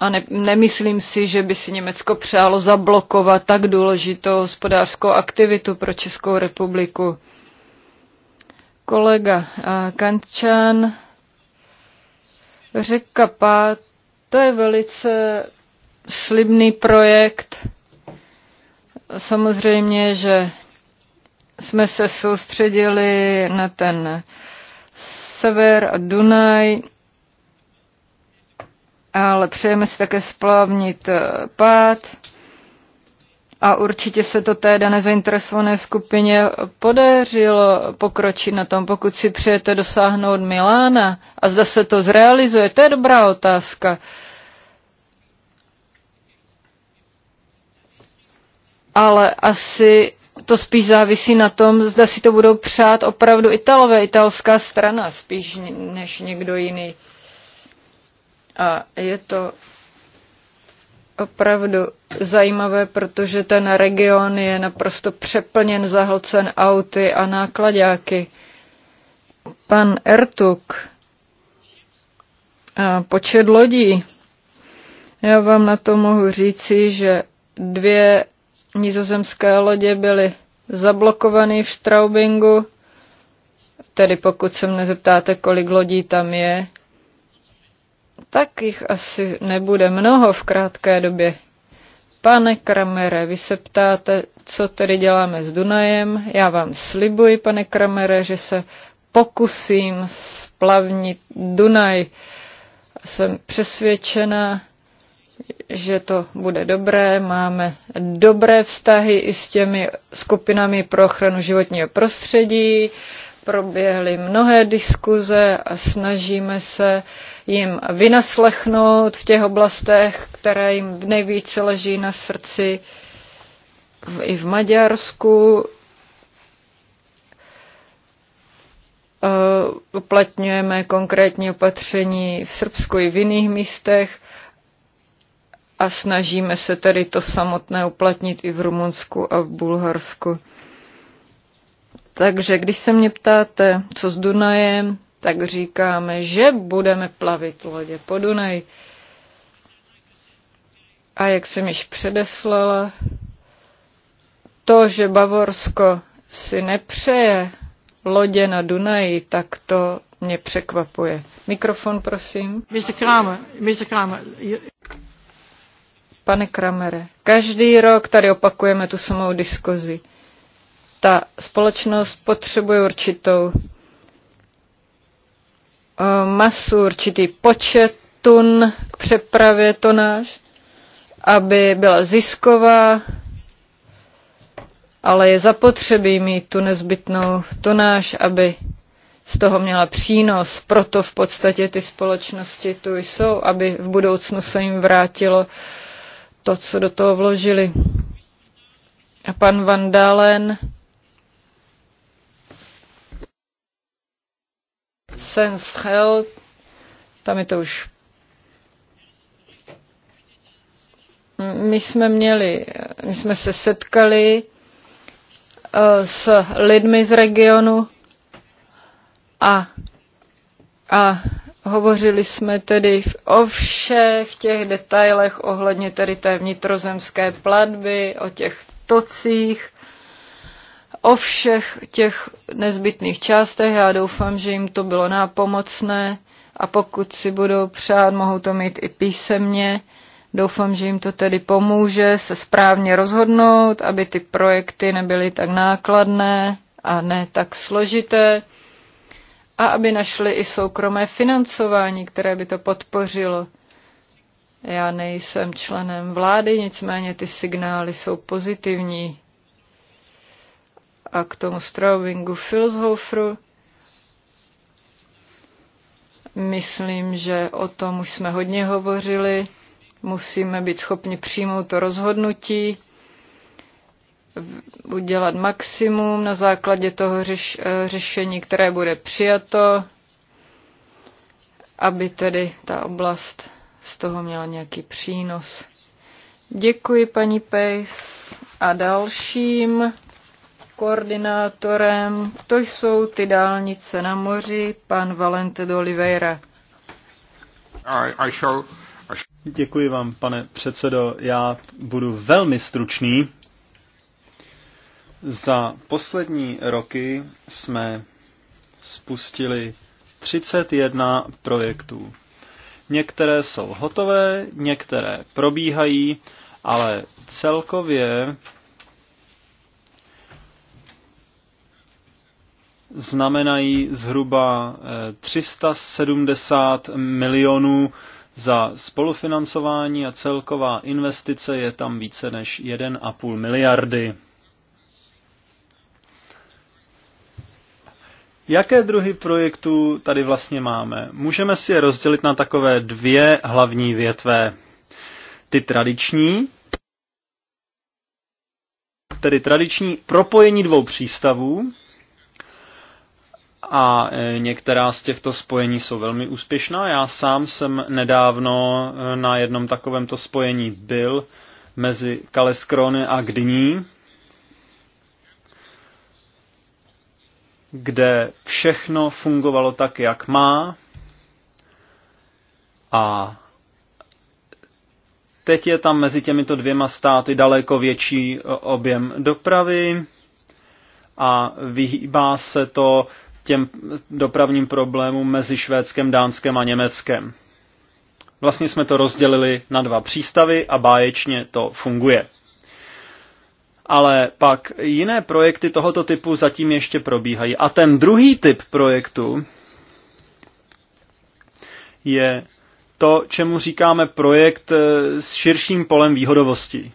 A ne, nemyslím si, že by si Německo přálo zablokovat tak důležitou hospodářskou aktivitu pro Českou republiku. Kolega eh, Kančan, řeka Pát, to je velice slibný projekt. Samozřejmě, že jsme se soustředili na ten sever a Dunaj, ale přejeme si také splavnit eh, pád a určitě se to té dané zainteresované skupině podařilo pokročit na tom, pokud si přejete dosáhnout Milána a zda se to zrealizuje, to je dobrá otázka. Ale asi to spíš závisí na tom, zda si to budou přát opravdu Italové, italská strana, spíš než někdo jiný. A je to opravdu zajímavé, protože ten region je naprosto přeplněn, zahlcen auty a nákladáky. Pan Ertuk, a počet lodí. Já vám na to mohu říci, že dvě nizozemské lodě byly zablokovaný v Straubingu, tedy pokud se mne zeptáte, kolik lodí tam je, tak jich asi nebude mnoho v krátké době. Pane Kramere, vy se ptáte, co tedy děláme s Dunajem. Já vám slibuji, pane Kramere, že se pokusím splavnit Dunaj. Jsem přesvědčená že to bude dobré. Máme dobré vztahy i s těmi skupinami pro ochranu životního prostředí. Proběhly mnohé diskuze a snažíme se jim vynaslechnout v těch oblastech, které jim nejvíce leží na srdci. I v Maďarsku eh, uplatňujeme konkrétní opatření v Srbsku i v jiných místech a snažíme se tedy to samotné uplatnit i v Rumunsku a v Bulharsku. Takže když se mě ptáte, co s Dunajem, tak říkáme, že budeme plavit lodě po Dunaji. A jak jsem již předeslala, to, že Bavorsko si nepřeje lodě na Dunaji, tak to mě překvapuje. Mikrofon, prosím. Mr. Kramer, Mr. Kramer. Pane Kramere, každý rok tady opakujeme tu samou diskuzi. Ta společnost potřebuje určitou eh, masu, určitý počet tun k přepravě tonáž, aby byla zisková, ale je zapotřebí mít tu nezbytnou tonáž, aby z toho měla přínos. Proto v podstatě ty společnosti tu jsou, aby v budoucnu se jim vrátilo uh, to, co do toho vložili. A pan Van Dalen Senschel, tam je to už. My jsme měli, my jsme se setkali eh, s lidmi z regionu a, a Hovořili jsme tedy o všech těch detailech ohledně tedy té vnitrozemské platby, o těch tocích, o všech těch nezbytných částech. Já doufám, že jim to bylo nápomocné a pokud si budou přát, mohou to mít i písemně. Doufám, že jim to tedy pomůže se správně rozhodnout, aby ty projekty nebyly tak nákladné a ne tak složité a aby našli i soukromé financování, které by to podpořilo. Já nejsem členem vlády, nicméně ty signály jsou pozitivní. A k tomu Straubingu Filshofru myslím, že o tom už jsme hodně hovořili. Musíme být schopni přijmout to rozhodnutí udělat maximum na základě toho řeš, eh, řešení, které bude přijato, aby tedy ta oblast z toho měla nějaký přínos. Děkuji paní Pejs a dalším koordinátorem. To jsou ty dálnice na moři, pan Valente de Oliveira. Děkuji vám, pane předsedo. Já budu velmi stručný. Za poslední roky jsme spustili 31 projektů. Některé jsou hotové, některé probíhají, ale celkově znamenají zhruba 370 eh, milionů za spolufinancování a celková investice je tam více než 1,5 miliardy Jaké druhy projektů tady vlastně máme? Můžeme si je rozdělit na takové dvě hlavní větve. Ty tradiční, tedy tradiční propojení dvou přístavů, a e, některá z těchto spojení jsou velmi úspěšná. Já sám jsem nedávno e, na jednom takovémto spojení byl mezi Kaleskrony a Gdyní kde všechno fungovalo tak, jak má a teď je tam mezi těmito dvěma státy daleko větší e, objem dopravy a vyhýbá se to těm dopravním problémům mezi Švédskem, Dánskem a Německem. Vlastně jsme to rozdělili na dva přístavy a báječně to funguje ale pak jiné projekty tohoto typu zatím ještě probíhají. A ten druhý typ projektu je to, čemu říkáme projekt eh, s širším polem výhodovosti.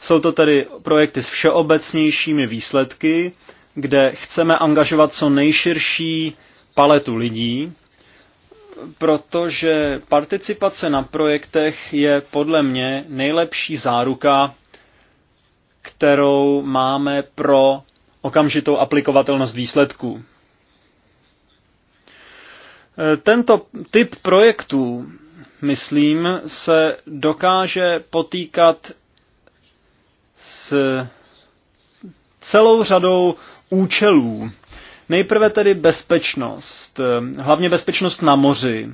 Jsou to tedy projekty s všeobecnějšími výsledky, kde chceme angažovat co nejširší paletu lidí, protože participace na projektech je podle mě nejlepší záruka kterou máme pro okamžitou aplikovatelnost výsledků. Tento typ projektů, myslím, se dokáže potýkat s celou řadou účelů. Nejprve tedy bezpečnost, hlavně bezpečnost na moři,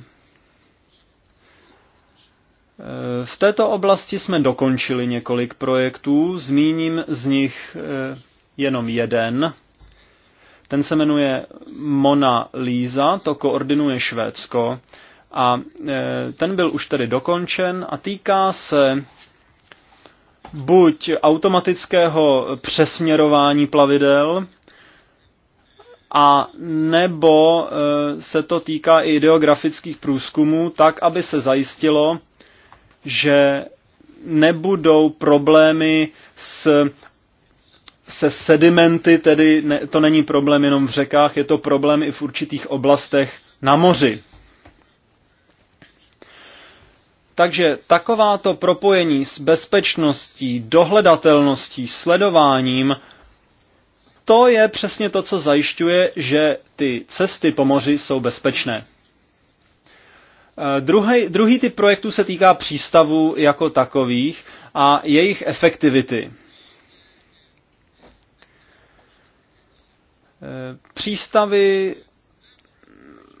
Eh, v této oblasti jsme dokončili několik projektů, zmíním z nich eh, jenom jeden. Ten se jmenuje Mona Lisa, to koordinuje Švédsko a eh, ten byl už tedy dokončen a týká se buď automatického přesměrování plavidel, a nebo se to týká i ideografických průzkumů, tak aby se zajistilo, že nebudou problémy s, se sedimenty, tedy ne, to není problém jenom v řekách, je to problém i v určitých oblastech na moři. Takže takováto propojení s bezpečností, dohledatelností, sledováním, to je přesně to, co zajišťuje, že ty cesty po moři jsou bezpečné. Eh, druhý, druhý typ projektů se týká přístavů jako takových a jejich efektivity. Eh, přístavy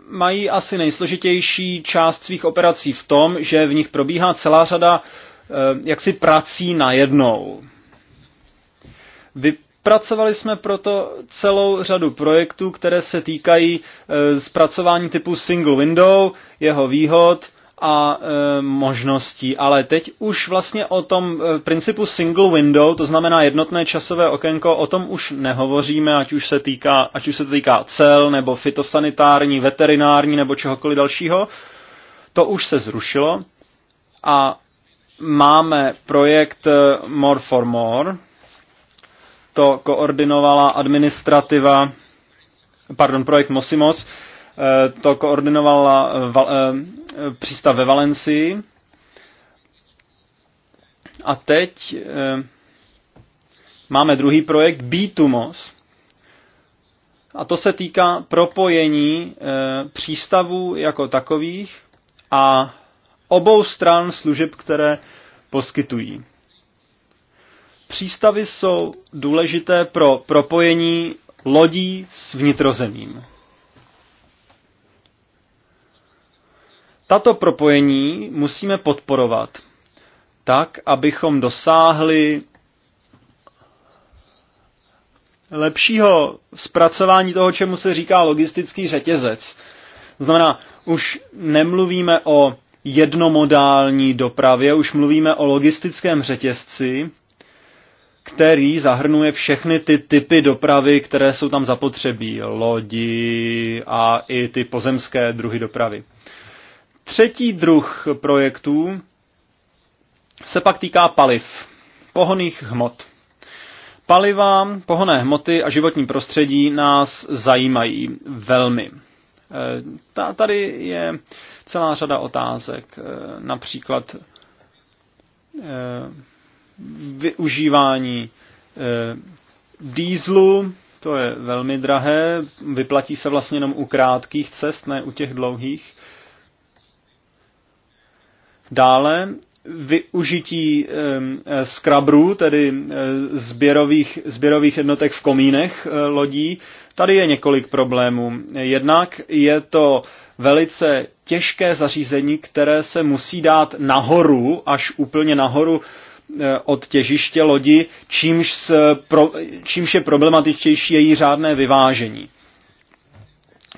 mají asi nejsložitější část svých operací v tom, že v nich probíhá celá řada eh, jaksi prací najednou. Vy, Pracovali jsme proto celou řadu projektů, které se týkají e, zpracování typu single window, jeho výhod a e, možností. Ale teď už vlastně o tom e, principu single window, to znamená jednotné časové okénko, o tom už nehovoříme, ať už se, týká, ať už se to týká cel, nebo fitosanitární, veterinární, nebo čehokoliv dalšího. To už se zrušilo a máme projekt More for More, to koordinovala administrativa, pardon, projekt Mosimos, eh, to koordinovala eh, eh, přístav ve Valencii. A teď máme druhý projekt Bitumos. A to se týká propojení přístavů jako takových a obou stran služeb, které poskytují. Přístavy jsou důležité pro propojení lodí s vnitrozemím. Tato propojení musíme podporovat tak, abychom dosáhli lepšího zpracování toho, čemu se říká logistický řetězec. Znamená, už nemluvíme o jednomodální dopravě, už mluvíme o logistickém řetězci, který zahrnuje všechny ty typy dopravy, které jsou tam zapotřebí. Lodi a i ty pozemské druhy dopravy. Třetí druh projektů se pak týká paliv, pohoných hmot. Paliva, pohoné hmoty a životní prostředí nás zajímají velmi. E, tady je celá řada otázek, e, například e, využívání eh, dýzlu, to je velmi drahé, vyplatí se vlastně jenom u krátkých cest, ne u těch dlouhých. Dále využití e, skrabrů, tedy e, sběrových, sběrových jednotek v komínech e, lodí. Tady je několik problémů. Jednak je to velice těžké zařízení, které se musí dát nahoru, až úplně nahoru Eh, od těžiště lodi, čímž, pro, čímž je problematičtější její řádné vyvážení.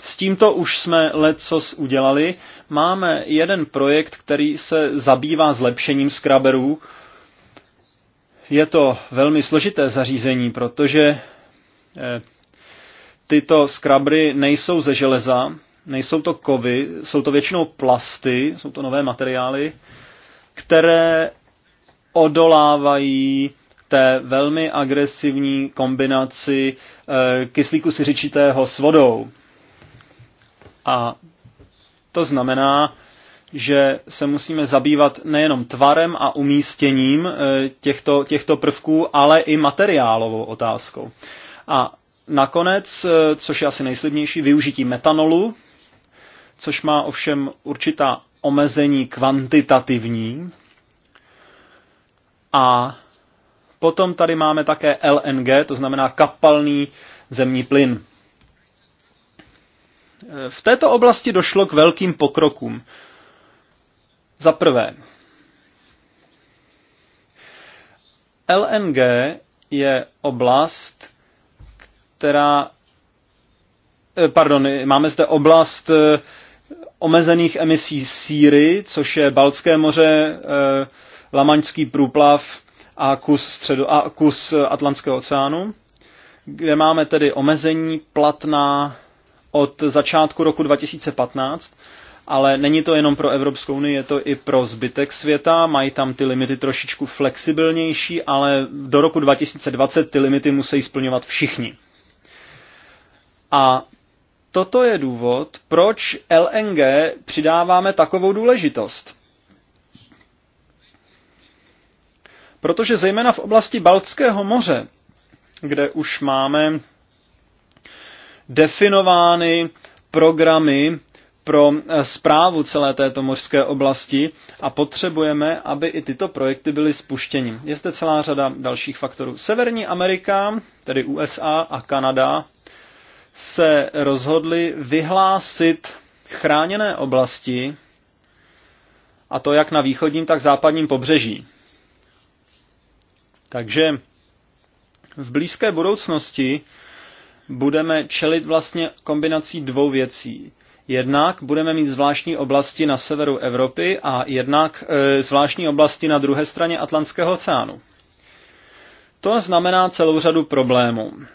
S tímto už jsme lecos udělali. Máme jeden projekt, který se zabývá zlepšením skraberů. Je to velmi složité zařízení, protože eh, tyto skrabry nejsou ze železa, nejsou to kovy, jsou to většinou plasty, jsou to nové materiály, které odolávají té velmi agresivní kombinaci eh, kyslíku siřičitého s vodou. A to znamená, že se musíme zabývat nejenom tvarem a umístěním eh, těchto, těchto prvků, ale i materiálovou otázkou. A nakonec, eh, což je asi nejslibnější, využití metanolu, což má ovšem určitá omezení kvantitativní, a potom tady máme také LNG, to znamená kapalný zemní plyn. V této oblasti došlo k velkým pokrokům. Za prvé, LNG je oblast, která. Eh, pardon, máme zde oblast eh, omezených emisí síry, což je Baltské moře, eh, Lamaňský průplav a kus, středu, a kus Atlantského oceánu, kde máme tedy omezení platná od začátku roku 2015, ale není to jenom pro Evropskou unii, je to i pro zbytek světa. Mají tam ty limity trošičku flexibilnější, ale do roku 2020 ty limity musí splňovat všichni. A toto je důvod, proč LNG přidáváme takovou důležitost. Protože zejména v oblasti Baltského moře, kde už máme definovány programy pro zprávu celé této mořské oblasti a potřebujeme, aby i tyto projekty byly spuštěni. Je zde celá řada dalších faktorů. Severní Amerika, tedy USA a Kanada, se rozhodli vyhlásit chráněné oblasti, a to jak na východním, tak západním pobřeží. Takže v blízké budoucnosti budeme čelit vlastně kombinací dvou věcí. Jednak budeme mít zvláštní oblasti na severu Evropy a jednak e, zvláštní oblasti na druhé straně Atlantského oceánu. To znamená celou řadu problémů. E,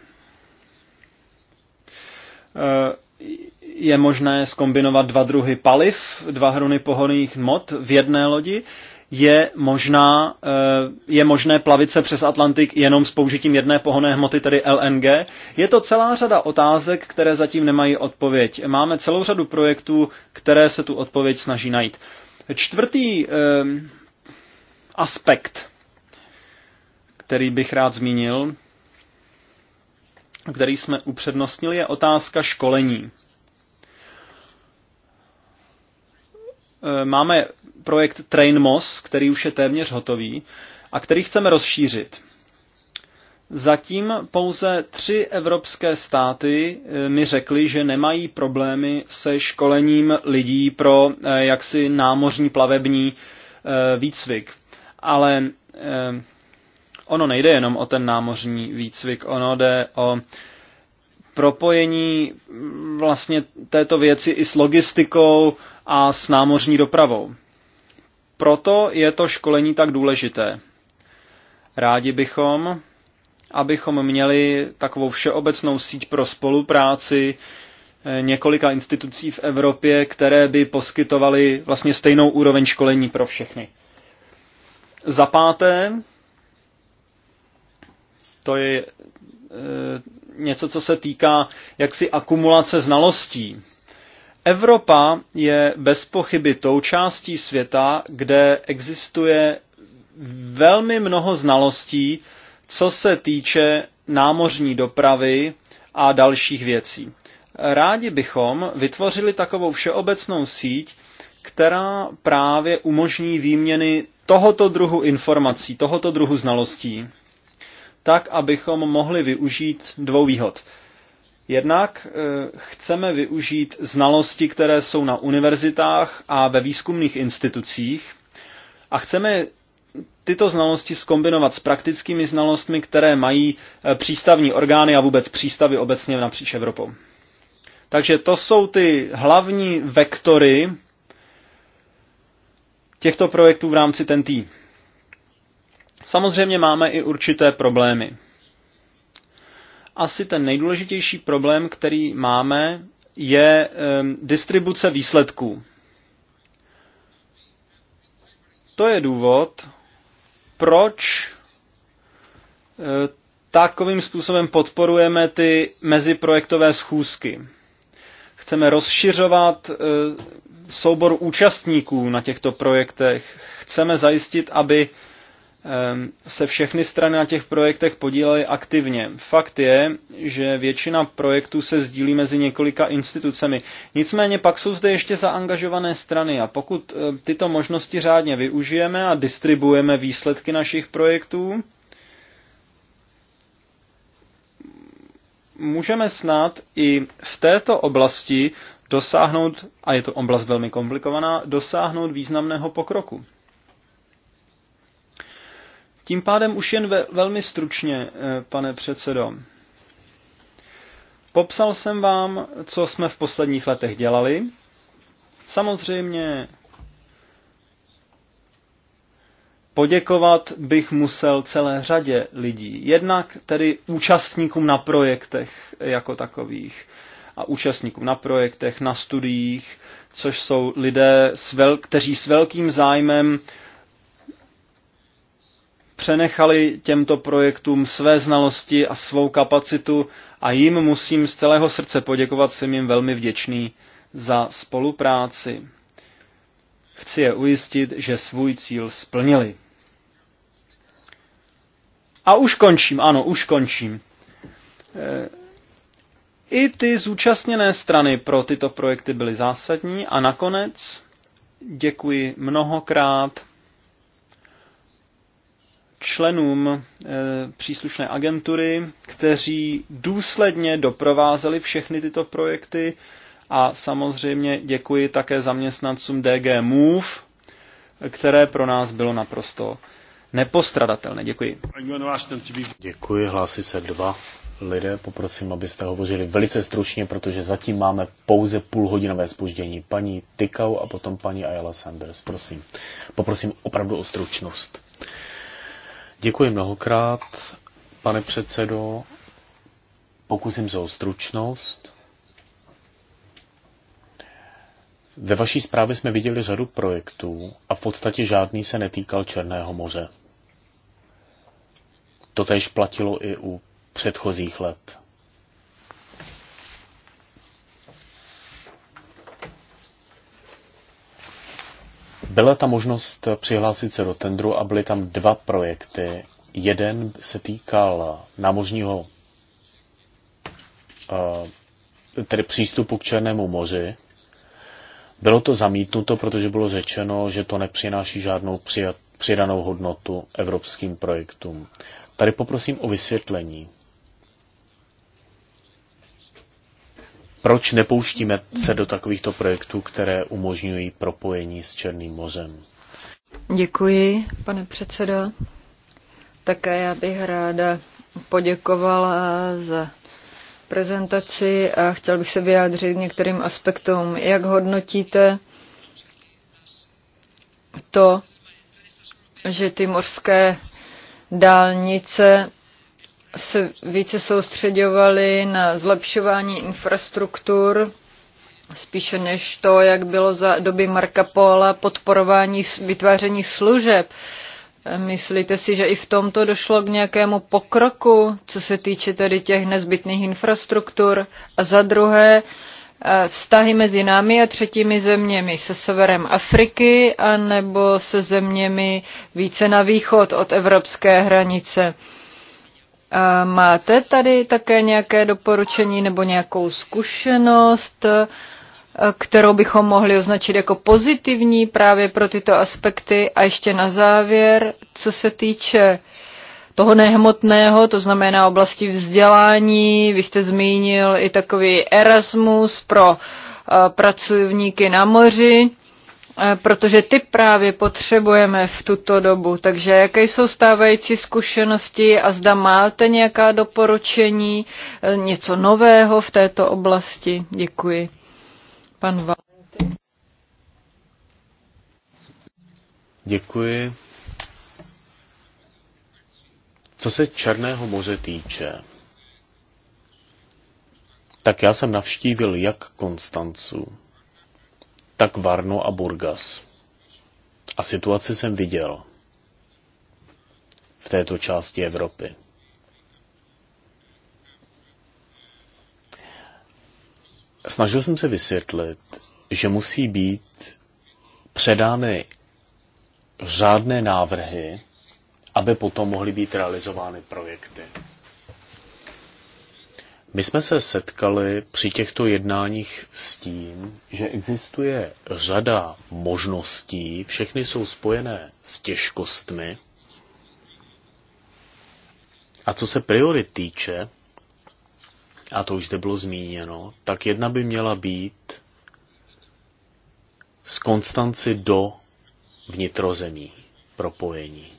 je možné skombinovat dva druhy paliv, dva hruny pohoných mod v jedné lodi, je, možná, eh, je možné plavit se přes Atlantik jenom s použitím jedné pohonné hmoty, tedy LNG? Je to celá řada otázek, které zatím nemají odpověď. Máme celou řadu projektů, které se tu odpověď snaží najít. Čtvrtý eh, aspekt, který bych rád zmínil, který jsme upřednostnili, je otázka školení. Eh, máme projekt TrainMos, který už je téměř hotový a který chceme rozšířit. Zatím pouze tři evropské státy eh, mi řekly, že nemají problémy se školením lidí pro eh, jaksi námořní plavební výcvik. Ale ono nejde jenom o ten námořní výcvik, ono jde o propojení vlastně této věci i s logistikou a s námořní dopravou. Proto je to školení tak důležité. Rádi bychom, abychom měli takovou všeobecnou síť pro spolupráci eh, několika institucí v Evropě, které by poskytovaly vlastně stejnou úroveň školení pro všechny. Za páté, to je eh, něco, co se týká jaksi akumulace znalostí. Evropa je bez pochyby tou částí světa, kde existuje velmi mnoho znalostí, co se týče námořní dopravy a dalších věcí. Rádi bychom vytvořili takovou všeobecnou síť, která právě umožní výměny tohoto druhu informací, tohoto druhu znalostí tak abychom mohli využít dvou výhod. Jednak eh, chceme využít znalosti, které jsou na univerzitách a ve výzkumných institucích a chceme tyto znalosti skombinovat s praktickými znalostmi, které mají eh, přístavní orgány a vůbec přístavy obecně napříč Evropou. Takže to jsou ty hlavní vektory těchto projektů v rámci TNT. Samozřejmě máme i určité problémy. Asi ten nejdůležitější problém, který máme, je ehm, distribuce výsledků. To je důvod, proč eh, takovým způsobem podporujeme ty meziprojektové schůzky. Chceme rozšiřovat eh, soubor účastníků na těchto projektech. Chceme zajistit, aby Ehm, se všechny strany na těch projektech podílely aktivně. Fakt je, že většina projektů se sdílí mezi několika institucemi. Nicméně pak jsou zde ještě zaangažované strany a pokud eh, tyto možnosti řádně využijeme a distribuujeme výsledky našich projektů, můžeme snad i v této oblasti dosáhnout, a je to oblast velmi komplikovaná, dosáhnout významného pokroku. Tím pádem už jen ve, velmi stručně, eh, pane předsedo. Popsal jsem vám, co jsme v posledních letech dělali. Samozřejmě poděkovat bych musel celé řadě lidí. Jednak tedy účastníkům na projektech jako takových a účastníkům na projektech, na studiích, což jsou lidé, kteří s velkým zájmem přenechali těmto projektům své znalosti a svou kapacitu a jim musím z celého srdce poděkovat, jsem jim velmi vděčný za spolupráci. Chci je ujistit, že svůj cíl splnili. A už končím, ano, už končím. E, I ty zúčastněné strany pro tyto projekty byly zásadní a nakonec děkuji mnohokrát členům eh, příslušné agentury, kteří důsledně doprovázeli všechny tyto projekty a samozřejmě děkuji také zaměstnancům DG Move, které pro nás bylo naprosto nepostradatelné. Děkuji. Děkuji, hlásí se dva lidé. Poprosím, abyste hovořili velice stručně, protože zatím máme pouze půlhodinové spoždění. Paní Tykau a potom paní Ayala Sanders. Prosím. Poprosím opravdu o stručnost. Děkuji mnohokrát, pane předsedo. Pokusím se o stručnost. Ve vaší zprávě jsme viděli řadu projektů a v podstatě žádný se netýkal Černého moře. Totež platilo i u předchozích let. Byla ta možnost přihlásit se do tendru a byly tam dva projekty. Jeden se týkal námořního eh, tedy přístupu k Černému moři. Bylo to zamítnuto, protože bylo řečeno, že to nepřináší žádnou přidanou hodnotu evropským projektům. Tady poprosím o vysvětlení. Proč nepouštíme se do takovýchto projektů, které umožňují propojení s Černým mořem? Děkuji, pane předsedo. Také já bych ráda poděkovala za prezentaci a chtěl bych se vyjádřit některým aspektům. Jak hodnotíte to, že ty mořské dálnice se více soustředovali na zlepšování infrastruktur, spíše než to, jak bylo za doby Marka Pola podporování vytváření služeb. Myslíte si, že i v tomto došlo k nějakému pokroku, co se týče tedy těch nezbytných infrastruktur? A za druhé, eh, vztahy mezi námi a třetími zeměmi, se severem Afriky a nebo se zeměmi více na východ od evropské hranice. Máte tady také nějaké doporučení nebo nějakou zkušenost, e, kterou bychom mohli označit jako pozitivní právě pro tyto aspekty? A ještě na závěr, co se týče toho nehmotného, to znamená oblasti vzdělání, vy jste zmínil i takový Erasmus pro e, pracovníky na moři. Eh, protože ty právě potřebujeme v tuto dobu. Takže jaké jsou stávající zkušenosti a zda máte nějaká doporučení, eh, něco nového v této oblasti? Děkuji. Pan Valenty. Děkuji. Co se Černého moře týče, tak já jsem navštívil jak Konstancu, tak Varno a Burgas. A situaci jsem viděl v této části Evropy. Snažil jsem se vysvětlit, že musí být předány řádné návrhy, aby potom mohly být realizovány projekty. My jsme se setkali při těchto jednáních s tím, že existuje řada možností, všechny jsou spojené s těžkostmi. A co se priorit týče, a to už zde bylo zmíněno, tak jedna by měla být z Konstanci do vnitrozemí propojení.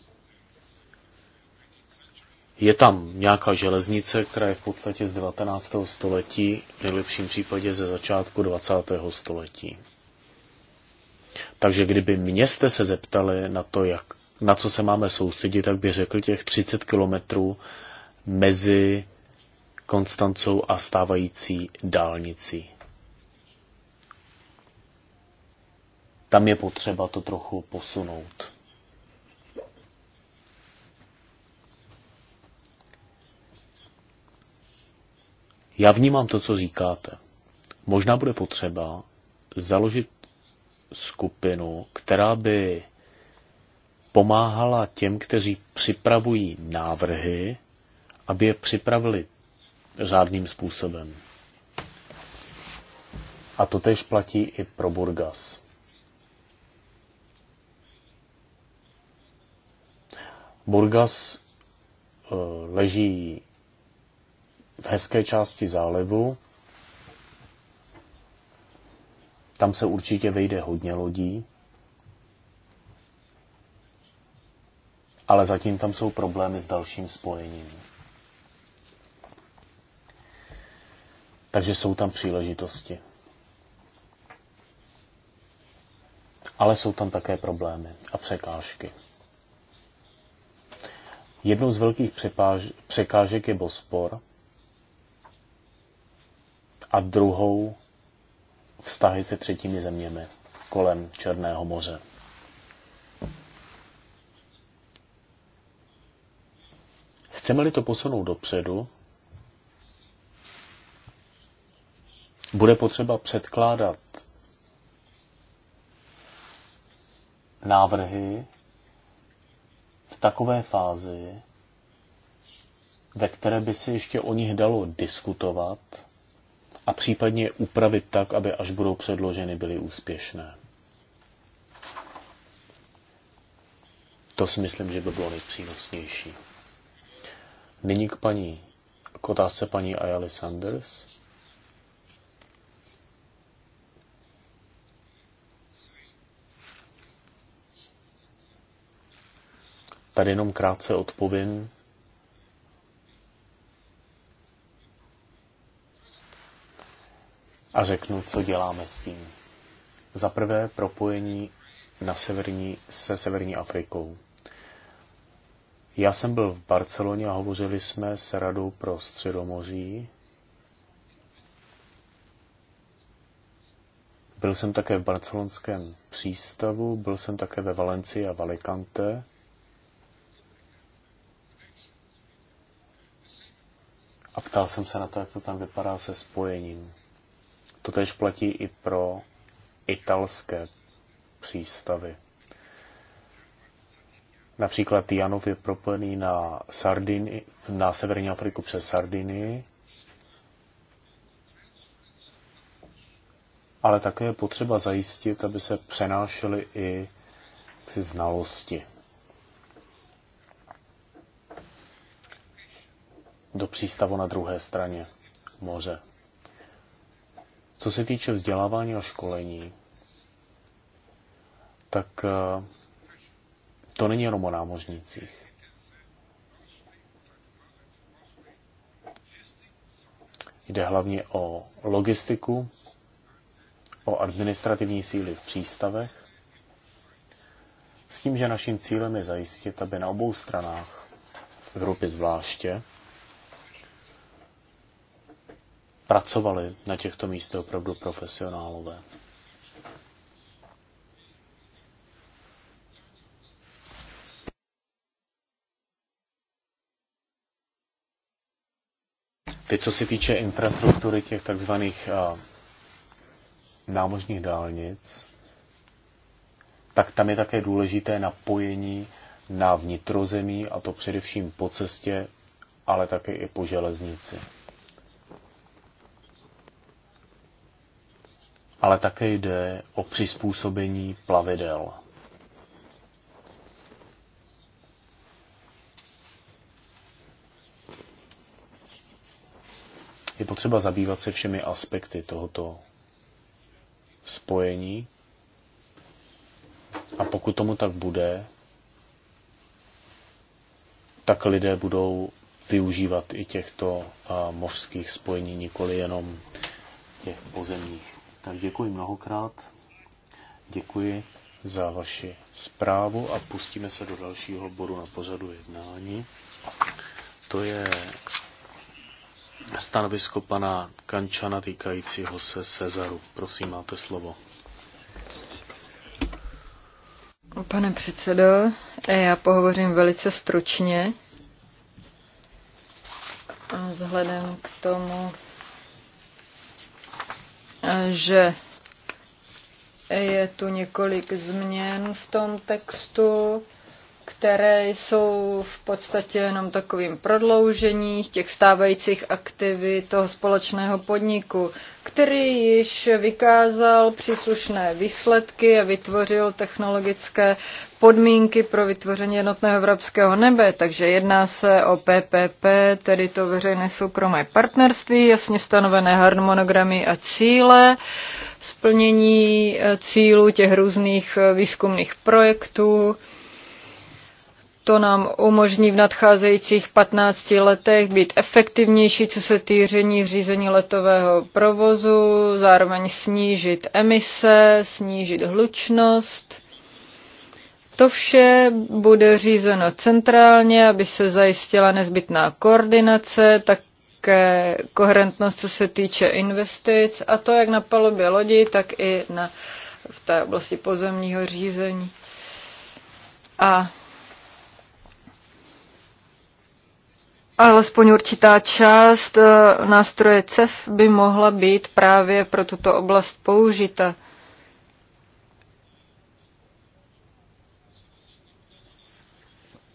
Je tam nějaká železnice, která je v podstatě z 19. století, v nejlepším případě ze začátku 20. století. Takže kdyby mě jste se zeptali na to, jak, na co se máme soustředit, tak bych řekl těch 30 kilometrů mezi Konstancou a stávající dálnicí. Tam je potřeba to trochu posunout. Já vnímám to, co říkáte. Možná bude potřeba založit skupinu, která by pomáhala těm, kteří připravují návrhy, aby je připravili řádným způsobem. A to tež platí i pro Burgas. Burgas eh, leží v hezké části zálevu. Tam se určitě vejde hodně lodí, ale zatím tam jsou problémy s dalším spojením. Takže jsou tam příležitosti. Ale jsou tam také problémy a překážky. Jednou z velkých překážek je Bospor, a druhou vztahy se třetími zeměmi kolem Černého moře. Chceme-li to posunout dopředu, bude potřeba předkládat návrhy v takové fázi, ve které by se ještě o nich dalo diskutovat a případně upravit tak, aby až budou předloženy, byly úspěšné. To si myslím, že by bylo nejpřínosnější. Nyní k paní, k otázce paní Ayali Sanders. Tady jenom krátce odpovím a řeknu, co děláme s tím. Za prvé propojení na severní, se Severní Afrikou. Já jsem byl v Barceloně a hovořili jsme s Radou pro Středomoří. Byl jsem také v barcelonském přístavu, byl jsem také ve Valencii a Valikante. A ptal jsem se na to, jak to tam vypadá se spojením. To tež platí i pro italské přístavy. Například Janov je propojený na, Sardini, na severní Afriku přes Sardiny, ale také je potřeba zajistit, aby se přenášely i si znalosti. Do přístavu na druhé straně moře. Co se týče vzdělávání a školení, tak eh, to není jenom o námořnících. Jde hlavně o logistiku, o administrativní síly v přístavech, s tím, že naším cílem je zajistit, aby na obou stranách, v Evropě zvláště, pracovali na těchto místech opravdu profesionálové. Teď, co se týče infrastruktury těch takzvaných eh, námožních dálnic, tak tam je také důležité napojení na vnitrozemí, a to především po cestě, ale také i po železnici. ale také jde o přizpůsobení plavidel. Je potřeba zabývat se všemi aspekty tohoto spojení a pokud tomu tak bude, tak lidé budou využívat i těchto mořských spojení, nikoli jenom těch pozemních. Tak děkuji mnohokrát. Děkuji za vaši zprávu a pustíme se do dalšího bodu na pořadu jednání. To je stanovisko pana Kančana týkajícího se Cezaru. Prosím, máte slovo. Pane předsedo, já pohovořím velice stručně. A vzhledem k tomu, že je tu několik změn v tom textu které jsou v podstatě jenom takovým prodloužením těch stávajících aktivit toho společného podniku, který již vykázal příslušné výsledky a vytvořil technologické podmínky pro vytvoření jednotného evropského nebe. Takže jedná se o PPP, tedy to veřejné soukromé partnerství, jasně stanovené harmonogramy a cíle splnění eh, cílů těch různých eh, výzkumných projektů, to nám umožní v nadcházejících 15 letech být efektivnější, co se týření řízení letového provozu, zároveň snížit emise, snížit hlučnost. To vše bude řízeno centrálně, aby se zajistila nezbytná koordinace, také koherentnost, co se týče investic, a to jak na palubě lodi, tak i na, v té oblasti pozemního řízení. A Alespoň určitá část eh, nástroje CEF by mohla být právě pro tuto oblast použita.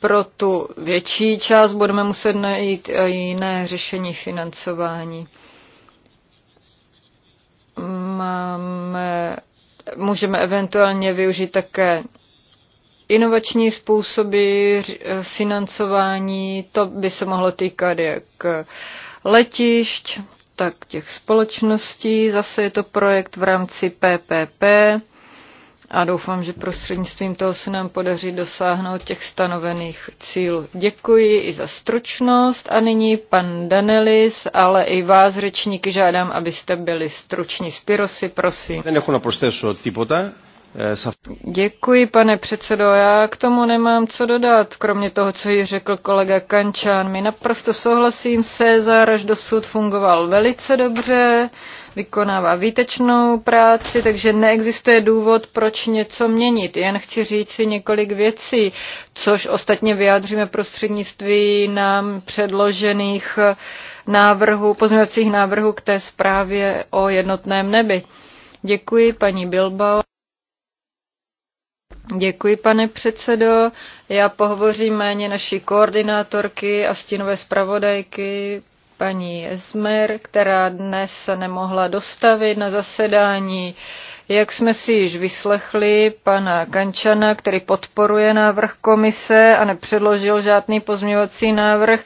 Pro tu větší část budeme muset najít eh, jiné řešení financování. Máme, můžeme eventuálně využít také inovační způsoby financování, to by se mohlo týkat jak letišť, tak těch společností. Zase je to projekt v rámci PPP a doufám, že prostřednictvím toho se nám podaří dosáhnout těch stanovených cílů. Děkuji i za stručnost a nyní pan Danelis, ale i vás řečníky žádám, abyste byli struční. Spirosy, prosím. Děkuji, pane předsedo. Já k tomu nemám co dodat, kromě toho, co ji řekl kolega Kančán. My naprosto souhlasím, Cezar až dosud fungoval velice dobře, vykonává výtečnou práci, takže neexistuje důvod, proč něco měnit. Jen chci říct si několik věcí, což ostatně vyjádříme prostřednictví nám předložených návrhů, pozměňovacích návrhů k té zprávě o jednotném nebi. Děkuji paní Bilbao. Děkuji, pane předsedo. Já pohovořím méně naší koordinátorky a stínové zpravodajky paní Esmer, která dnes se nemohla dostavit na zasedání uh, jak jsme si již vyslechli pana Kančana, který podporuje návrh komise a nepředložil žádný pozměňovací návrh,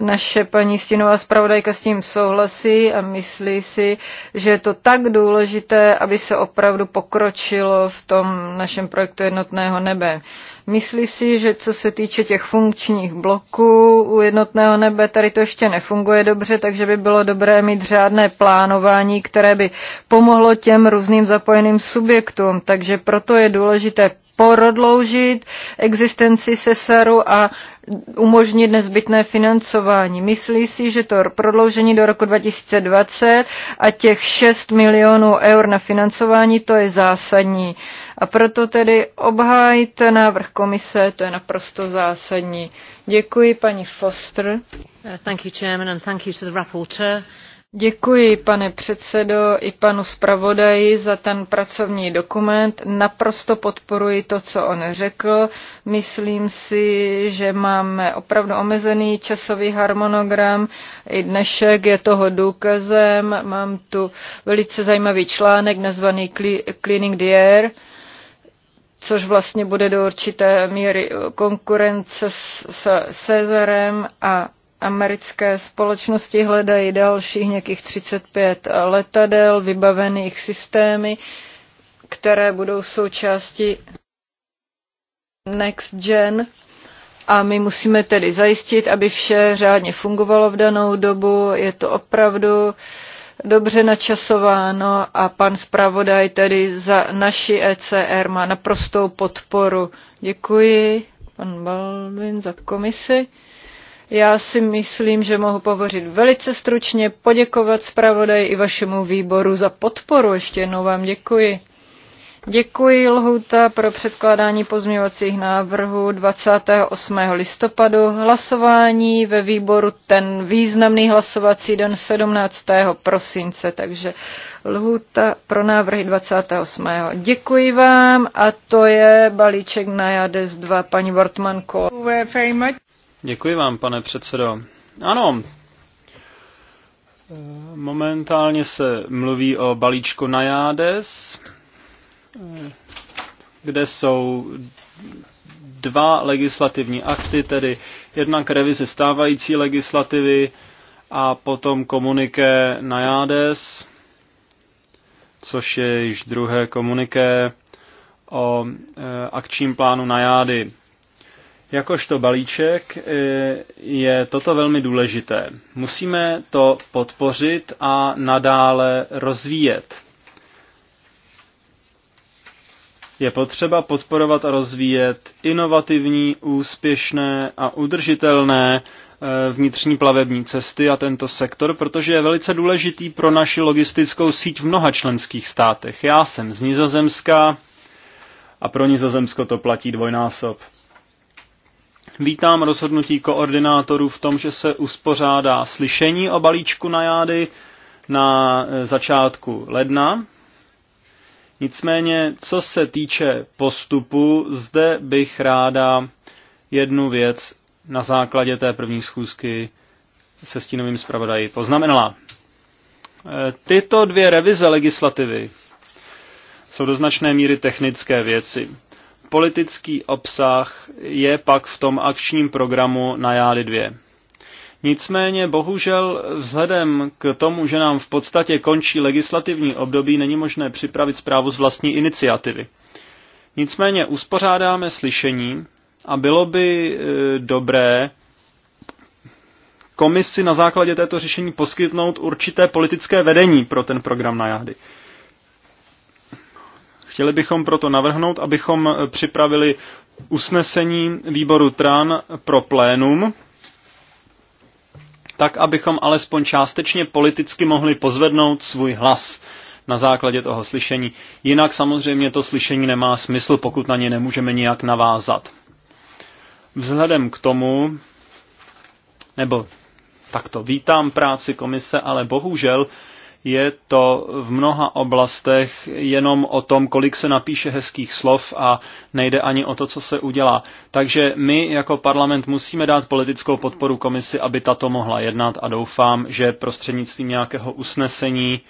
naše paní Stinová zpravodajka s tím souhlasí a myslí si, že je to tak důležité, aby se opravdu pokročilo v tom našem projektu jednotného nebe. Myslí si, že co se týče těch funkčních bloků u jednotného nebe, tady to ještě nefunguje dobře, takže by bylo dobré mít řádné plánování, které by pomohlo těm různým zapojeným subjektům. Takže proto je důležité prodloužit existenci sesaru a umožnit nezbytné financování. Myslí si, že to prodloužení do roku 2020 a těch 6 milionů eur na financování, to je zásadní. Uh, a proto tedy obhájte návrh komise, to je naprosto zásadní. Děkuji paní Foster. Uh, thank you, Chairman, and thank you to the rapporteur. Děkuji, pane předsedo, i panu zpravodaji za ten pracovní dokument. Naprosto podporuji to, co on řekl. Myslím si, že máme opravdu omezený časový harmonogram. I dnešek je toho důkazem. Mám tu velice zajímavý článek nazvaný Cleaning the Air což vlastně bude do určité míry konkurence s, Cezarem a americké společnosti hledají dalších nějakých 35 letadel vybavených systémy, které budou součástí Next Gen. A my musíme tedy zajistit, aby vše řádně fungovalo v danou dobu. Je to opravdu uh, dobře načasováno a pan zpravodaj tedy za naši ECR má naprostou podporu. Děkuji, pan Balvin, za komisi. Já si myslím, že mohu pohořit velice stručně, poděkovat zpravodaj i vašemu výboru za podporu. Ještě jednou vám děkuji. Děkuji. Lhouta pro předkládání pozměňovacích návrhů 28. listopadu. Hlasování ve výboru ten významný hlasovací den 17. prosince, takže lhůta pro návrhy 28. Děkuji vám a to je balíček na Jades 2, paní Wortmanko. Děkuji vám, pane předsedo. Ano, momentálně se mluví o balíčku Najades kde jsou dva legislativní akty, tedy jednak revize stávající legislativy a potom komuniké na JADES, což je již druhé komuniké o e, akčním plánu na JADY. Jakožto balíček e, je toto velmi důležité. Musíme to podpořit a nadále rozvíjet. Je potřeba podporovat a rozvíjet inovativní, úspěšné a udržitelné eh, vnitřní plavební cesty a tento sektor, protože je velice důležitý pro naši logistickou síť v mnoha členských státech. Já jsem z Nizozemska a pro Nizozemsko to platí dvojnásob. Vítám rozhodnutí koordinátorů v tom, že se uspořádá slyšení o balíčku na jády na eh, začátku ledna Nicméně, co se týče postupu, zde bych ráda jednu věc na základě té první schůzky se stínovým zpravodají poznamenala. E, tyto dvě revize legislativy jsou do značné míry technické věci. Politický obsah je pak v tom akčním programu na Jády 2. Nicméně bohužel vzhledem k tomu, že nám v podstatě končí legislativní období, není možné připravit zprávu z vlastní iniciativy. Nicméně uspořádáme slyšení a bylo by e, dobré komisi na základě této řešení poskytnout určité politické vedení pro ten program na jahdy. Chtěli bychom proto navrhnout, abychom připravili usnesení výboru TRAN pro plénum tak abychom alespoň částečně politicky mohli pozvednout svůj hlas na základě toho slyšení. Jinak samozřejmě to slyšení nemá smysl, pokud na ně nemůžeme nijak navázat. Vzhledem k tomu, nebo takto vítám práci komise, ale bohužel je to v mnoha oblastech jenom o tom, kolik se napíše hezkých slov a nejde ani o to, co se udělá. Takže my jako parlament musíme dát politickou podporu komisi, aby tato mohla jednat a doufám, že prostřednictvím nějakého usnesení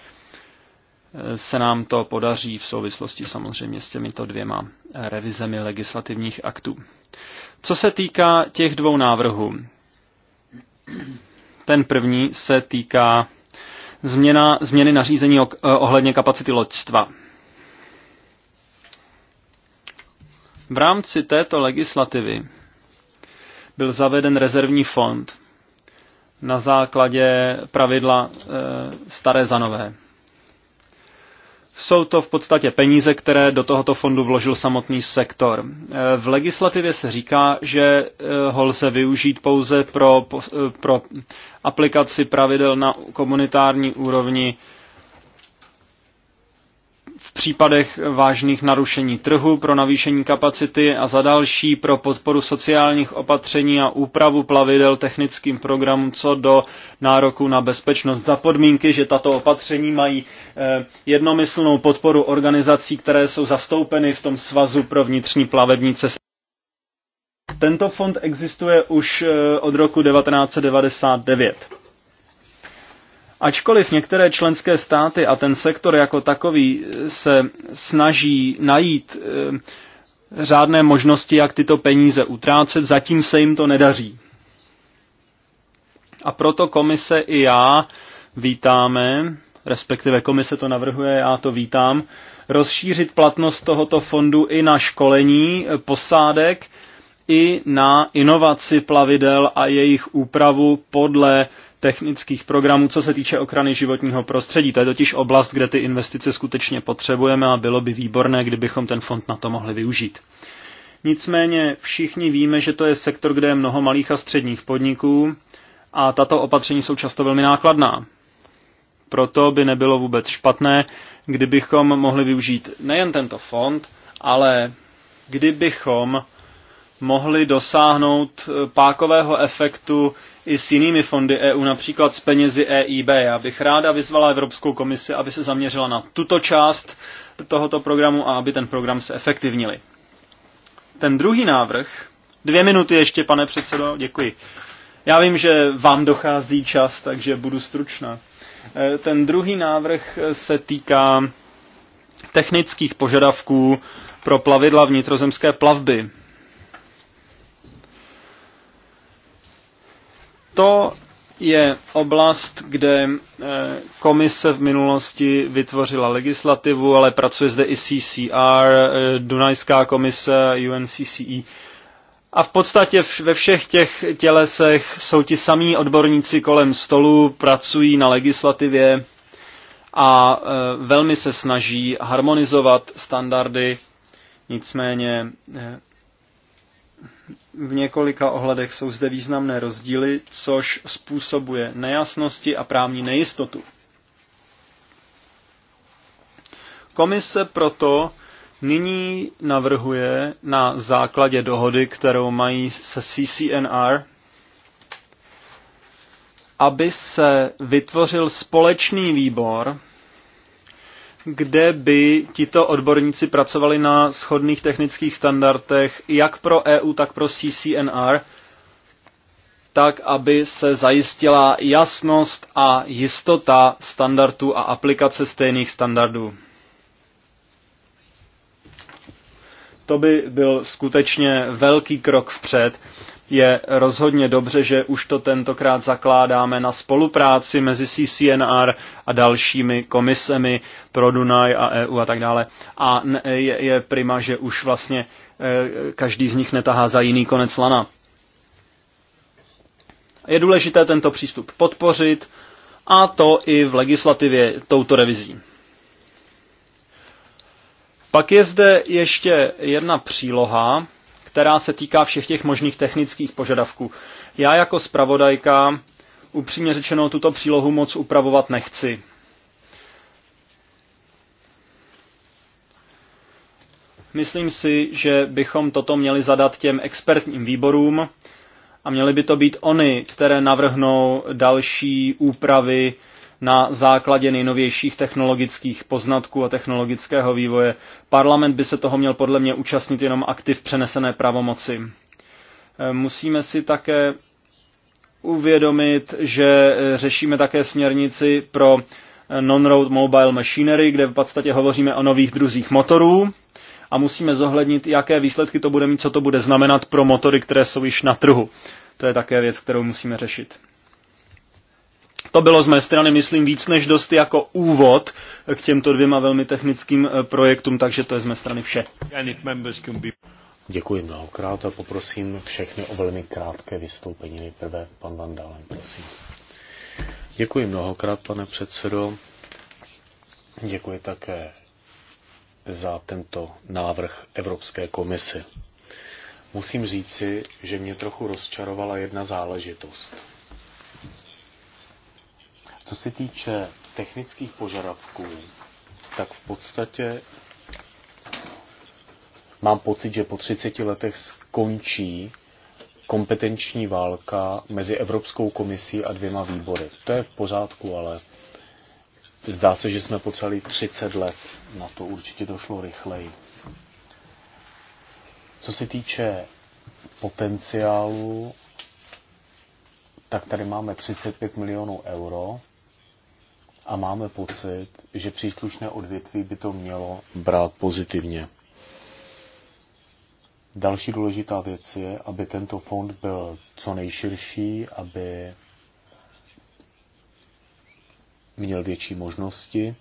eh, se nám to podaří v souvislosti samozřejmě s těmito dvěma revizemi legislativních aktů. Co se týká těch dvou návrhů, ten první se týká změna, změny nařízení eh, ohledně kapacity loďstva. V rámci této legislativy byl zaveden rezervní fond na základě pravidla eh, staré za nové. Jsou to v podstatě peníze, které do tohoto fondu vložil samotný sektor. E, v legislativě se říká, že e, ho lze využít pouze pro, e, pro aplikaci pravidel na komunitární úrovni v případech vážných narušení trhu pro navýšení kapacity a za další pro podporu sociálních opatření a úpravu plavidel technickým programům co do nároku na bezpečnost za podmínky, že tato opatření mají eh, jednomyslnou podporu organizací, které jsou zastoupeny v tom svazu pro vnitřní plavební cesty. Tento fond existuje už eh, od roku 1999. Ačkoliv některé členské státy a ten sektor jako takový eh, se snaží najít eh, řádné možnosti, jak tyto peníze utrácet, zatím se jim to nedaří. A proto komise i já vítáme, respektive komise to navrhuje, já to vítám, rozšířit platnost tohoto fondu i na školení eh, posádek, i na inovaci plavidel a jejich úpravu podle technických programů, co se týče ochrany životního prostředí. To je totiž oblast, kde ty investice skutečně potřebujeme a bylo by výborné, kdybychom ten fond na to mohli využít. Nicméně všichni víme, že to je sektor, kde je mnoho malých a středních podniků a tato opatření jsou často velmi nákladná. Proto by nebylo vůbec špatné, kdybychom mohli využít nejen tento fond, ale kdybychom mohli dosáhnout pákového efektu i s jinými fondy EU, například s penězi EIB. Já bych ráda vyzvala Evropskou komisi, aby se zaměřila na tuto část tohoto programu a aby ten program se efektivnili. Ten druhý návrh, dvě minuty ještě, pane předsedo, děkuji. Já vím, že vám dochází čas, takže budu stručná. E, ten druhý návrh se týká technických požadavků pro plavidla vnitrozemské plavby. To je oblast, kde eh, komise v minulosti vytvořila legislativu, ale pracuje zde i CCR, eh, Dunajská komise, UNCCE. A v podstatě ve všech těch tělesech jsou ti samí odborníci kolem stolu, pracují na legislativě a eh, velmi se snaží harmonizovat standardy. Nicméně v několika ohledech jsou zde významné rozdíly, což způsobuje nejasnosti a právní nejistotu. Komise proto nyní navrhuje na základě dohody, kterou mají se CCNR, aby se vytvořil společný výbor, kde by tito odborníci pracovali na shodných technických standardech jak pro EU, tak pro CCNR, tak aby se zajistila jasnost a jistota standardů a aplikace stejných standardů. To by byl skutečně velký krok vpřed je rozhodně dobře, že už to tentokrát zakládáme na spolupráci mezi CCNR a dalšími komisemi pro Dunaj a EU a tak dále. A je, je prima, že už vlastně e, každý z nich netahá za jiný konec lana. Je důležité tento přístup podpořit a to i v legislativě touto revizí. Pak je zde ještě jedna příloha, která se týká všech těch možných technických požadavků. Já jako zpravodajka upřímně řečeno tuto přílohu moc upravovat nechci. Myslím si, že bychom toto měli zadat těm expertním výborům a měly by to být oni, které navrhnou další úpravy na základě nejnovějších technologických poznatků a technologického vývoje. Parlament by se toho měl podle mě účastnit jenom aktiv přenesené pravomoci. E, musíme si také uvědomit, že e, řešíme také směrnici pro e, non-road mobile machinery, kde v podstatě hovoříme o nových druzích motorů a musíme zohlednit, jaké výsledky to bude mít, co to bude znamenat pro motory, které jsou již na trhu. To je také věc, kterou musíme řešit. To bylo z mé strany, myslím, víc než dost jako úvod k těmto dvěma velmi technickým eh, projektům, takže to je z mé strany vše. Děkuji mnohokrát a poprosím všechny o velmi krátké vystoupení. Nejprve pan Van Dalen, prosím. Děkuji mnohokrát, pane předsedo. Děkuji také za tento návrh Evropské komisy. Musím říci, že mě trochu rozčarovala jedna záležitost. Co se týče technických požadavků, tak v podstatě mám pocit, že po 30 letech skončí kompetenční válka mezi Evropskou komisí a dvěma výbory. To je v pořádku, ale zdá se, že jsme potřebovali 30 let. Na to určitě došlo rychleji. Co se týče potenciálu, tak tady máme 35 milionů euro a máme pocit, že příslušné odvětví by to mělo brát pozitivně. Další důležitá věc je, aby tento fond byl co nejširší, aby měl větší možnosti.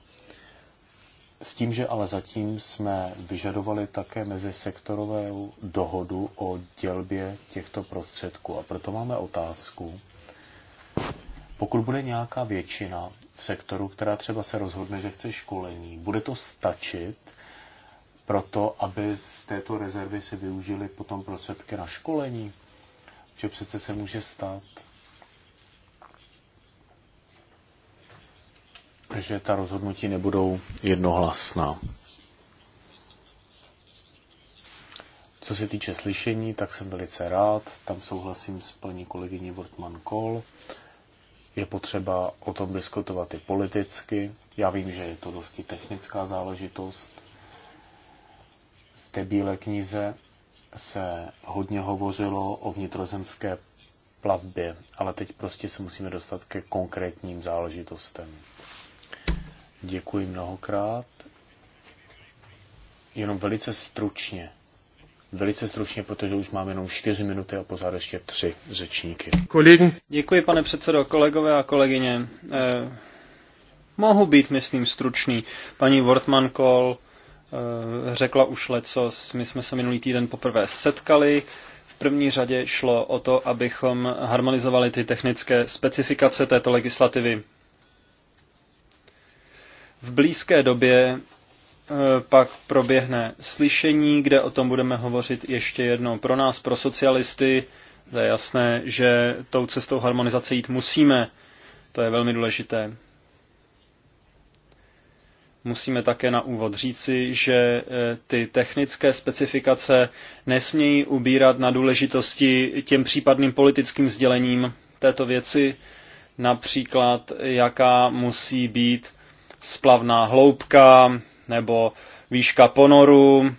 S tím, že ale zatím jsme vyžadovali také mezi sektorovou dohodu o dělbě těchto prostředků. A proto máme otázku, pokud bude nějaká většina sektoru, která třeba se rozhodne, že chce školení. Bude to stačit pro to, aby z této rezervy si využili potom prostředky na školení? Že přece se může stát, že ta rozhodnutí nebudou jednohlasná. Co se týče slyšení, tak jsem velice rád. Tam souhlasím s paní kolegyní Wortmann Kohl je potřeba o tom diskutovat i politicky. Já vím, že je to dosti technická záležitost. V té bílé knize se hodně hovořilo o vnitrozemské plavbě, ale teď prostě se musíme dostat ke konkrétním záležitostem. Děkuji mnohokrát. Jenom velice stručně. Velice stručně, protože už mám jenom 4 minuty a pořád ještě 3 řečníky. Kolegy. Děkuji, pane předsedo, kolegové a kolegyně. Eh, mohu být, myslím, stručný. Paní Wortmann Kohl eh, řekla už leco, My jsme se minulý týden poprvé setkali. V první řadě šlo o to, abychom harmonizovali ty technické specifikace této legislativy. V blízké době Eh, pak proběhne slyšení, kde o tom budeme hovořit ještě jednou. Pro nás, pro socialisty, je jasné, že tou cestou harmonizace jít musíme. To je velmi důležité. Musíme také na úvod říci, že eh, ty technické specifikace nesmějí ubírat na důležitosti těm případným politickým sdělením této věci, například jaká musí být splavná hloubka, nebo výška ponoru.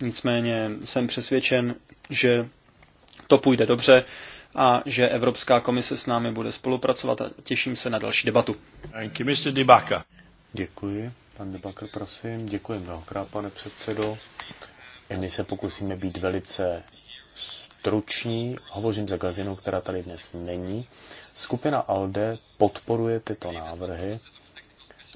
Nicméně jsem přesvědčen, že to půjde dobře a že Evropská komise s námi bude spolupracovat a těším se na další debatu. Děkuji, Mr. Debaka. Děkuji, pan Debaka, prosím. Děkuji mnohokrát, pane předsedo. My se pokusíme být velice struční, hovořím za Gazinu, která tady dnes není. Skupina ALDE podporuje tyto návrhy.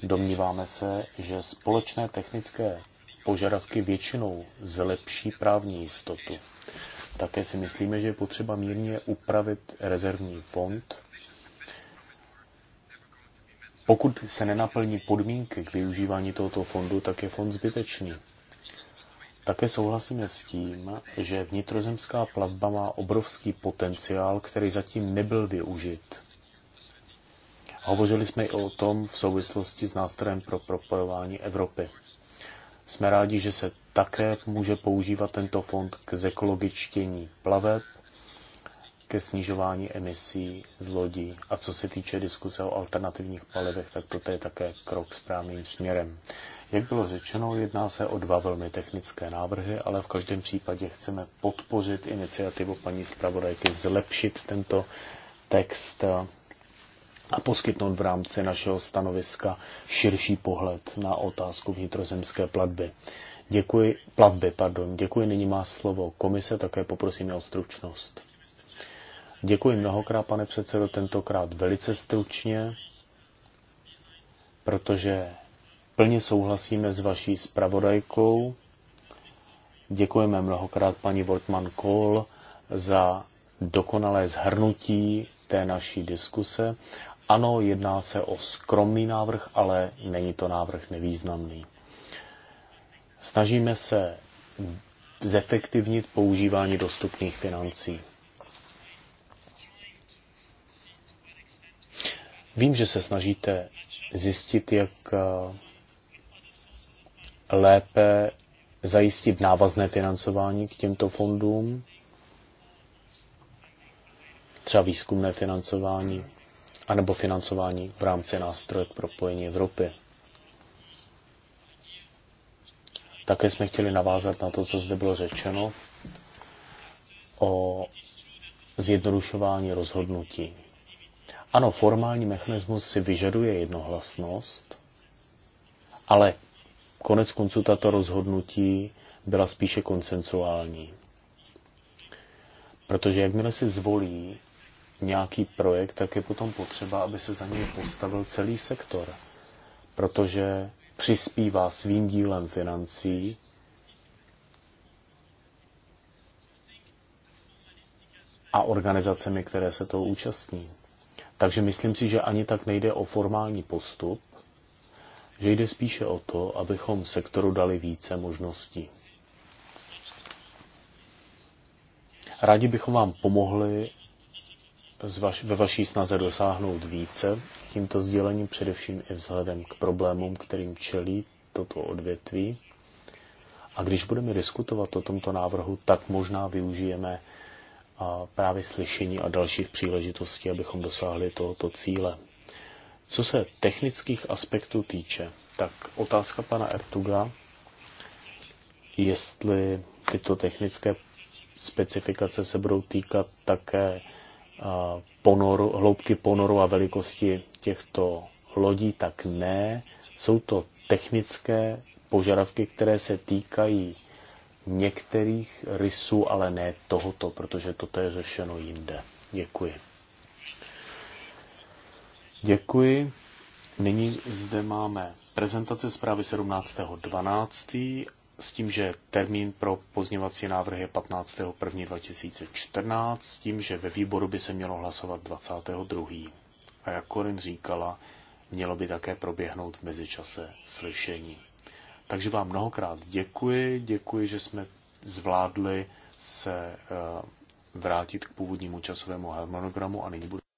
Domníváme se, že společné technické požadavky většinou zlepší právní jistotu. Také si myslíme, že je potřeba mírně upravit rezervní fond. Pokud se nenaplní podmínky k využívání tohoto fondu, tak je fond zbytečný. Také souhlasíme s tím, že vnitrozemská plavba má obrovský potenciál, který zatím nebyl využit. Hovořili jsme i o tom v souvislosti s nástrojem pro propojování Evropy. Jsme rádi, že se také může používat tento fond k zekologičtění plaveb, ke snižování emisí z lodí. A co se týče diskuse o alternativních palivech, tak toto je také krok správným směrem. Jak bylo řečeno, jedná se o dva velmi technické návrhy, ale v každém případě chceme podpořit iniciativu paní zpravodajky, zlepšit tento text a poskytnout v rámci našeho stanoviska širší pohled na otázku vnitrozemské platby. Děkuji, platby, pardon, děkuji, nyní má slovo komise, také poprosím o stručnost. Děkuji mnohokrát, pane předsedo, tentokrát velice stručně, protože Plně souhlasíme s vaší zpravodajkou. Děkujeme mnohokrát paní Wortmann Kohl za dokonalé zhrnutí té naší diskuse. Ano, jedná se o skromný návrh, ale není to návrh nevýznamný. Snažíme se zefektivnit používání dostupných financí. Vím, že se snažíte zjistit, jak lépe zajistit návazné financování k těmto fondům, třeba výzkumné financování, anebo financování v rámci nástroje k propojení Evropy. Také jsme chtěli navázat na to, co zde bylo řečeno o zjednodušování rozhodnutí. Ano, formální mechanismus si vyžaduje jednohlasnost, ale Konec konců tato rozhodnutí byla spíše koncensuální. Protože jakmile si zvolí nějaký projekt, tak je potom potřeba, aby se za něj postavil celý sektor. Protože přispívá svým dílem financí a organizacemi, které se toho účastní. Takže myslím si, že ani tak nejde o formální postup, že jde spíše o to, abychom sektoru dali více možností. Rádi bychom vám pomohli ve vaší snaze dosáhnout více tímto sdělením, především i vzhledem k problémům, kterým čelí toto odvětví. A když budeme diskutovat o tomto návrhu, tak možná využijeme právě slyšení a dalších příležitostí, abychom dosáhli tohoto cíle. Co se technických aspektů týče, tak otázka pana Ertuga, jestli tyto technické specifikace se budou týkat také ponoru, hloubky ponoru a velikosti těchto lodí, tak ne. Jsou to technické požadavky, které se týkají některých rysů, ale ne tohoto, protože toto je řešeno jinde. Děkuji. Děkuji. Nyní zde máme prezentace zprávy 17.12. s tím, že termín pro pozněvací návrhy je 15.1.2014, s tím, že ve výboru by se mělo hlasovat 22. A jak Korin říkala, mělo by také proběhnout v mezičase slyšení. Takže vám mnohokrát děkuji, děkuji, že jsme zvládli se eh, vrátit k původnímu časovému harmonogramu a nyní budu